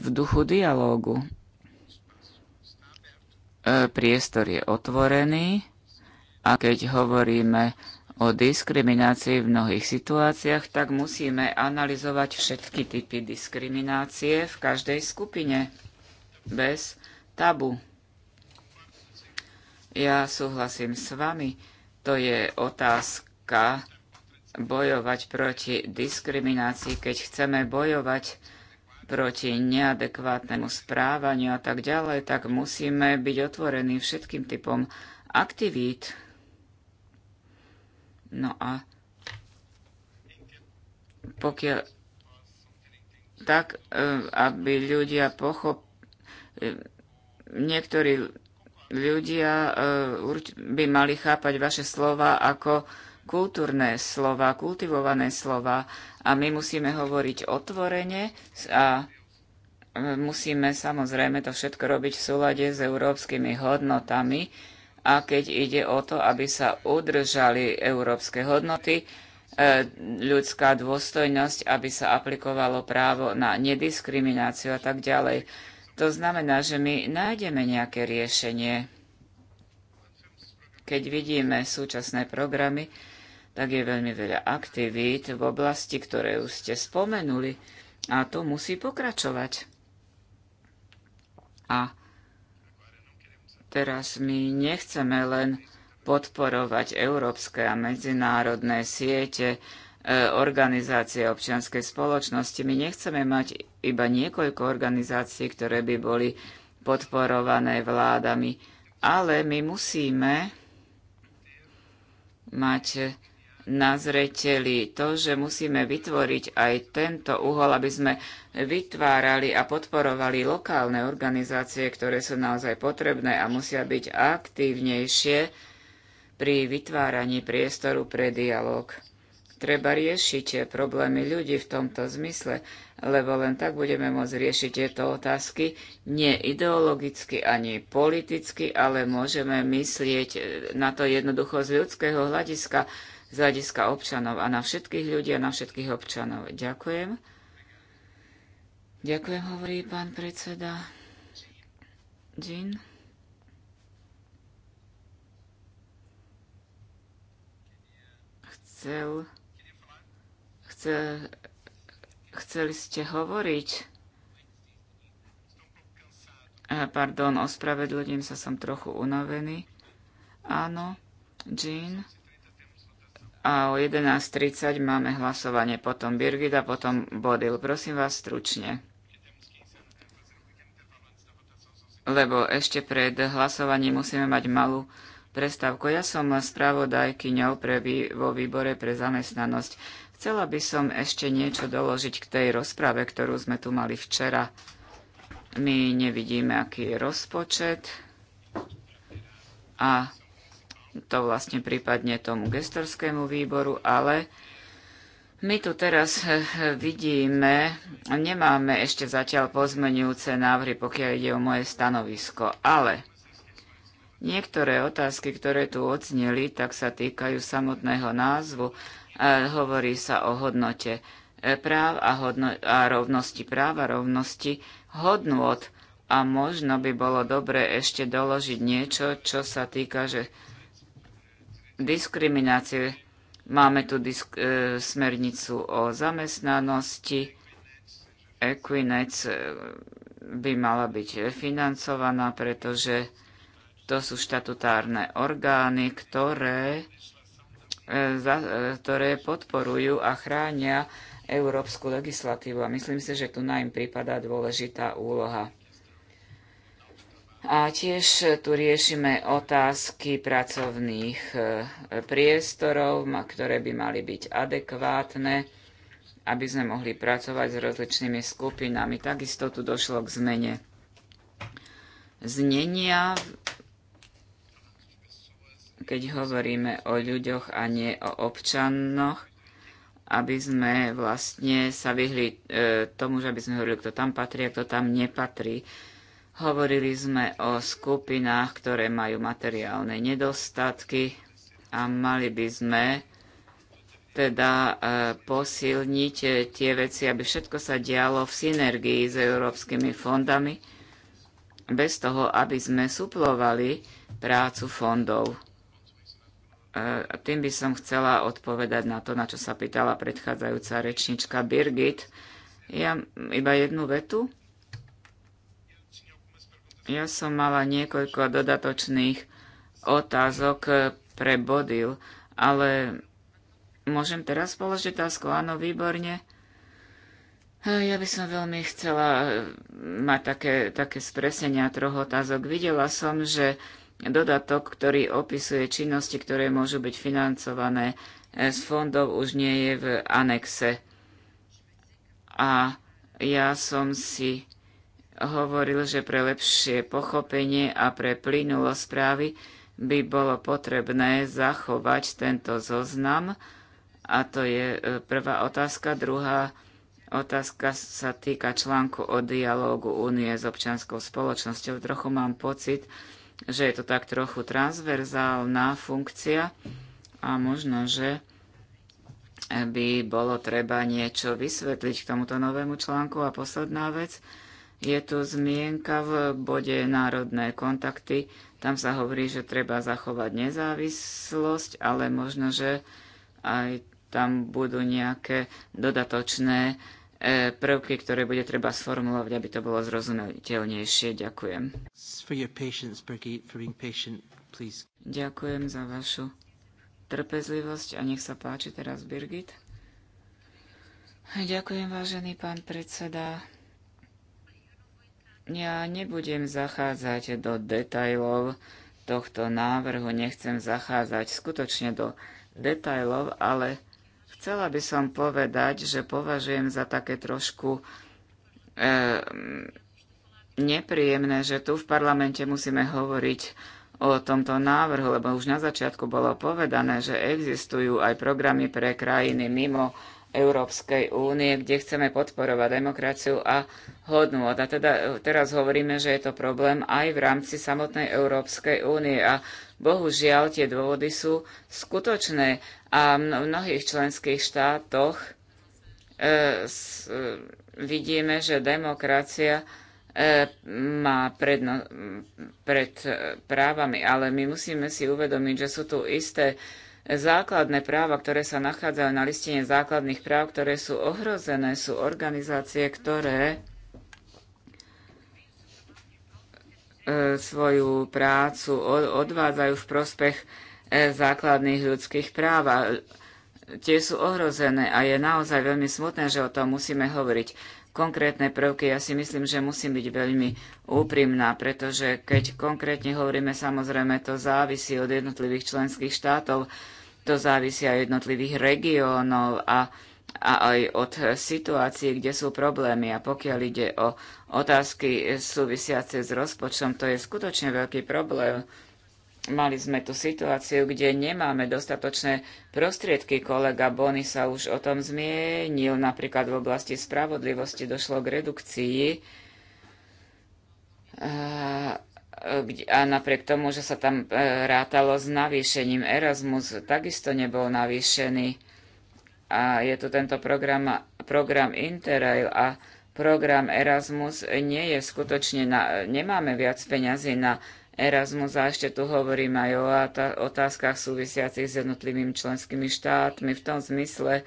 v duchu dialógu. E, priestor je otvorený a keď hovoríme o diskriminácii v mnohých situáciách, tak musíme analyzovať všetky typy diskriminácie v každej skupine bez tabu. Ja súhlasím s vami, to je otázka bojovať proti diskriminácii, keď chceme bojovať proti neadekvátnemu správaniu a tak ďalej, tak musíme byť otvorení všetkým typom aktivít. No a pokiaľ tak, e, aby ľudia pochop... E, niektorí ľudia e, by mali chápať vaše slova ako kultúrne slova, kultivované slova a my musíme hovoriť otvorene a e, musíme samozrejme to všetko robiť v súlade s európskymi hodnotami a keď ide o to, aby sa udržali európske hodnoty, e, ľudská dôstojnosť, aby sa aplikovalo právo na nediskrimináciu a tak ďalej. To znamená, že my nájdeme nejaké riešenie. Keď vidíme súčasné programy, tak je veľmi veľa aktivít v oblasti, ktoré už ste spomenuli a to musí pokračovať. A teraz my nechceme len podporovať európske a medzinárodné siete, e, organizácie občianskej spoločnosti. My nechceme mať iba niekoľko organizácií, ktoré by boli podporované vládami, ale my musíme mať na zreteli to, že musíme vytvoriť aj tento uhol, aby sme vytvárali a podporovali lokálne organizácie, ktoré sú naozaj potrebné a musia byť aktívnejšie pri vytváraní priestoru pre dialog. Treba riešiť problémy ľudí v tomto zmysle, lebo len tak budeme môcť riešiť tieto otázky nie ideologicky ani politicky, ale môžeme myslieť na to jednoducho z ľudského hľadiska, z hľadiska občanov a na všetkých ľudí a na všetkých občanov. Ďakujem. Ďakujem, hovorí pán predseda. Jean. Chcel, chcel, chceli ste hovoriť. E, pardon, ospravedlňujem sa, som trochu unavený. Áno, Jean a o 11.30 máme hlasovanie, potom Birgit a potom Bodil. Prosím vás stručne. Lebo ešte pred hlasovaním musíme mať malú prestávku. Ja som spravodajkyňou pre vý, vo výbore pre zamestnanosť. Chcela by som ešte niečo doložiť k tej rozprave, ktorú sme tu mali včera. My nevidíme, aký je rozpočet a to vlastne prípadne tomu gestorskému výboru, ale my tu teraz eh, vidíme, nemáme ešte zatiaľ pozmenujúce návrhy, pokiaľ ide o moje stanovisko, ale niektoré otázky, ktoré tu odzneli, tak sa týkajú samotného názvu. Eh, hovorí sa o hodnote eh, práv a, hodno- a rovnosti práva, rovnosti hodnot. A možno by bolo dobre ešte doložiť niečo, čo sa týka, že diskriminácie. Máme tu disk- e, smernicu o zamestnanosti. Equinec e, by mala byť financovaná, pretože to sú štatutárne orgány, ktoré, e, za, e, ktoré podporujú a chránia európsku legislatívu. A myslím si, že tu na im prípada dôležitá úloha. A tiež tu riešime otázky pracovných e, priestorov, ktoré by mali byť adekvátne, aby sme mohli pracovať s rozličnými skupinami. Takisto tu došlo k zmene znenia, keď hovoríme o ľuďoch a nie o občanoch, aby sme vlastne sa vyhli e, tomu, že aby sme hovorili, kto tam patrí a kto tam nepatrí Hovorili sme o skupinách, ktoré majú materiálne nedostatky a mali by sme teda e, posilniť e, tie veci, aby všetko sa dialo v synergii s európskymi fondami, bez toho, aby sme suplovali prácu fondov. E, tým by som chcela odpovedať na to, na čo sa pýtala predchádzajúca rečnička Birgit. Ja iba jednu vetu. Ja som mala niekoľko dodatočných otázok eh, pre Bodil, ale môžem teraz položiť otázku? Áno, výborne. Eh, ja by som veľmi chcela eh, mať také, také spresenia troch otázok. Videla som, že dodatok, ktorý opisuje činnosti, ktoré môžu byť financované z fondov, už nie je v anexe. A ja som si hovoril, že pre lepšie pochopenie a pre plynulo správy by bolo potrebné zachovať tento zoznam. A to je e, prvá otázka. Druhá otázka sa týka článku o dialógu únie s občianskou spoločnosťou. Trochu mám pocit, že je to tak trochu transverzálna funkcia a možno, že by bolo treba niečo vysvetliť k tomuto novému článku. A posledná vec, je tu zmienka v bode národné kontakty. Tam sa hovorí, že treba zachovať nezávislosť, ale možno, že aj tam budú nejaké dodatočné e, prvky, ktoré bude treba sformulovať, aby to bolo zrozumiteľnejšie. Ďakujem. Ďakujem za vašu trpezlivosť a nech sa páči teraz Birgit. Ďakujem, vážený pán predseda. Ja nebudem zachádzať do detajlov tohto návrhu, nechcem zachádzať skutočne do detajlov, ale chcela by som povedať, že považujem za také trošku e, nepríjemné, že tu v parlamente musíme hovoriť o tomto návrhu, lebo už na začiatku bolo povedané, že existujú aj programy pre krajiny mimo Európskej únie, kde chceme podporovať demokraciu a hodnú. A teda teraz hovoríme, že je to problém aj v rámci samotnej Európskej únie. A bohužiaľ tie dôvody sú skutočné. A v mnohých členských štátoch e, s, e, vidíme, že demokracia e, má predno, pred e, právami. Ale my musíme si uvedomiť, že sú tu isté základné práva, ktoré sa nachádzajú na listine základných práv, ktoré sú ohrozené, sú organizácie, ktoré e, svoju prácu odvádzajú v prospech e, základných ľudských práv a tie sú ohrozené a je naozaj veľmi smutné, že o tom musíme hovoriť. Konkrétne prvky, ja si myslím, že musím byť veľmi úprimná, pretože keď konkrétne hovoríme, samozrejme to závisí od jednotlivých členských štátov, to závisí aj od jednotlivých regiónov a, a aj od situácií, kde sú problémy. A pokiaľ ide o otázky súvisiace s rozpočtom, to je skutočne veľký problém. Mali sme tu situáciu, kde nemáme dostatočné prostriedky. Kolega Bony sa už o tom zmienil. Napríklad v oblasti spravodlivosti došlo k redukcii E, a napriek tomu, že sa tam e, rátalo s navýšením, Erasmus takisto nebol navýšený. A je tu tento program, program Interrail a program Erasmus nie je skutočne, na, nemáme viac peňazí na Erasmus a ešte tu hovorím aj o otázkach súvisiacich s jednotlivými členskými štátmi v tom zmysle,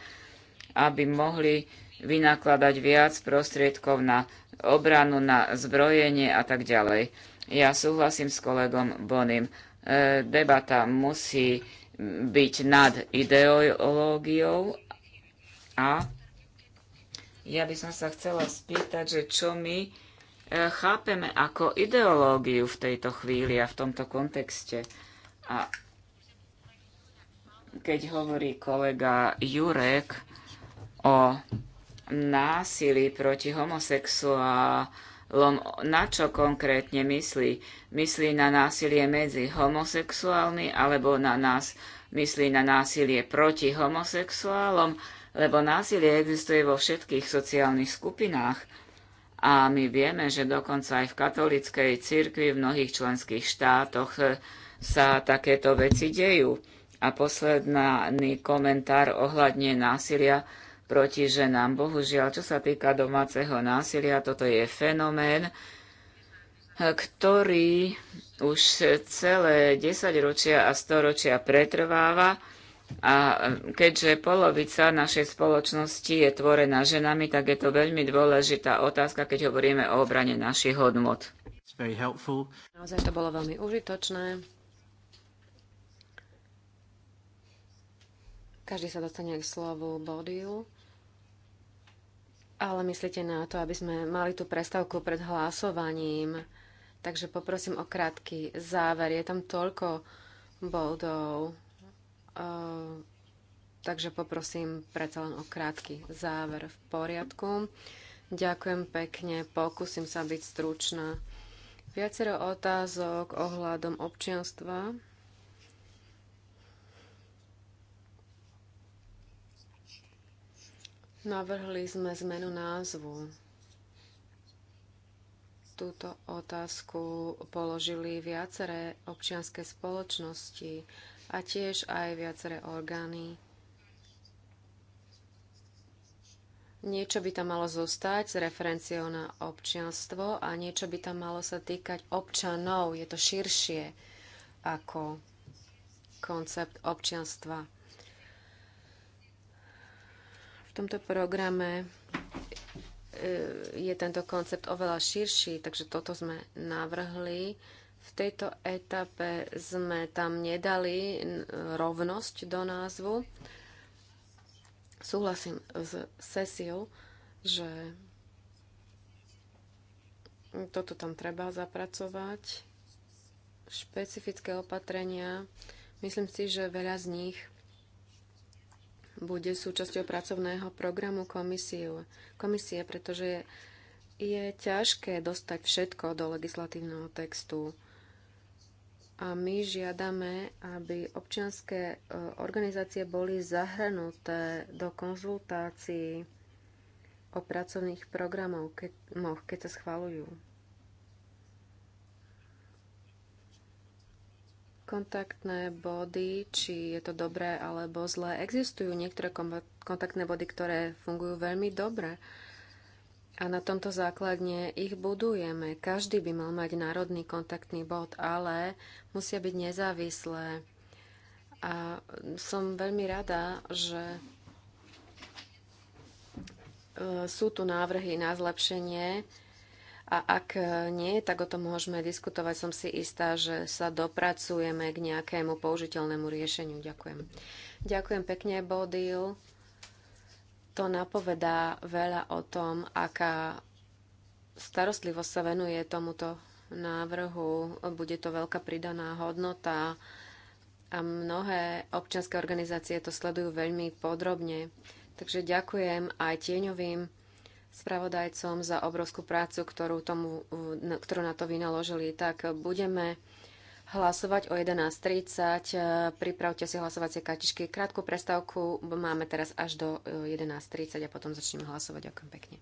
aby mohli vynakladať viac prostriedkov na obranu, na zbrojenie a tak ďalej. Ja súhlasím s kolegom Bonim. E, debata musí byť nad ideológiou a ja by som sa chcela spýtať, že čo my e, chápeme ako ideológiu v tejto chvíli a v tomto kontexte. A keď hovorí kolega Jurek o násilí proti homosexuálom, Lom na čo konkrétne myslí? Myslí na násilie medzi homosexuálmi alebo na nás myslí na násilie proti homosexuálom, lebo násilie existuje vo všetkých sociálnych skupinách. A my vieme, že dokonca aj v katolíckej cirkvi v mnohých členských štátoch eh, sa takéto veci dejú. A posledný komentár ohľadne násilia proti ženám. Bohužiaľ, čo sa týka domáceho násilia, toto je fenomén, ktorý už celé desaťročia a storočia pretrváva. A keďže polovica našej spoločnosti je tvorená ženami, tak je to veľmi dôležitá otázka, keď hovoríme o obrane našich hodnot. Naozaj to bolo veľmi užitočné. Každý sa dostane k slovu bodil. Ale myslíte na to, aby sme mali tú prestávku pred hlasovaním. Takže poprosím o krátky záver. Je tam toľko bodov. Uh, takže poprosím predsa len o krátky záver v poriadku. Ďakujem pekne, pokúsim sa byť stručná. Viacero otázok ohľadom občianstva. Navrhli sme zmenu názvu. Túto otázku položili viaceré občianské spoločnosti a tiež aj viaceré orgány. Niečo by tam malo zostať s referenciou na občianstvo a niečo by tam malo sa týkať občanov. Je to širšie ako koncept občianstva tomto programe e, je tento koncept oveľa širší, takže toto sme navrhli. V tejto etape sme tam nedali rovnosť do názvu. Súhlasím s Sesiou, že toto tam treba zapracovať. Špecifické opatrenia. Myslím si, že veľa z nich bude súčasťou pracovného programu komisiu, komisie, pretože je, je ťažké dostať všetko do legislatívneho textu. A my žiadame, aby občianské e, organizácie boli zahrnuté do konzultácií o pracovných programoch, keď, no, keď sa schvalujú. kontaktné body, či je to dobré alebo zlé. Existujú niektoré kontaktné body, ktoré fungujú veľmi dobre. A na tomto základne ich budujeme. Každý by mal mať národný kontaktný bod, ale musia byť nezávislé. A som veľmi rada, že e, sú tu návrhy na zlepšenie a ak e, nie, tak o tom môžeme diskutovať. Som si istá, že sa dopracujeme k nejakému použiteľnému riešeniu. Ďakujem. Ďakujem pekne, Bodil. To napovedá veľa o tom, aká starostlivosť sa venuje tomuto návrhu. Bude to veľká pridaná hodnota a mnohé občianske organizácie to sledujú veľmi podrobne. Takže ďakujem aj tieňovým spravodajcom za obrovskú prácu, ktorú, tomu, ktorú na to vynaložili. Tak budeme hlasovať o 11.30. Pripravte si hlasovacie kartičky. Krátku prestávku máme teraz až do 11.30 eh, a potom začneme hlasovať. Ďakujem pekne.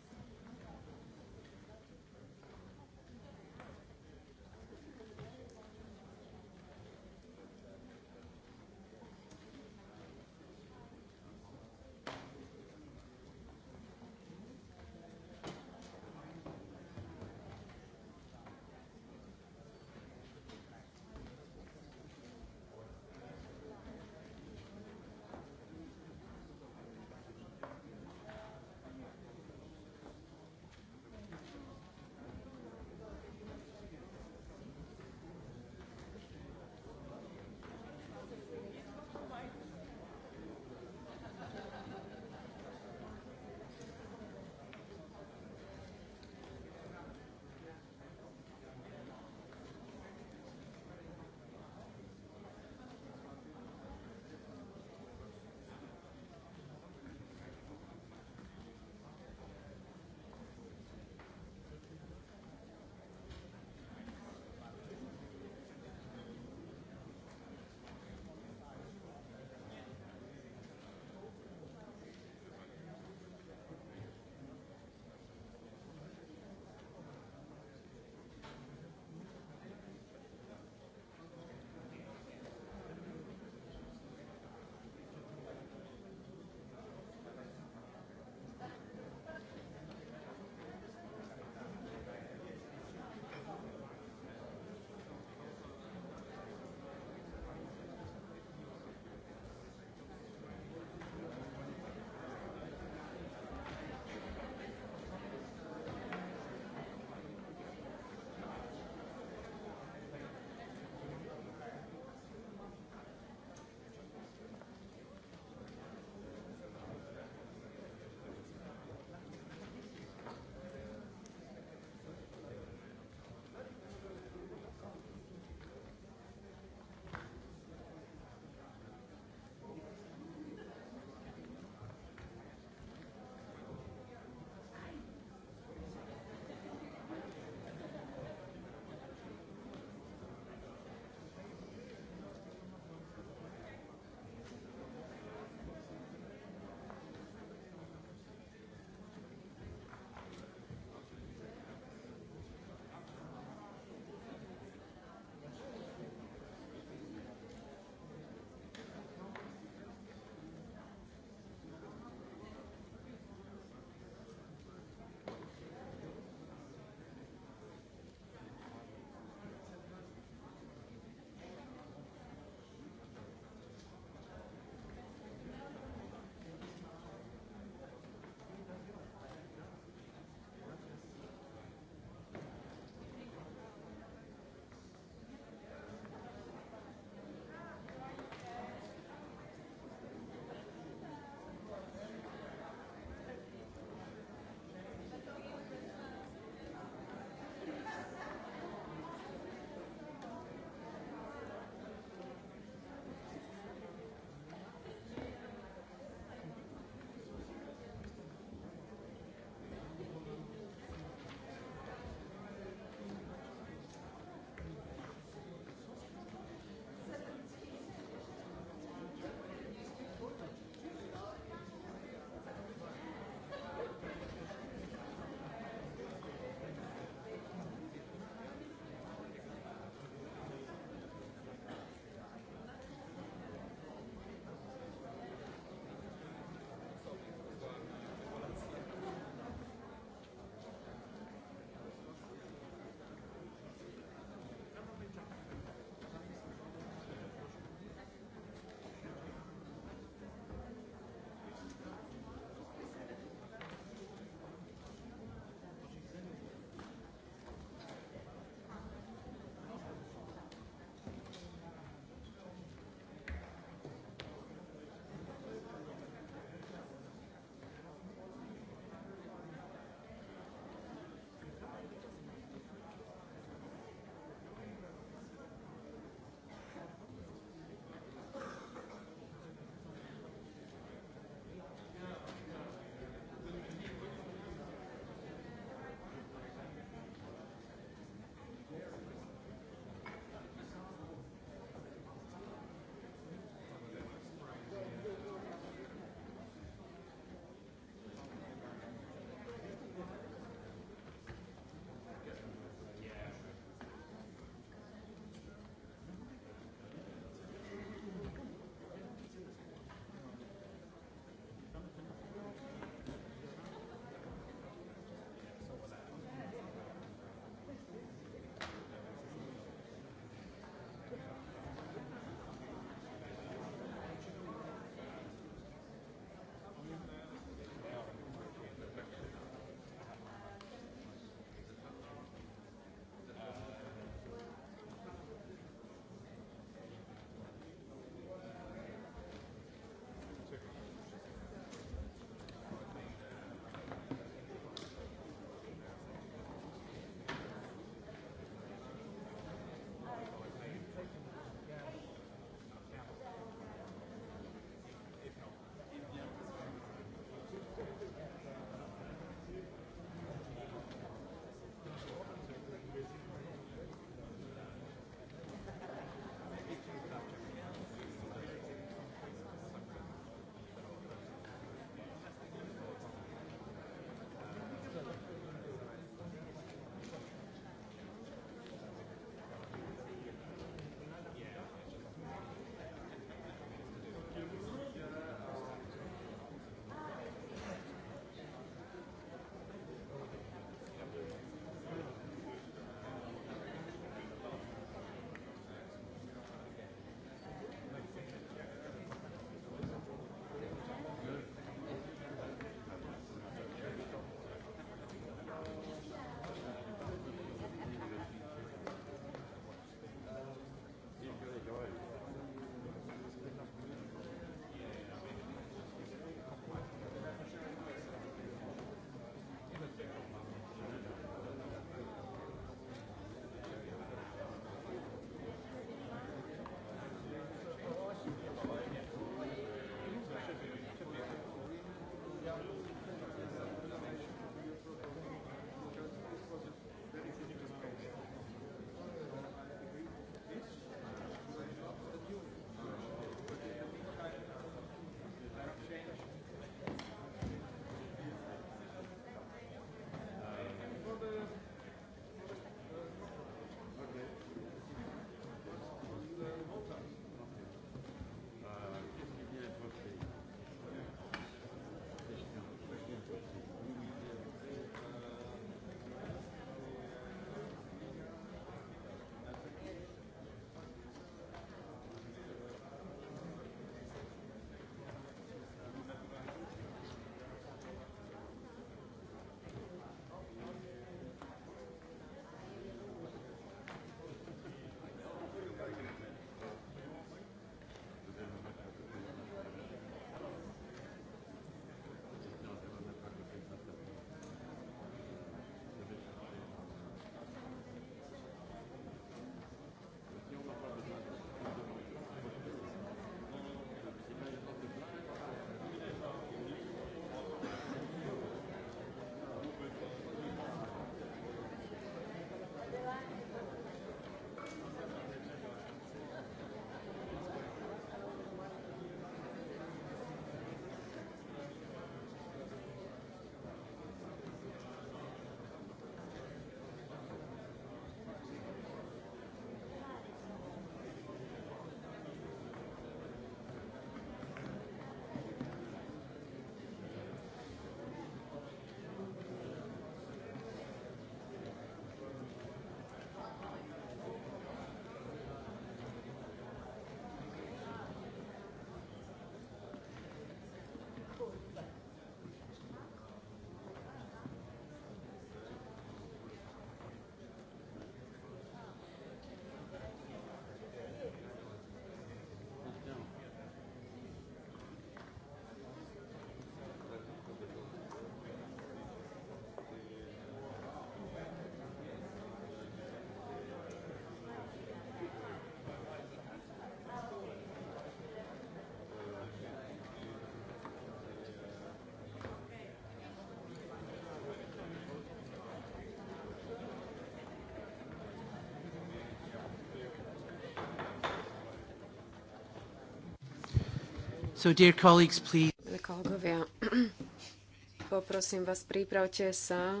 So, dear colleagues, please. Kolegovia, poprosím vás, pripravte sa.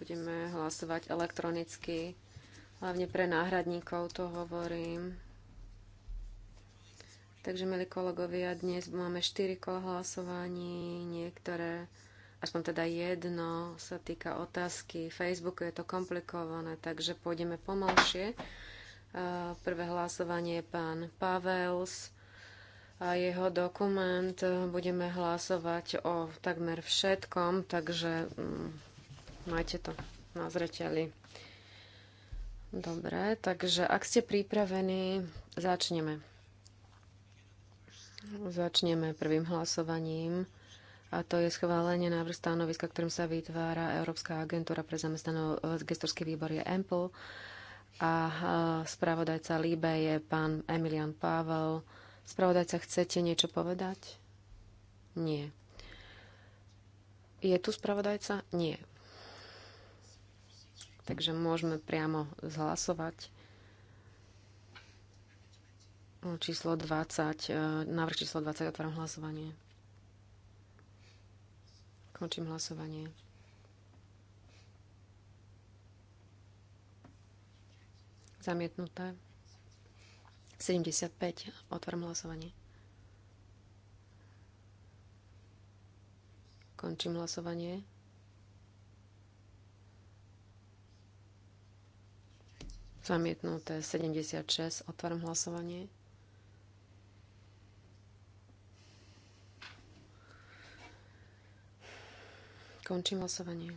Budeme hlasovať elektronicky, hlavne pre náhradníkov to hovorím. Takže, milí kolegovia, dnes máme 4 kola hlasovaní, niektoré, aspoň teda jedno, sa týka otázky Facebooku, je to komplikované, takže pôjdeme pomalšie. Prvé hlasovanie je pán Pavels a jeho dokument. E, budeme hlasovať o takmer všetkom, takže mm, majte to na zreteli. Dobre, takže ak ste pripravení, začneme. Začneme prvým hlasovaním a to je schválenie návrh stanoviska, ktorým sa vytvára Európska agentúra pre zamestnanú e, gestorský výbor je EMPL a e, spravodajca Líbe je pán Emilian Pavel. Spravodajca, chcete niečo povedať? Nie. Je tu spravodajca? Nie. Takže môžeme priamo zhlasovať číslo 20, e, návrh číslo 20, otváram hlasovanie. Končím hlasovanie. Zamietnuté. 75. Otvorím hlasovanie. Končím hlasovanie. Zamietnuté 76. Otváram hlasovanie. Končím hlasovanie.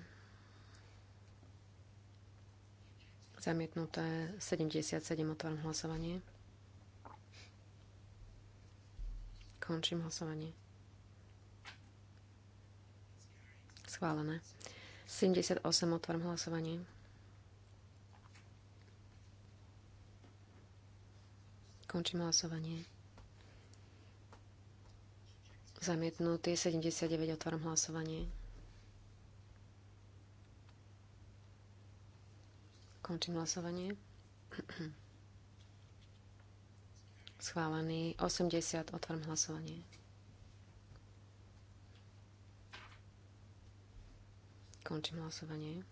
Zamietnuté 77. Otváram hlasovanie. Končím hlasovanie. Schválené. 78. Otvorím hlasovanie. Končím hlasovanie. Zamietnutý 79. Otvorím hlasovanie. Končím hlasovanie. Schválený. 80. Otvorím hlasovanie. Končím hlasovanie.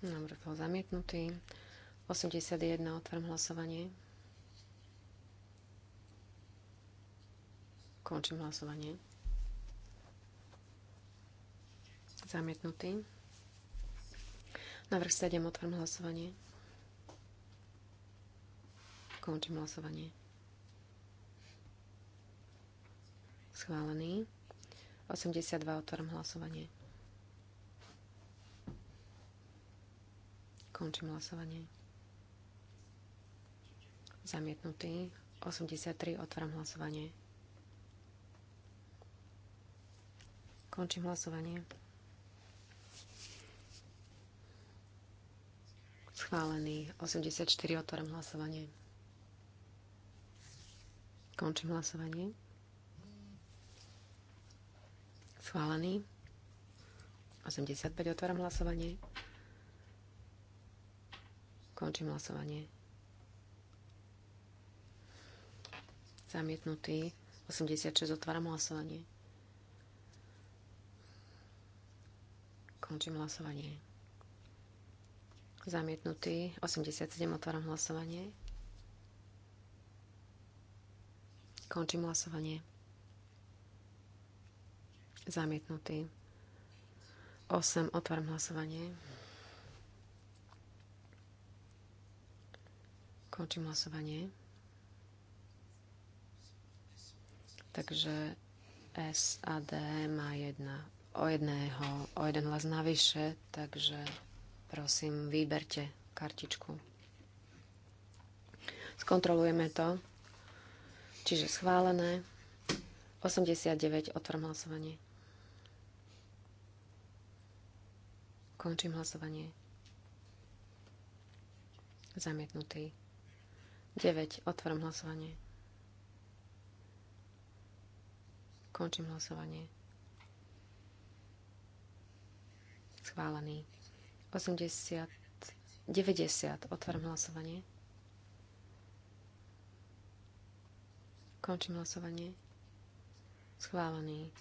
Návrh bol zamietnutý. 81. Otvorím hlasovanie. Končím hlasovanie. Zamietnutý. Navrh 7. Otvorím hlasovanie. Končím hlasovanie. Schválený. 82. Otváram hlasovanie. Končím hlasovanie. Zamietnutý. 83. Otváram hlasovanie. Končím hlasovanie. Schválený. 84. Otváram hlasovanie. Končím hlasovanie. Schválený. 85. Otváram hlasovanie. Končím hlasovanie. Zamietnutý. 86. Otváram hlasovanie. Končím hlasovanie. Zamietnutý. 87. Otváram hlasovanie. Končím hlasovanie. Zamietnutý. 8. Otváram hlasovanie. Končím hlasovanie. Takže S a D má jedna, o jedného, o jeden hlas navyše, takže prosím, vyberte kartičku. Skontrolujeme to. Čiže schválené. 89. Otvorím hlasovanie. Končím hlasovanie. Zamietnutý. 9. Otvorím hlasovanie. Končím hlasovanie. Schválený. 80. 90. Otvorím hlasovanie. Končím hlasovanie. Schválený.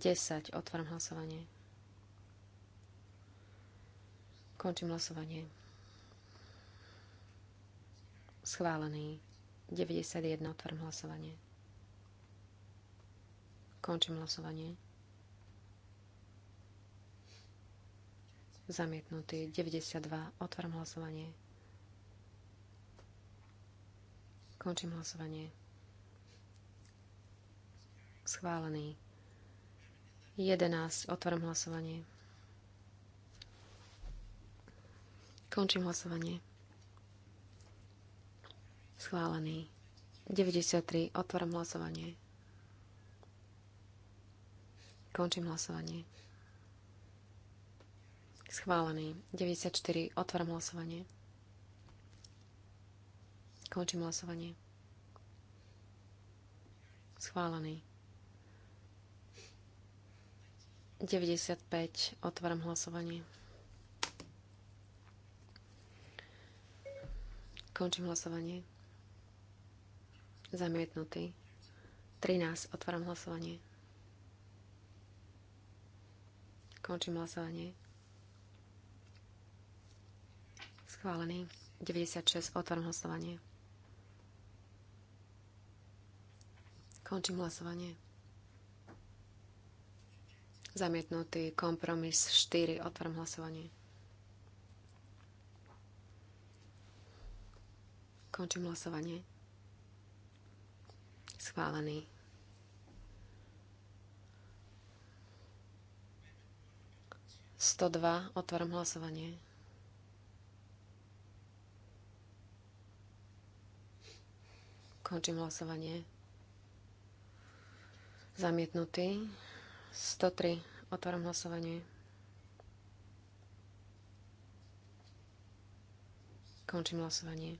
10. Otváram hlasovanie. Končím hlasovanie. Schválený. 91. Otváram hlasovanie. Končím hlasovanie. Zamietnutý. 92. Otváram hlasovanie. Končím hlasovanie. Schválený. 11. Otvorím hlasovanie. Končím hlasovanie. Schválený. 93. Otvorím hlasovanie. Končím hlasovanie. Schválený. 94. Otvorím hlasovanie. Končím hlasovanie. Schválený. 95. Otváram hlasovanie. Končím hlasovanie. Zamietnutý. 13. Otváram hlasovanie. Končím hlasovanie. Schválený. 96. Otváram hlasovanie. Končím hlasovanie. Zamietnutý kompromis 4. Otvorím hlasovanie. Končím hlasovanie. Schválený. Sto dva. Otvorím hlasovanie. Končím hlasovanie. Zamietnutý. 103. Otváram hlasovanie. Končím hlasovanie.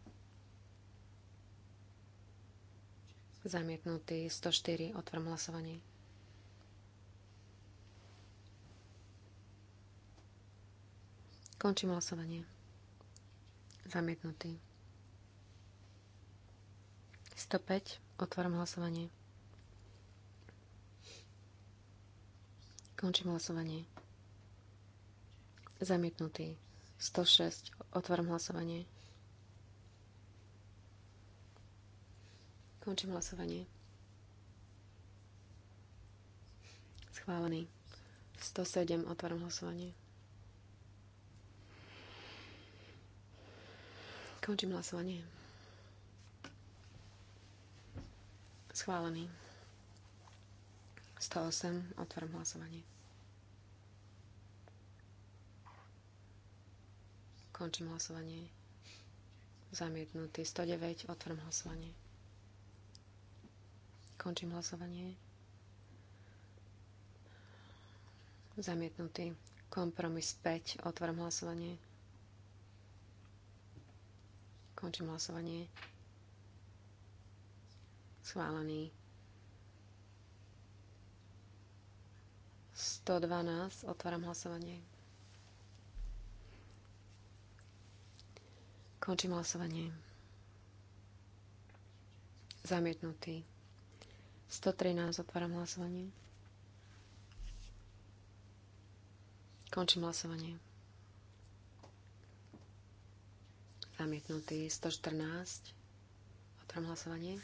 Zamietnutý 104. Otváram hlasovanie. Končím hlasovanie. Zamietnutý. 105. Otváram hlasovanie. Končím hlasovanie. Zamietnutý. 106. Otváram hlasovanie. Končím hlasovanie. Schválený. 107. Otváram hlasovanie. Končím hlasovanie. Schválený. 108. Otváram hlasovanie. Končím hlasovanie. Zamietnutý. 109. Otvorím hlasovanie. Končím hlasovanie. Zamietnutý. Kompromis 5. Otvorím hlasovanie. Končím hlasovanie. Schválený. 112. Otváram hlasovanie. Končím hlasovanie. Zamietnutý. 113. Otváram hlasovanie. Končím hlasovanie. Zamietnutý. 114. Otváram hlasovanie.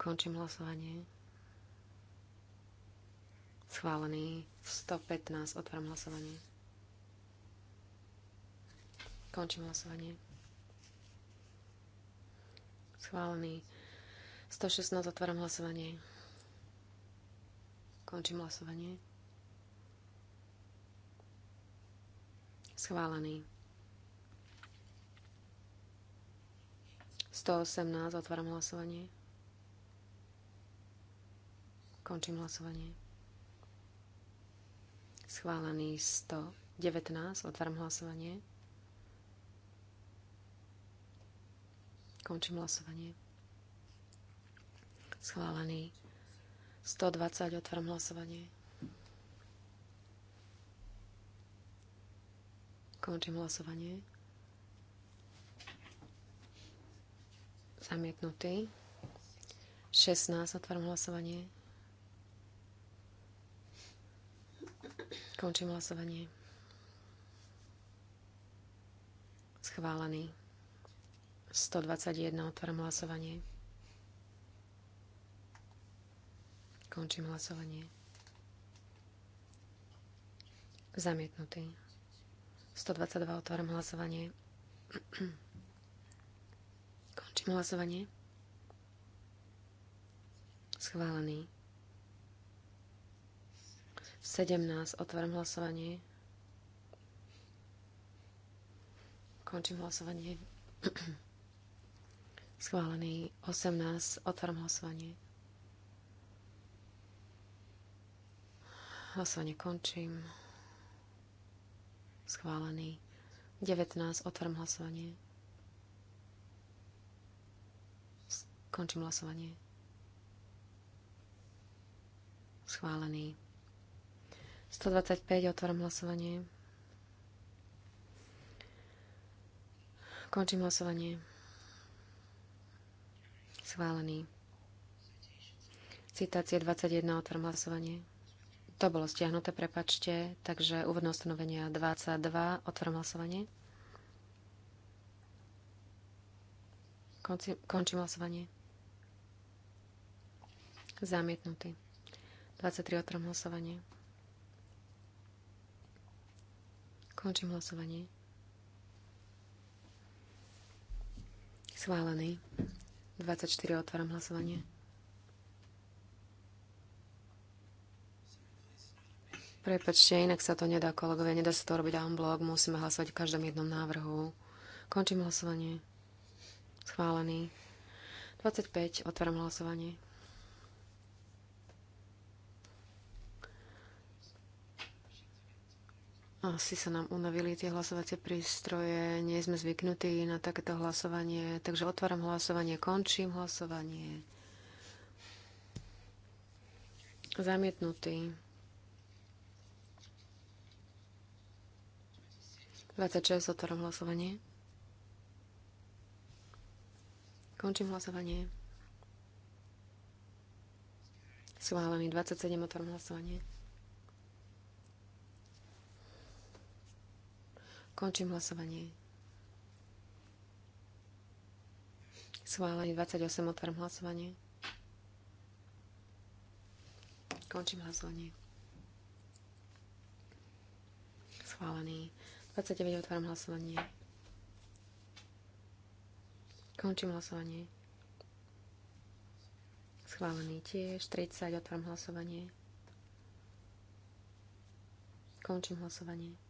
Končím hlasovanie. Schválený. 115. Otváram hlasovanie. Končím hlasovanie. Schválený. 116. Otváram hlasovanie. Končím hlasovanie. Schválený. 118. Otváram hlasovanie. Končím hlasovanie. Schválený 119. Otváram hlasovanie. Končím hlasovanie. Schválený. 120. Otváram hlasovanie. Končím hlasovanie. Zamietnutý. 16. Otváram hlasovanie. Končím hlasovanie. Schválený. 121. Otváram hlasovanie. Končím hlasovanie. Zamietnutý. 122. Otváram hlasovanie. Končím hlasovanie. Schválený. 17. Otváram hlasovanie. Končím hlasovanie. Schválený 18. Otváram hlasovanie. Hlasovanie končím. Schválený 19. Otváram hlasovanie. Končím hlasovanie. Schválený. 125. Otváram hlasovanie. Končím hlasovanie. Schválený. Citácie 21, otvorím hlasovanie. To bolo stiahnuté, prepačte. Takže úvodné ustanovenia 22, otvorím hlasovanie. Konci, končím hlasovanie. Zamietnutý. 23, otvorím hlasovanie. Končím hlasovanie. Schválený. 24 otváram hlasovanie. Prepačte, inak sa to nedá, kolegovia, nedá sa to robiť blog. musíme hlasovať v každom jednom návrhu. Končím hlasovanie. Schválený. 25, otváram hlasovanie. Asi sa nám unavili tie hlasovacie prístroje, nie sme zvyknutí na takéto hlasovanie, takže otváram hlasovanie, končím hlasovanie. Zamietnutý. 26, otváram hlasovanie. Končím hlasovanie. Schválený 27, otváram hlasovanie. Končím hlasovanie. Schválenie 28, otváram hlasovanie. Končím hlasovanie. Schválený. 29, otváram hlasovanie. Končím hlasovanie. Schválený tiež. 30, otváram hlasovanie. Končím hlasovanie.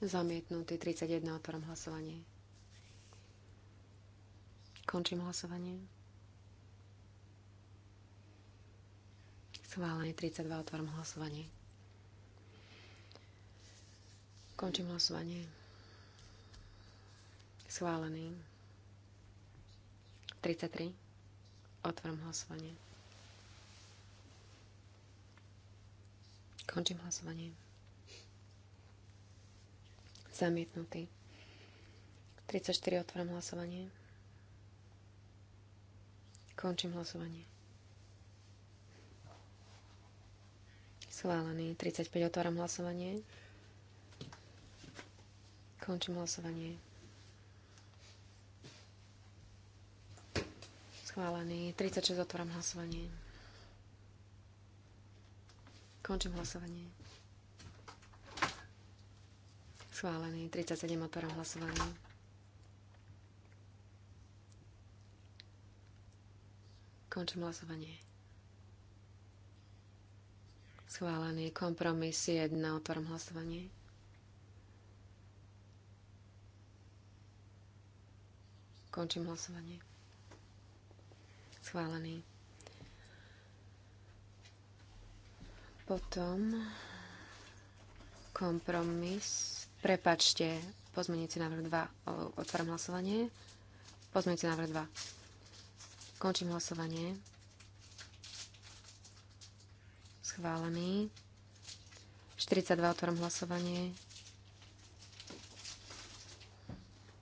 Zamietnutý 31. otvorím hlasovanie. Končím hlasovanie. Schválenie 32. otvorím hlasovanie. Končím hlasovanie. Schválený. 33. otvorím hlasovanie. Končím hlasovanie. Zamietnutý. 34. Otváram hlasovanie. Končím hlasovanie. Schválený. 35. Otváram hlasovanie. Končím hlasovanie. Schválený. 36. Otváram hlasovanie. Končím hlasovanie. Schválený. 37. Otváram hlasovanie. Končím hlasovanie. Schválený. Kompromis 1. Otváram hlasovanie. Končím hlasovanie. Schválený. Potom kompromis Prepačte, pozmeníci návrh 2. Otváram hlasovanie. Pozmeníci návrh 2. Končím hlasovanie. Schválený. 42. Otváram hlasovanie.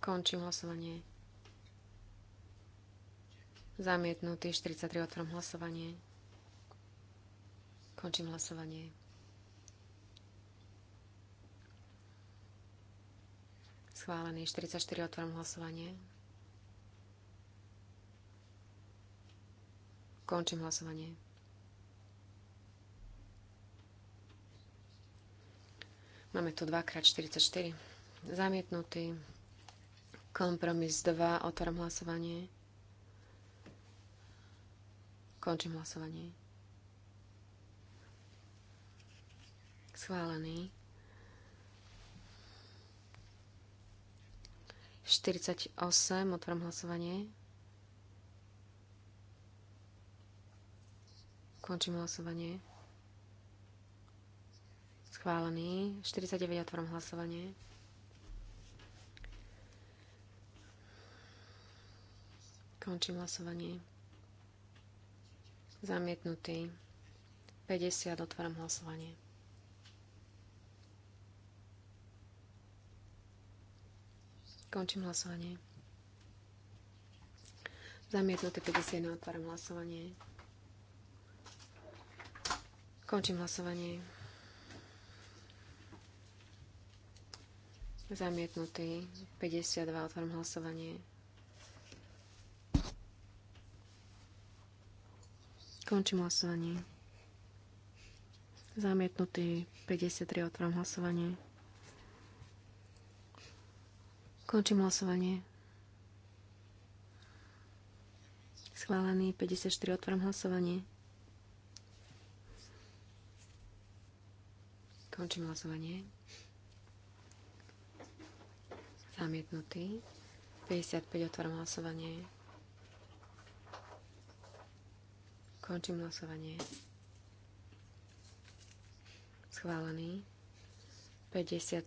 Končím hlasovanie. Zamietnutý 43 Otváram hlasovanie. Končím hlasovanie. Schválený. 44. Otváram hlasovanie. Končím hlasovanie. Máme tu 2x44. Zamietnutý. Kompromis 2. Otváram hlasovanie. Končím hlasovanie. Schválený. 48, otvorím hlasovanie. Končím hlasovanie. Schválený. 49, otvorím hlasovanie. Končím hlasovanie. Zamietnutý. 50, otváram hlasovanie. Končím hlasovanie. Zamietnuté 51. Otváram hlasovanie. Končím hlasovanie. Zamietnutý 52. Otváram hlasovanie. Končím hlasovanie. Zamietnutý 53. Otváram hlasovanie. Končím hlasovanie. Schválený 54. Otváram hlasovanie. Končím hlasovanie. Zamietnutý. 55. Otváram hlasovanie. Končím hlasovanie. Schválený. 57.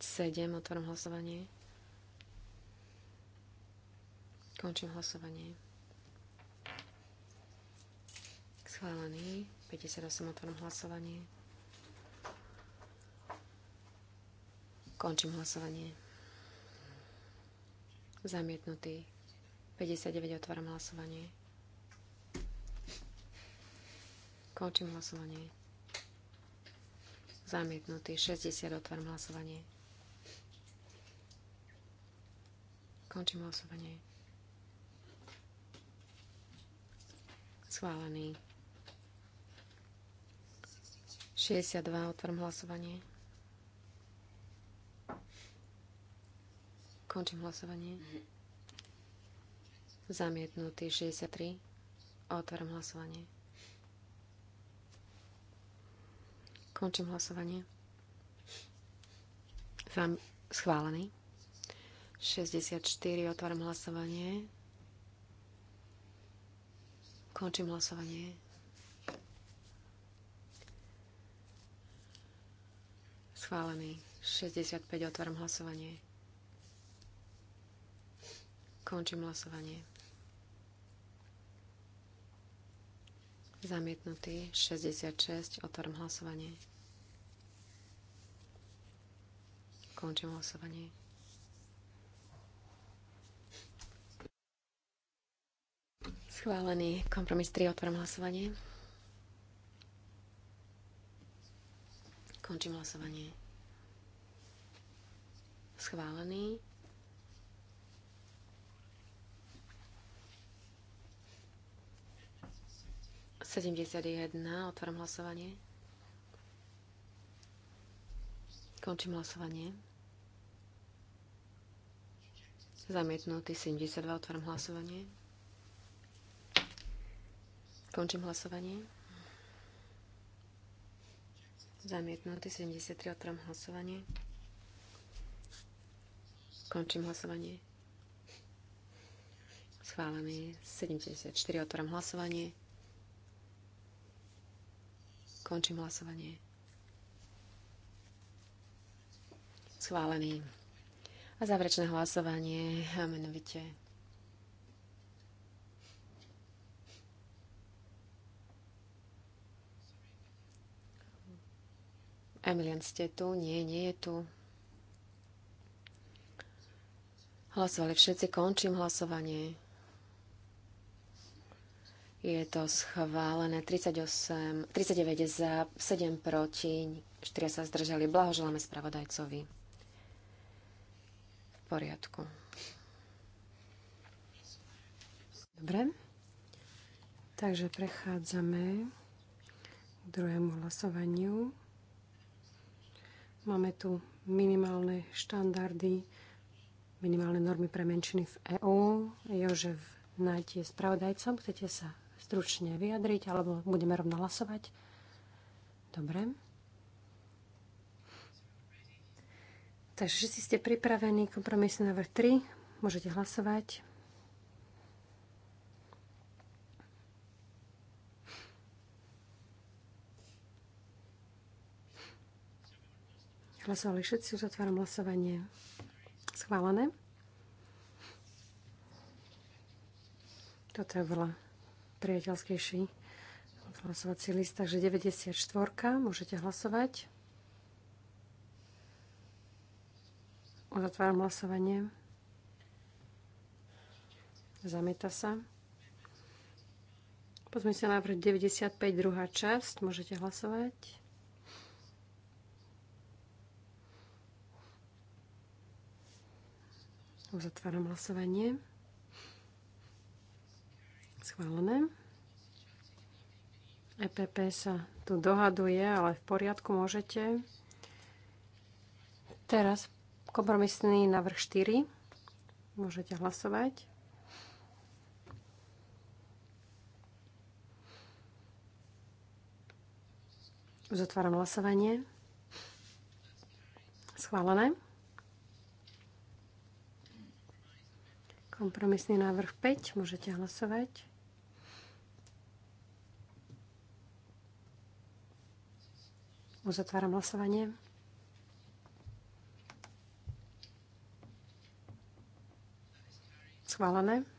Otváram hlasovanie. Končím hlasovanie. Schválený. 58 otvorom hlasovanie. Končím hlasovanie. Zamietnutý. 59 otváram hlasovanie. Končím hlasovanie. Zamietnutý. 60 otváram hlasovanie. Končím hlasovanie. Schválený. 62. Otvorím hlasovanie. Končím hlasovanie. Zamietnutý 63. Otvorím hlasovanie. Končím hlasovanie. Vám schválený. 64. Otvorím hlasovanie. Končím hlasovanie. Schválený. 65. Otváram hlasovanie. Končím hlasovanie. Zamietnutý 66. Otvorím hlasovanie. Končím hlasovanie. Schválený kompromis 3. Otváram hlasovanie. Končím hlasovanie. Schválený. Sedemdesiat jedna. Otváram hlasovanie. Končím hlasovanie. Zamietnutý 72. Otváram hlasovanie. Končím hlasovanie. Zamietnutý 73 otrom hlasovanie. Končím hlasovanie. Schválený 74 otvorom hlasovanie. Končím hlasovanie. Schválený. A záverečné hlasovanie, menovite Emilian, ste tu? Nie, nie je tu. Hlasovali všetci. Končím hlasovanie. Je to schválené 38, 39 za, 7 proti, 4 sa zdržali. Blahoželáme spravodajcovi. V poriadku. Dobre. Takže prechádzame k druhému hlasovaniu. Máme tu minimálne štandardy, minimálne normy pre menšiny v EÚ. Jožef Nať je spravodajcom. Chcete sa stručne vyjadriť, alebo budeme rovno hlasovať? Dobre. Takže si ste pripravení. Kompromisný návrh 3. Môžete hlasovať. Hlasovali všetci, už otváram hlasovanie. Schválené. Toto je veľa priateľskejší hlasovací list, takže 94. Môžete hlasovať. Uzatváram hlasovanie. Zamieta sa. Pozme sa návrh 95, druhá časť. Môžete hlasovať. Uzatváram hlasovanie. Schválené. EPP sa tu dohaduje, ale v poriadku môžete. Teraz kompromisný návrh 4. Môžete hlasovať. Uzatváram hlasovanie. Schválené. Kompromisný návrh 5. Môžete hlasovať. Uzatváram hlasovanie. Schválené.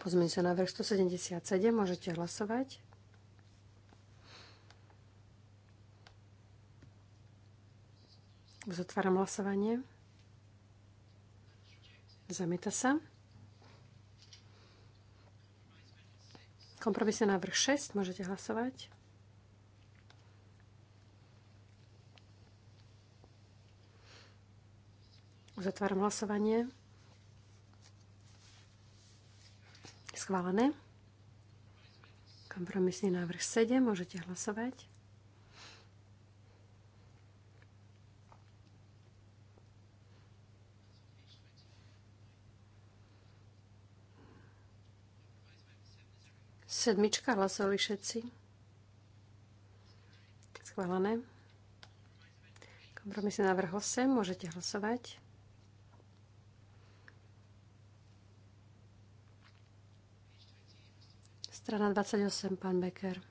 Pozmeň sa návrh 177. Môžete hlasovať. Uzatváram hlasovanie. Zamieta sa. Kompromisný návrh 6. Môžete hlasovať. Uzatváram hlasovanie. Schválené. Kompromisný návrh 7. Môžete hlasovať. Sedmička, hlasovali všetci. Schválené. Kompromisný návrh 8, môžete hlasovať. Strana 28, pán Becker.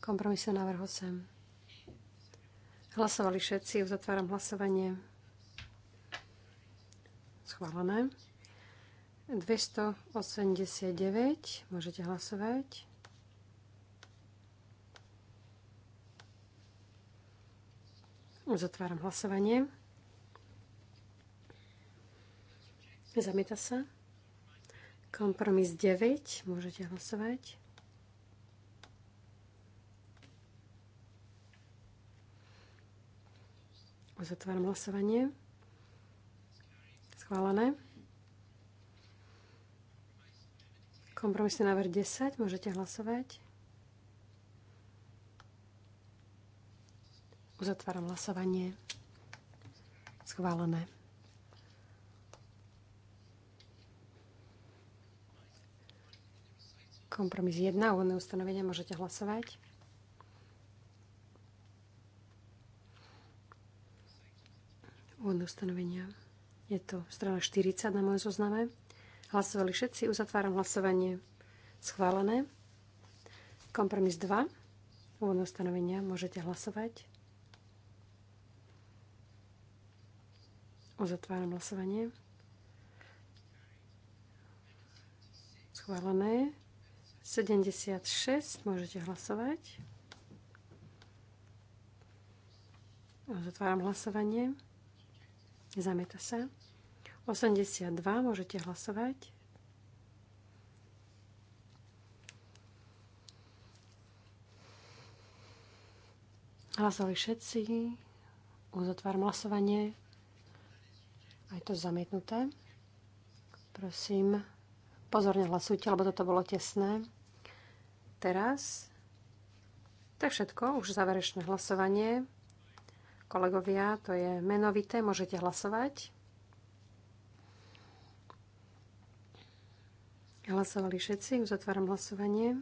Kompromisný návrh 8. Hlasovali všetci, uzatváram hlasovanie. Schválené. 289. Môžete hlasovať. Uzatváram hlasovanie. Zamieta sa. Kompromis 9. Môžete hlasovať. Uzatváram hlasovanie. Schválené. Kompromisný návrh 10, môžete hlasovať. Uzatváram hlasovanie. Schválené. Kompromis 1, úvodné ustanovenie, môžete hlasovať. Úvodné ustanovenia. Je to strana 40 na mojom zozname. Hlasovali všetci. Uzatváram hlasovanie. Schválené. Kompromis 2. Úvodné ustanovenia. Môžete hlasovať. Uzatváram hlasovanie. Schválené. 76. Môžete hlasovať. Uzatváram hlasovanie. Zamieta sa. 82, môžete hlasovať. Hlasovali všetci. Uzatváram hlasovanie. Aj to zamietnuté. Prosím, pozorne hlasujte, lebo toto bolo tesné. Teraz to je všetko, už záverečné hlasovanie. Kolegovia, to je menovité, môžete hlasovať. Hlasovali všetci, zatváram hlasovanie.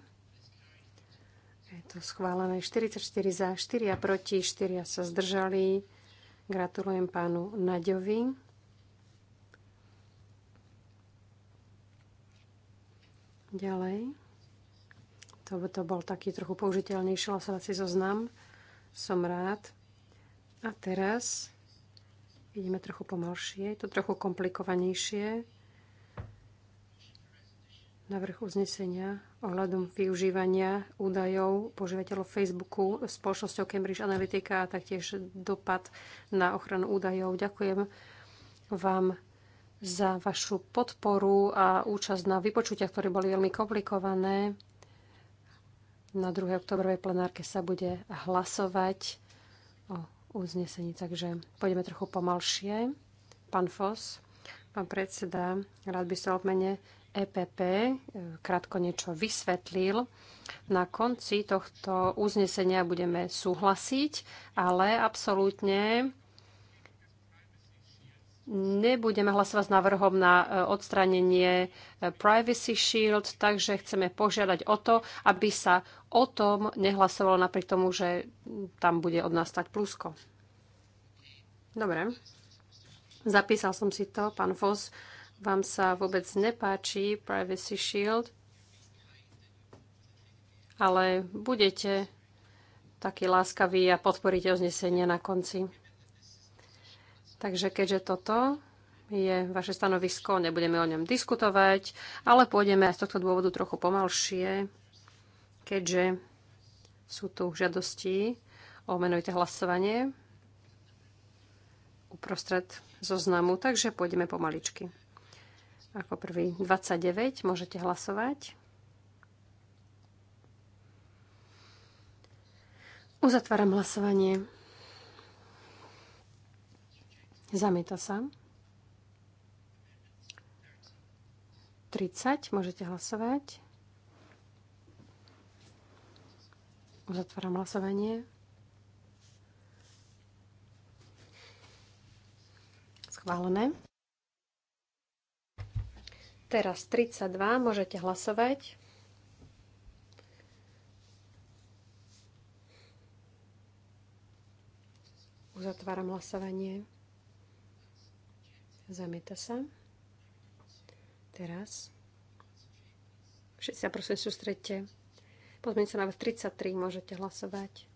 Je to schválené 44 za, 4 a proti, 4 sa zdržali. Gratulujem pánu Naďovi. Ďalej. To, to bol taký trochu použiteľnejší hlasovací zoznam. Som rád. A teraz ideme trochu pomalšie, je to trochu komplikovanejšie na vrch uznesenia ohľadom využívania údajov používateľov Facebooku spoločnosťou Cambridge Analytica a taktiež dopad na ochranu údajov. Ďakujem vám za vašu podporu a účasť na vypočutiach, ktoré boli veľmi komplikované. Na 2. oktobrovej plenárke sa bude hlasovať o uznesení, takže pôjdeme trochu pomalšie. Pán Fos, pán predseda, rád by som v mene EPP e, krátko niečo vysvetlil. Na konci tohto uznesenia budeme súhlasiť, ale absolútne nebudeme hlasovať s návrhom na e, odstránenie e, Privacy Shield, takže chceme požiadať o to, aby sa o tom nehlasovalo napriek tomu, že tam bude od nás stať plusko. Dobre. Zapísal som si to, pán Foss vám sa vôbec nepáči Privacy Shield, ale budete taký láskavý a podporíte uznesenie na konci. Takže keďže toto je vaše stanovisko, nebudeme o ňom diskutovať, ale pôjdeme aj z tohto dôvodu trochu pomalšie, keďže sú tu žiadosti o menovité hlasovanie uprostred zoznamu, takže pôjdeme pomaličky ako prvý. 29, môžete hlasovať. Uzatváram hlasovanie. Zamieta sa. 30, môžete hlasovať. Uzatváram hlasovanie. Schválené. Teraz 32, môžete hlasovať. Uzatváram hlasovanie. Zamieta sa. Teraz. Všetci sa prosím sústredte. Pozmeň sa na 33, môžete hlasovať.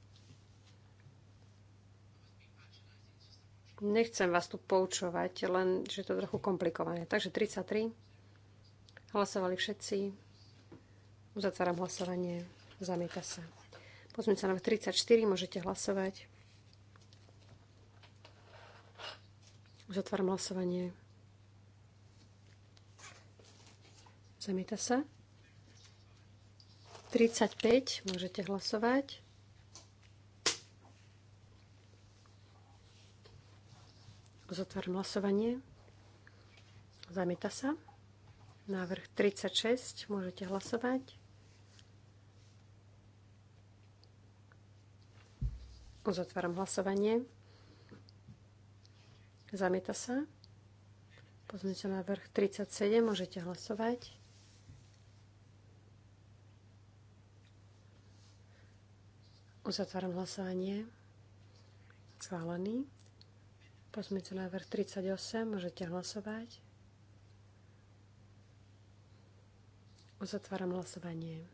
Nechcem vás tu poučovať, len že je to trochu komplikované. Takže 33. Hlasovali všetci. Uzatváram hlasovanie. Zamieta sa. Pozmeň sa na 34, môžete hlasovať. Uzatváram hlasovanie. Zamieta sa. 35, môžete hlasovať. Uzatváram hlasovanie. Zamieta sa. Návrh 36. Môžete hlasovať. Uzatváram hlasovanie. Zamieta sa. Pozmite návrh 37. Môžete hlasovať. Uzatváram hlasovanie. Schválený. Pozmite návrh 38. Môžete hlasovať. Uzatváram hlasovanie.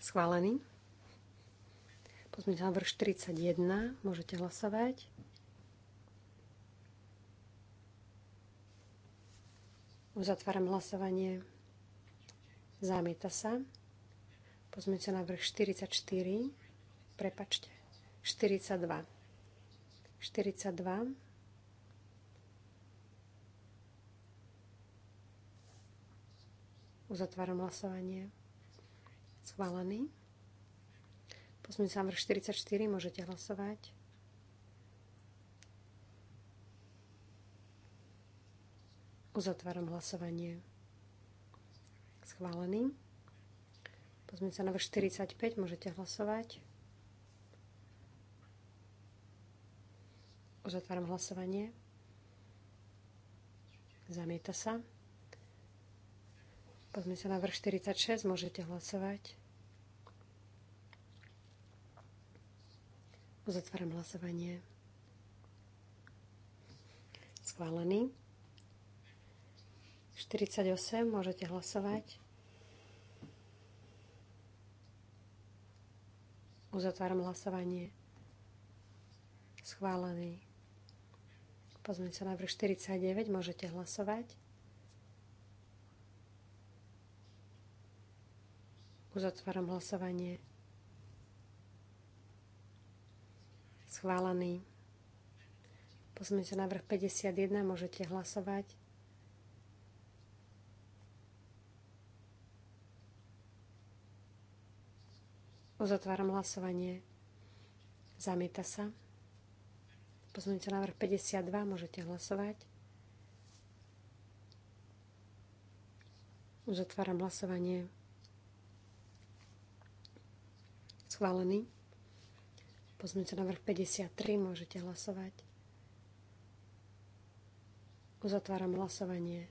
Schválený. Pozmeňte návrh 41. Môžete hlasovať. Uzatváram hlasovanie. Zamieta sa. Pozmeňte návrh 44. Prepačte. 42. 42. Uzatváram hlasovanie. Schválený. Pozmeň sa vrch 44, môžete hlasovať. Uzatváram hlasovanie. Schválený. Pozmeň sa na vrch 45, môžete hlasovať. Uzatváram hlasovanie. Zamieta sa. Pozme sa na vrch 46, môžete hlasovať. Uzatváram hlasovanie. Schválený. 48, môžete hlasovať. Uzatváram hlasovanie. Schválený. Pozme sa na vrch 49, môžete hlasovať. Uzatváram hlasovanie. Schválený. sa návrh 51, môžete hlasovať. Uzatváram hlasovanie. Zamieta sa. Pozmeňte návrh 52, môžete hlasovať. Uzatváram hlasovanie. Schválený. na vrch 53, môžete hlasovať. Uzatváram hlasovanie.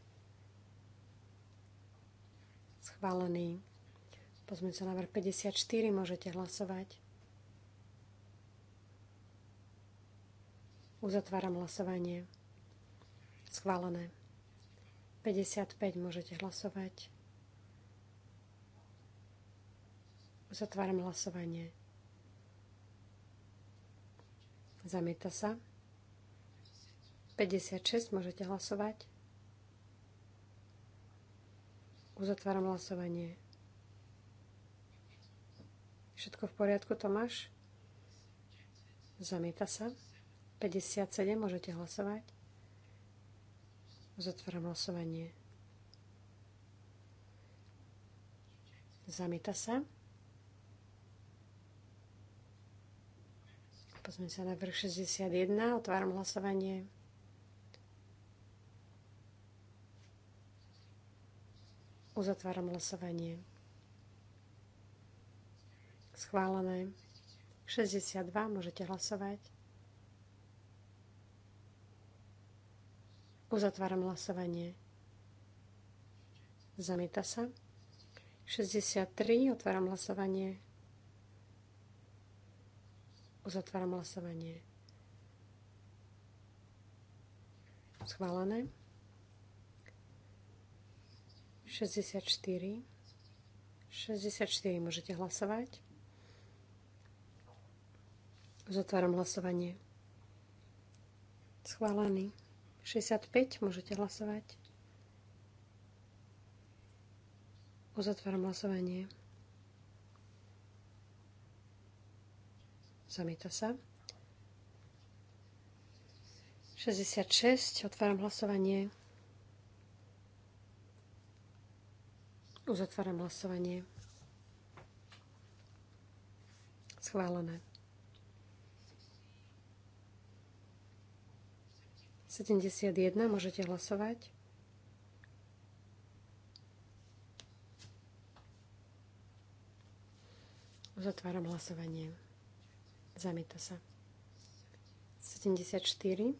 Schválený. na vrch 54, môžete hlasovať. Uzatváram hlasovanie. Schválené. 55 môžete hlasovať. Zatváram hlasovanie. Zamieta sa. 56 môžete hlasovať. Uzatváram hlasovanie. Všetko v poriadku, Tomáš? Zamieta sa. 57 môžete hlasovať. Uzatváram hlasovanie. Zamieta sa. Pozme sa na vrch 61, otváram hlasovanie. Uzatváram hlasovanie. Schválené. 62, môžete hlasovať. Uzatváram hlasovanie. Zamieta sa. 63, otváram hlasovanie. Uzatváram hlasovanie. Schválené. 64. 64 môžete hlasovať. Uzatváram hlasovanie. Schválený. 65 môžete hlasovať. Uzatváram hlasovanie. Zamieta sa. 66. Otváram hlasovanie. Uzatváram hlasovanie. Schválené. 71. Môžete hlasovať. Uzatváram hlasovanie. Zamieta sa. 74,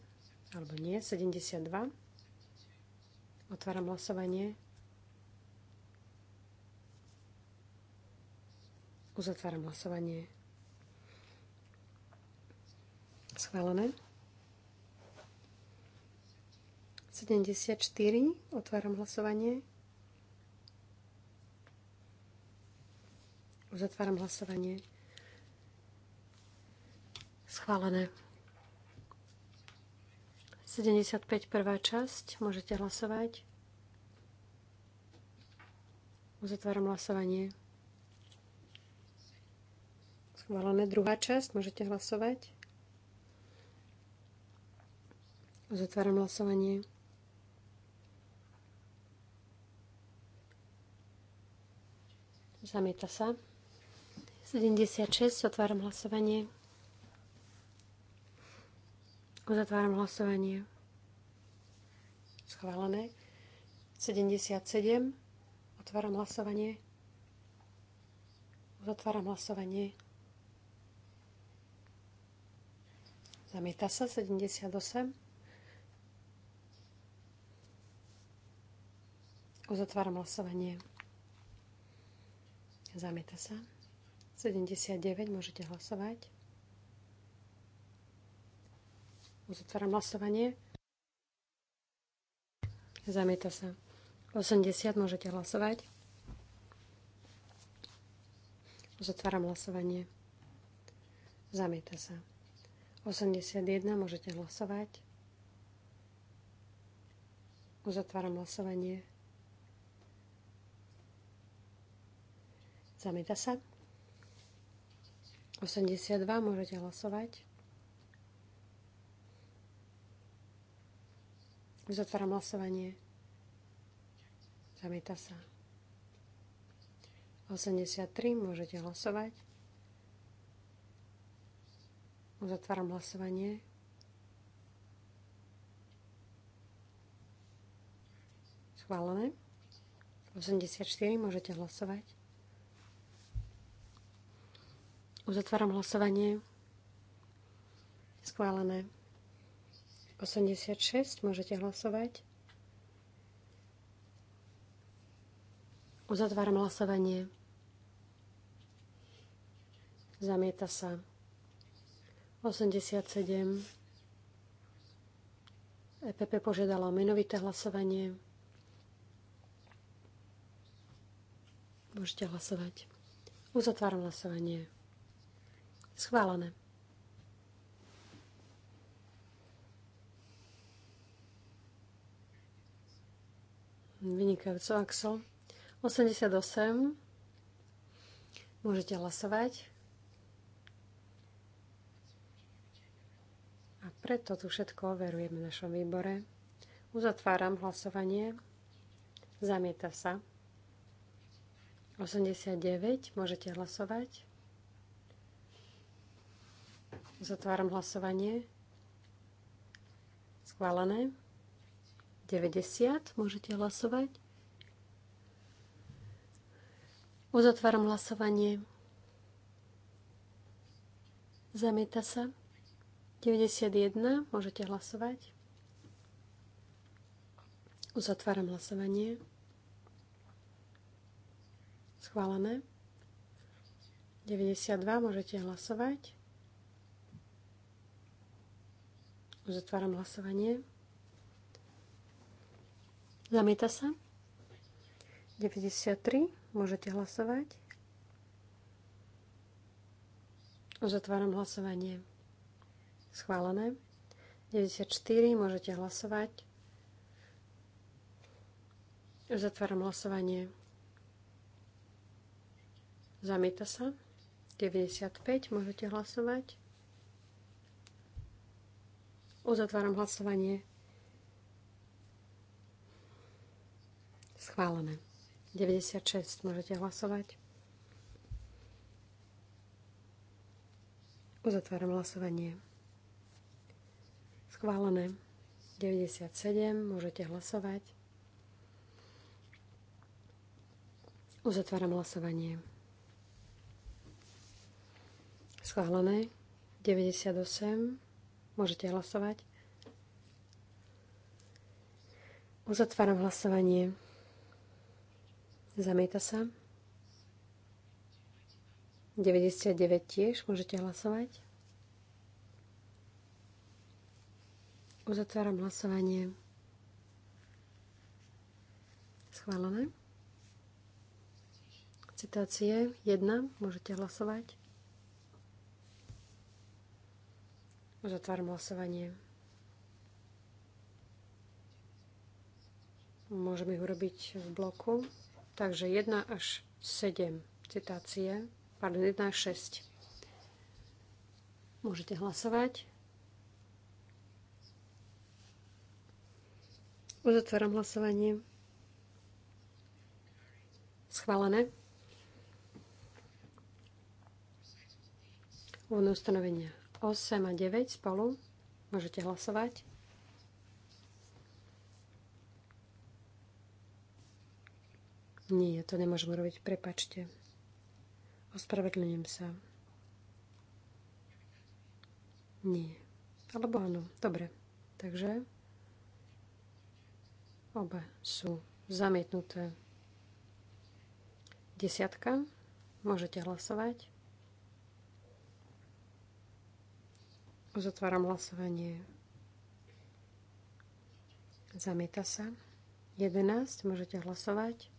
alebo nie, 72. Otváram hlasovanie. Uzatváram hlasovanie. Schválené. 74. Otváram hlasovanie. Uzatváram hlasovanie. Schválené. 75. prvá časť. Môžete hlasovať. Uzatváram hlasovanie. Schválené. Druhá časť. Môžete hlasovať. Uzatváram hlasovanie. Zamieta sa. 76. Otváram hlasovanie. Uzatváram hlasovanie. Schválené. 77. Otváram hlasovanie. Uzatváram hlasovanie. Zamieta sa 78. Uzatváram hlasovanie. Zamieta sa. 79. Môžete hlasovať. Uzatváram hlasovanie. Zamieta sa. 80 môžete hlasovať. Uzatváram hlasovanie. Zamieta sa. 81 môžete hlasovať. Uzatváram hlasovanie. Zamieta sa. 82 môžete hlasovať. Uzatváram hlasovanie. Zamieta sa. 83, môžete hlasovať. Uzatváram hlasovanie. Schválené. 84, môžete hlasovať. Uzatváram hlasovanie. Schválené. 86, môžete hlasovať. Uzatváram hlasovanie. Zamieta sa. 87. EPP požiadalo menovité hlasovanie. Môžete hlasovať. Uzatváram hlasovanie. Schválené. Vynikajúco, Axel. 88. Môžete hlasovať. A preto tu všetko overujeme v našom výbore. Uzatváram hlasovanie. Zamieta sa. 89. Môžete hlasovať. Zatváram hlasovanie. Schválené. 90. Môžete hlasovať. Uzatváram hlasovanie. Zamieta sa. 91. Môžete hlasovať. Uzatváram hlasovanie. Schválené. 92. Môžete hlasovať. Uzatváram hlasovanie. Zamieta sa. 93. Môžete hlasovať. Uzatváram hlasovanie. Schválené. 94. Môžete hlasovať. Uzatváram hlasovanie. Zamieta sa. 95. Môžete hlasovať. Uzatváram hlasovanie. Schválené. 96. Môžete hlasovať. Uzatváram hlasovanie. Schválené. 97. Môžete hlasovať. Uzatváram hlasovanie. Schválené. 98. Môžete hlasovať. Uzatváram hlasovanie. Zamieta sa. 99 tiež. Môžete hlasovať. Uzatváram hlasovanie. Schválené. Citácie 1. Môžete hlasovať. Uzatváram hlasovanie. Môžeme ich urobiť v bloku. Takže 1 až 7 citácie, pardon, 1 až 6. Môžete hlasovať. Uzatváram hlasovanie. Schválené. Úvodné ustanovenia 8 a 9 spolu. Môžete hlasovať. Nie, to nemôžem robiť, prepačte. Ospravedlňujem sa. Nie. Alebo áno, dobre. Takže obe sú zamietnuté. Desiatka. Môžete hlasovať. Uzatváram hlasovanie. Zamieta sa. 11. Môžete hlasovať.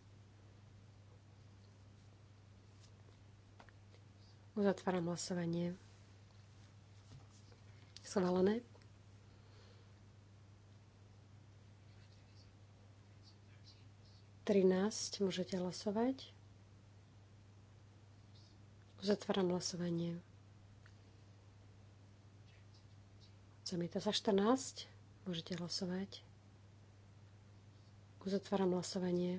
Uzatváram hlasovanie. Schválené. Trinásť. Môžete hlasovať. Uzatváram hlasovanie. Zamieta sa 14. Môžete hlasovať. Uzatváram hlasovanie.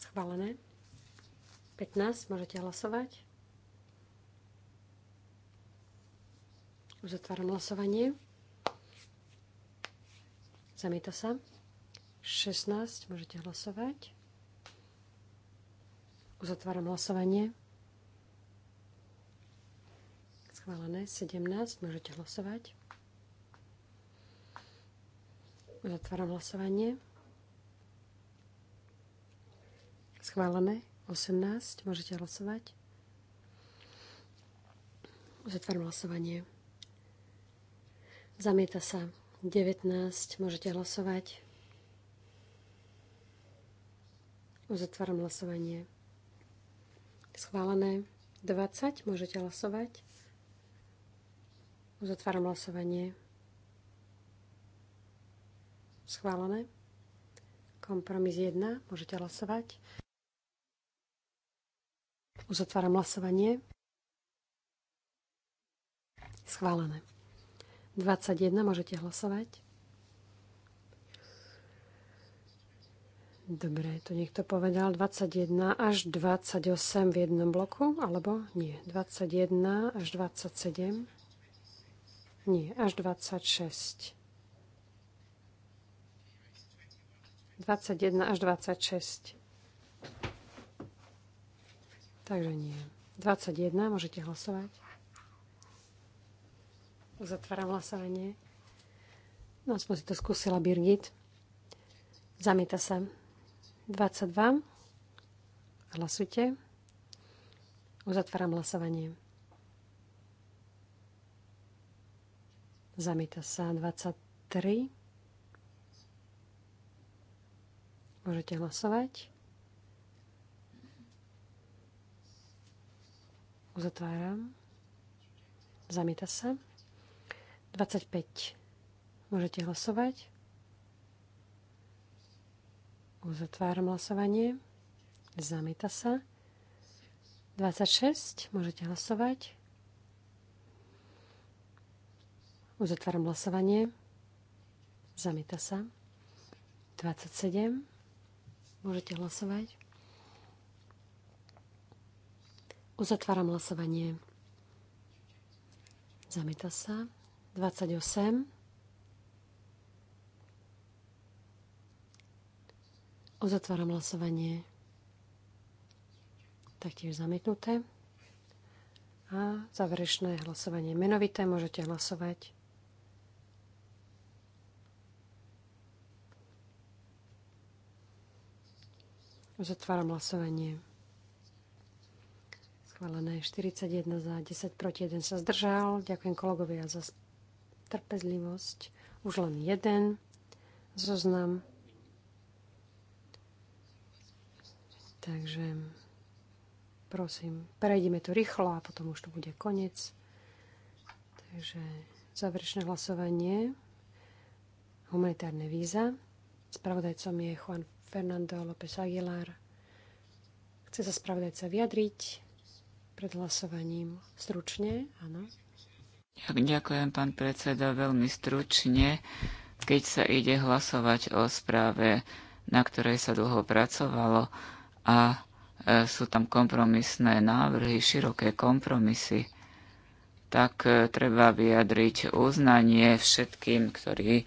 Schválené. 15, môžete hlasovať. zatváram hlasovanie. Zamieta sa. 16, môžete hlasovať. Uzatváram hlasovanie. Schválené. 17, môžete hlasovať. Uzatváram hlasovanie. Schválené. 18. Môžete hlasovať. Zatváram hlasovanie. Zamieta sa 19. Môžete hlasovať. Uzatváram hlasovanie. Schválené 20. Môžete hlasovať. Uzatváram hlasovanie. Schválené. Kompromis 1. Môžete hlasovať. Uzatváram hlasovanie. Schválené. 21, môžete hlasovať. Dobre, to niekto povedal. 21 až 28 v jednom bloku, alebo nie. 21 až 27. Nie, až 26. 21 až 26. Takže nie. 21, môžete hlasovať. Uzatváram hlasovanie. No, si to skúsila, Birgit. Zamieta sa. 22. Hlasujte. Uzatváram hlasovanie. Zamieta sa. 23. Môžete hlasovať. Uzatváram. Zamieta sa. 25. Môžete hlasovať. Uzatváram hlasovanie. Zamieta sa. 26. Môžete hlasovať. Uzatváram hlasovanie. Zamieta sa. 27. Môžete hlasovať. Uzatváram hlasovanie. Zamieta sa. 28. Uzatváram hlasovanie. Taktiež zamietnuté. A záverečné hlasovanie menovité. Môžete hlasovať. Uzatváram hlasovanie. Schválené 41 za 10 proti 1 sa zdržal. Ďakujem kolegovia za trpezlivosť. Už len jeden zoznam. Takže prosím, prejdeme to rýchlo a potom už to bude koniec. Takže záverečné hlasovanie. Humanitárne víza. Spravodajcom je Juan Fernando López Aguilar. Chce sa spravodajca vyjadriť? pred hlasovaním. Stručne, áno. Ďakujem, pán predseda, veľmi stručne. Keď sa ide hlasovať o správe, na ktorej sa dlho pracovalo a e, sú tam kompromisné návrhy, široké kompromisy tak e, treba vyjadriť uznanie všetkým, ktorí e,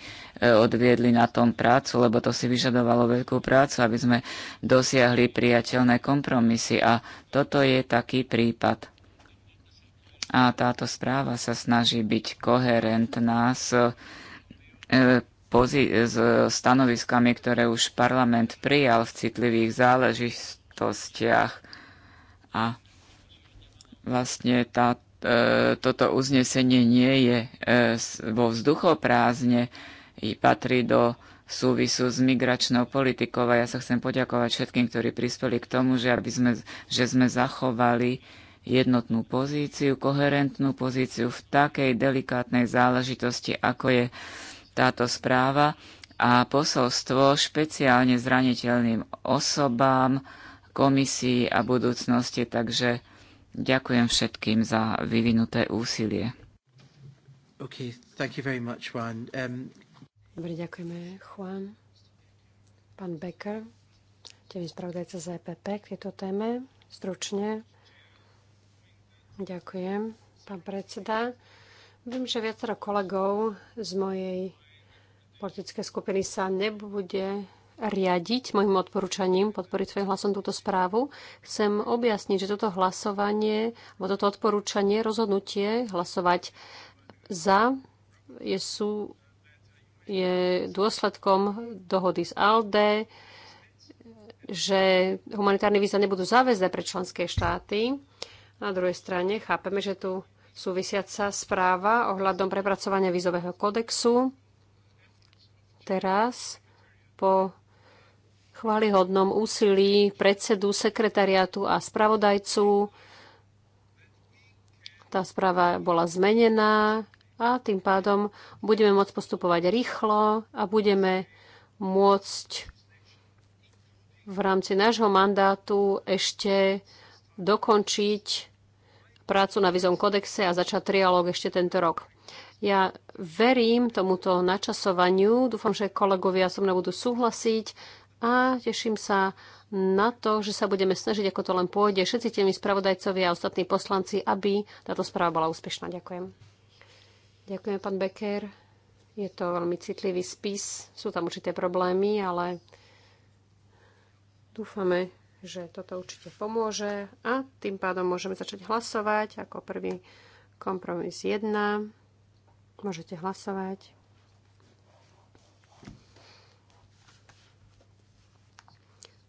odviedli na tom prácu, lebo to si vyžadovalo veľkú prácu, aby sme dosiahli priateľné kompromisy. A toto je taký prípad. A táto správa sa snaží byť koherentná s, e, s stanoviskami, ktoré už parlament prijal v citlivých záležitostiach. A vlastne táto E, toto uznesenie nie je e, vo vzduchoprázdne, patrí do súvisu s migračnou politikou a ja sa chcem poďakovať všetkým, ktorí prispeli k tomu, že, aby sme, že sme zachovali jednotnú pozíciu, koherentnú pozíciu v takej delikátnej záležitosti, ako je táto správa a posolstvo špeciálne zraniteľným osobám, komisii a budúcnosti. Takže Ďakujem všetkým za vyvinuté úsilie. Okay, thank you very much, Juan. Um... Dobre, ďakujeme, Juan. Pán Becker, tiež spravodajca z EPP k tejto téme. Stručne. Ďakujem, pán predseda. Viem, že viacero kolegov z mojej politické skupiny sa nebude riadiť môjim odporúčaním, podporiť svojim hlasom túto správu. Chcem objasniť, že toto hlasovanie, alebo toto odporúčanie, rozhodnutie hlasovať za je, sú, je dôsledkom dohody z ALDE, že humanitárne víza nebudú záväzné pre členské štáty. Na druhej strane chápeme, že tu súvisiaca správa ohľadom prepracovania vízového kodexu. Teraz po chválihodnom úsilí predsedu, sekretariátu a spravodajcu. Tá správa bola zmenená a tým pádom budeme môcť postupovať rýchlo a budeme môcť v rámci nášho mandátu ešte dokončiť prácu na vizom kodexe a začať trialóg ešte tento rok. Ja verím tomuto načasovaniu, dúfam, že kolegovia so mnou budú súhlasiť a teším sa na to, že sa budeme snažiť, ako to len pôjde, všetci tie spravodajcovia a ostatní poslanci, aby táto správa bola úspešná. Ďakujem. Ďakujem, pán Becker. Je to veľmi citlivý spis, sú tam určité problémy, ale dúfame, že toto určite pomôže a tým pádom môžeme začať hlasovať ako prvý kompromis 1. Môžete hlasovať.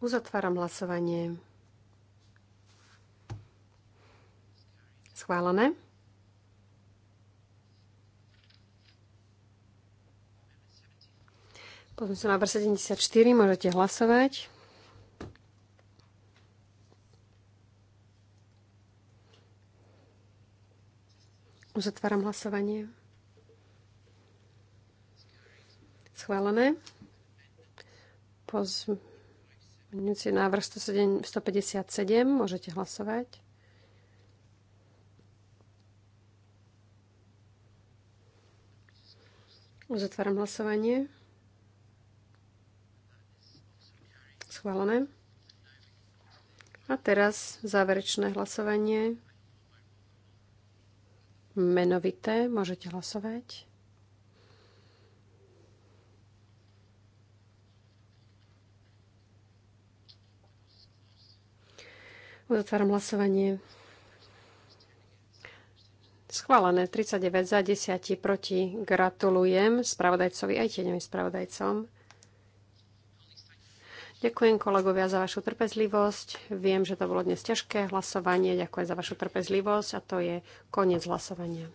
Uzatváram hlasovanie. Schválené. Potom sa návrh 74, môžete hlasovať. Uzatváram hlasovanie. Schválené. Pozme Pozmeňujúci návrh 157, môžete hlasovať. Uzatváram hlasovanie. Schválené. A teraz záverečné hlasovanie. Menovité. Môžete hlasovať. Uzatváram hlasovanie. Schválené 39 za 10 proti. Gratulujem spravodajcovi aj tieňovým spravodajcom. Ďakujem kolegovia za vašu trpezlivosť. Viem, že to bolo dnes ťažké hlasovanie. Ďakujem za vašu trpezlivosť a to je koniec hlasovania.